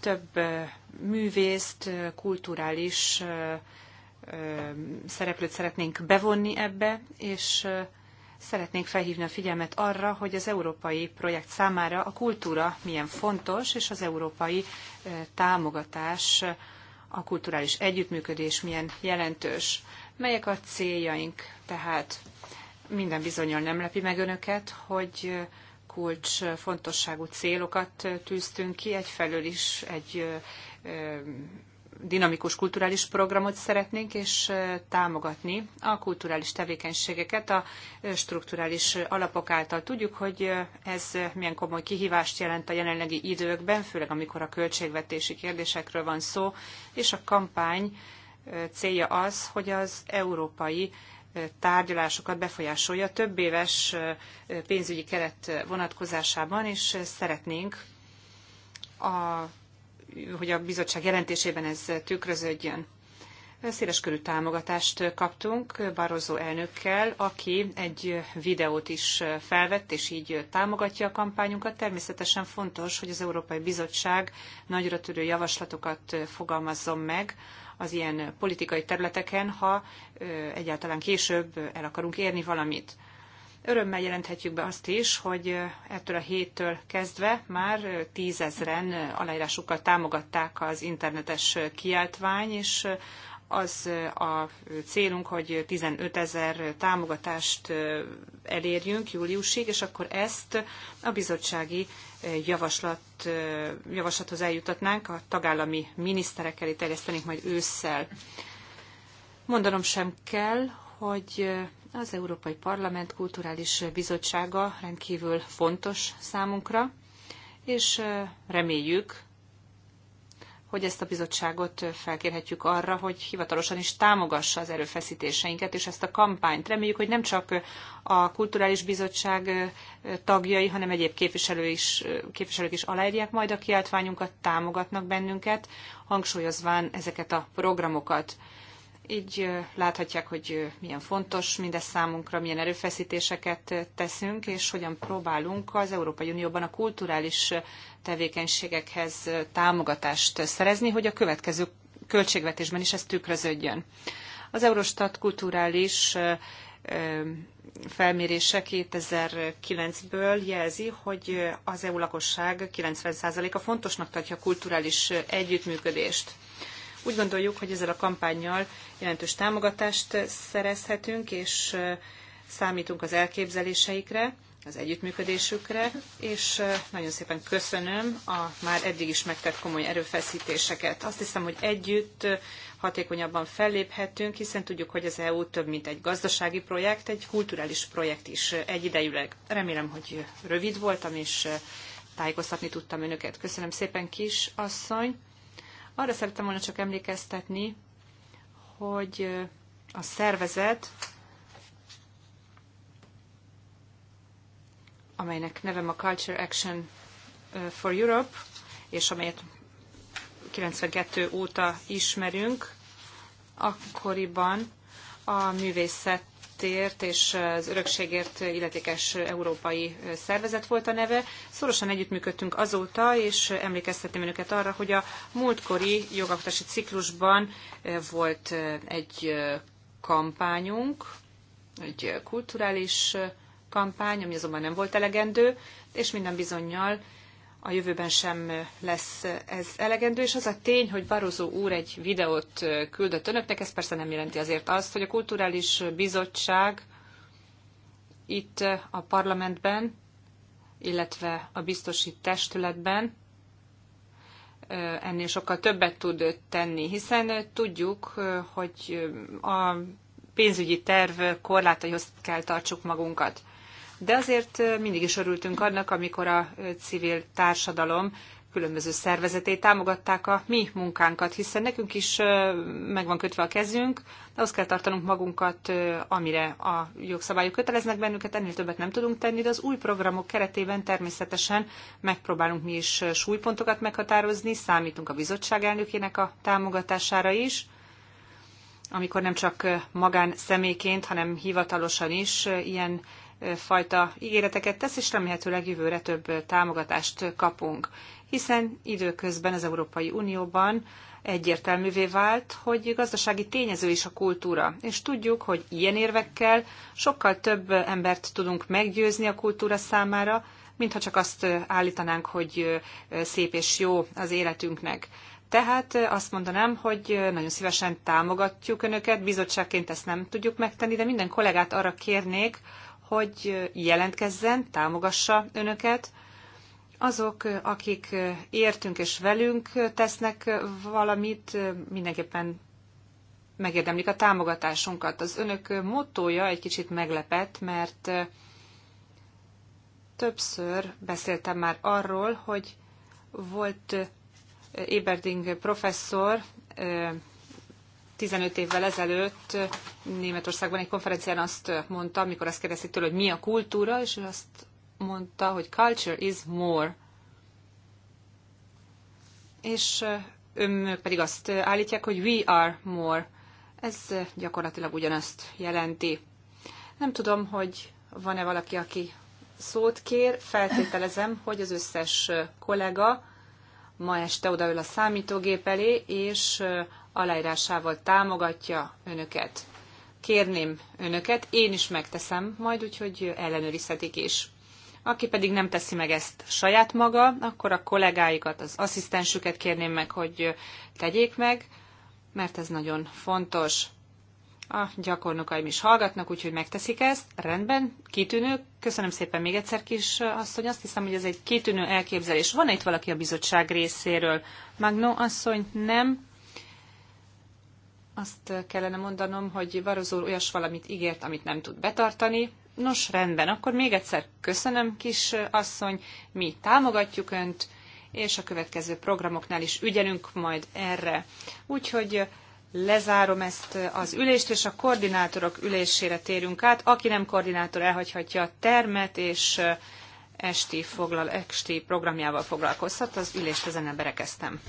több művészt, kulturális szereplőt szeretnénk bevonni ebbe, és Szeretnénk felhívni a figyelmet arra, hogy az európai projekt számára a kultúra milyen fontos, és az európai támogatás, a kulturális együttműködés milyen jelentős. Melyek a céljaink? Tehát minden bizonyal nem lepi meg önöket, hogy kulcs fontosságú célokat tűztünk ki, egyfelől is egy dinamikus kulturális programot szeretnénk, és támogatni a kulturális tevékenységeket a strukturális alapok által. Tudjuk, hogy ez milyen komoly kihívást jelent a jelenlegi időkben, főleg amikor a költségvetési kérdésekről van szó, és a kampány célja az, hogy az európai tárgyalásokat befolyásolja több éves pénzügyi keret vonatkozásában, és szeretnénk a hogy a bizottság jelentésében ez tükröződjön. Széleskörű támogatást kaptunk barozó elnökkel, aki egy videót is felvett, és így támogatja a kampányunkat. Természetesen fontos, hogy az Európai Bizottság nagyra törő javaslatokat fogalmazzon meg az ilyen politikai területeken, ha egyáltalán később el akarunk érni valamit. Örömmel jelenthetjük be azt is, hogy ettől a héttől kezdve már tízezren aláírásukkal támogatták az internetes kiáltvány, és az a célunk, hogy 15 ezer támogatást elérjünk júliusig, és akkor ezt a bizottsági javaslat, javaslathoz eljutatnánk, a tagállami miniszterek elé terjesztenénk majd ősszel. Mondanom sem kell, hogy az Európai Parlament Kulturális Bizottsága rendkívül fontos számunkra, és reméljük, hogy ezt a bizottságot felkérhetjük arra, hogy hivatalosan is támogassa az erőfeszítéseinket és ezt a kampányt. Reméljük, hogy nem csak a Kulturális Bizottság tagjai, hanem egyéb képviselő is, képviselők is aláírják majd a kiáltványunkat, támogatnak bennünket, hangsúlyozván ezeket a programokat. Így láthatják, hogy milyen fontos mindez számunkra, milyen erőfeszítéseket teszünk, és hogyan próbálunk az Európai Unióban a kulturális tevékenységekhez támogatást szerezni, hogy a következő költségvetésben is ez tükröződjön. Az Eurostat kulturális felmérése 2009-ből jelzi, hogy az EU lakosság 90%-a fontosnak tartja a kulturális együttműködést. Úgy gondoljuk, hogy ezzel a kampányjal jelentős támogatást szerezhetünk, és számítunk az elképzeléseikre, az együttműködésükre, és nagyon szépen köszönöm a már eddig is megtett komoly erőfeszítéseket. Azt hiszem, hogy együtt hatékonyabban felléphetünk, hiszen tudjuk, hogy az EU több, mint egy gazdasági projekt, egy kulturális projekt is egyidejűleg. Remélem, hogy rövid voltam, és tájékoztatni tudtam önöket. Köszönöm szépen, kis asszony. Arra szerettem volna csak emlékeztetni, hogy a szervezet, amelynek nevem a Culture Action for Europe, és amelyet 92 óta ismerünk, akkoriban a művészet területért és az örökségért illetékes európai szervezet volt a neve. Szorosan együttműködtünk azóta, és emlékeztetném önöket arra, hogy a múltkori jogalkotási ciklusban volt egy kampányunk, egy kulturális kampány, ami azonban nem volt elegendő, és minden bizonyal a jövőben sem lesz ez elegendő, és az a tény, hogy Barozó úr egy videót küldött önöknek, ez persze nem jelenti azért azt, hogy a Kulturális Bizottság itt a parlamentben, illetve a biztosít testületben ennél sokkal többet tud tenni, hiszen tudjuk, hogy a pénzügyi terv korlátaihoz kell tartsuk magunkat de azért mindig is örültünk annak, amikor a civil társadalom különböző szervezetei támogatták a mi munkánkat, hiszen nekünk is meg van kötve a kezünk, de azt kell tartanunk magunkat, amire a jogszabályok köteleznek bennünket, ennél többet nem tudunk tenni, de az új programok keretében természetesen megpróbálunk mi is súlypontokat meghatározni, számítunk a bizottság elnökének a támogatására is, amikor nem csak magán személyként, hanem hivatalosan is ilyen fajta ígéreteket tesz, és remélhetőleg jövőre több támogatást kapunk. Hiszen időközben az Európai Unióban egyértelművé vált, hogy gazdasági tényező is a kultúra, és tudjuk, hogy ilyen érvekkel sokkal több embert tudunk meggyőzni a kultúra számára, mintha csak azt állítanánk, hogy szép és jó az életünknek. Tehát azt mondanám, hogy nagyon szívesen támogatjuk Önöket, bizottságként ezt nem tudjuk megtenni, de minden kollégát arra kérnék, hogy jelentkezzen, támogassa önöket. Azok, akik értünk és velünk tesznek valamit, mindenképpen megérdemlik a támogatásunkat. Az önök motója egy kicsit meglepett, mert többször beszéltem már arról, hogy volt Eberding professzor, 15 évvel ezelőtt Németországban egy konferencián azt mondta, amikor azt kérdezték tőle, hogy mi a kultúra, és ő azt mondta, hogy culture is more. És ők pedig azt állítják, hogy we are more. Ez gyakorlatilag ugyanazt jelenti. Nem tudom, hogy van-e valaki, aki szót kér. Feltételezem, hogy az összes kollega ma este odaül a számítógép elé, és aláírásával támogatja önöket. Kérném önöket, én is megteszem majd, úgyhogy ellenőrizhetik is. Aki pedig nem teszi meg ezt saját maga, akkor a kollégáikat, az asszisztensüket kérném meg, hogy tegyék meg, mert ez nagyon fontos. A gyakornokaim is hallgatnak, úgyhogy megteszik ezt. Rendben, kitűnő. Köszönöm szépen még egyszer, kis asszony. Azt hiszem, hogy ez egy kitűnő elképzelés. van -e itt valaki a bizottság részéről? Magnó asszony, nem. Azt kellene mondanom, hogy Barozó olyas valamit ígért, amit nem tud betartani. Nos, rendben, akkor még egyszer köszönöm, kis asszony, mi támogatjuk Önt, és a következő programoknál is ügyelünk majd erre. Úgyhogy lezárom ezt az ülést, és a koordinátorok ülésére térünk át. Aki nem koordinátor, elhagyhatja a termet, és eh, esti, foglal, esti programjával foglalkozhat. Az ülést ezen berekeztem.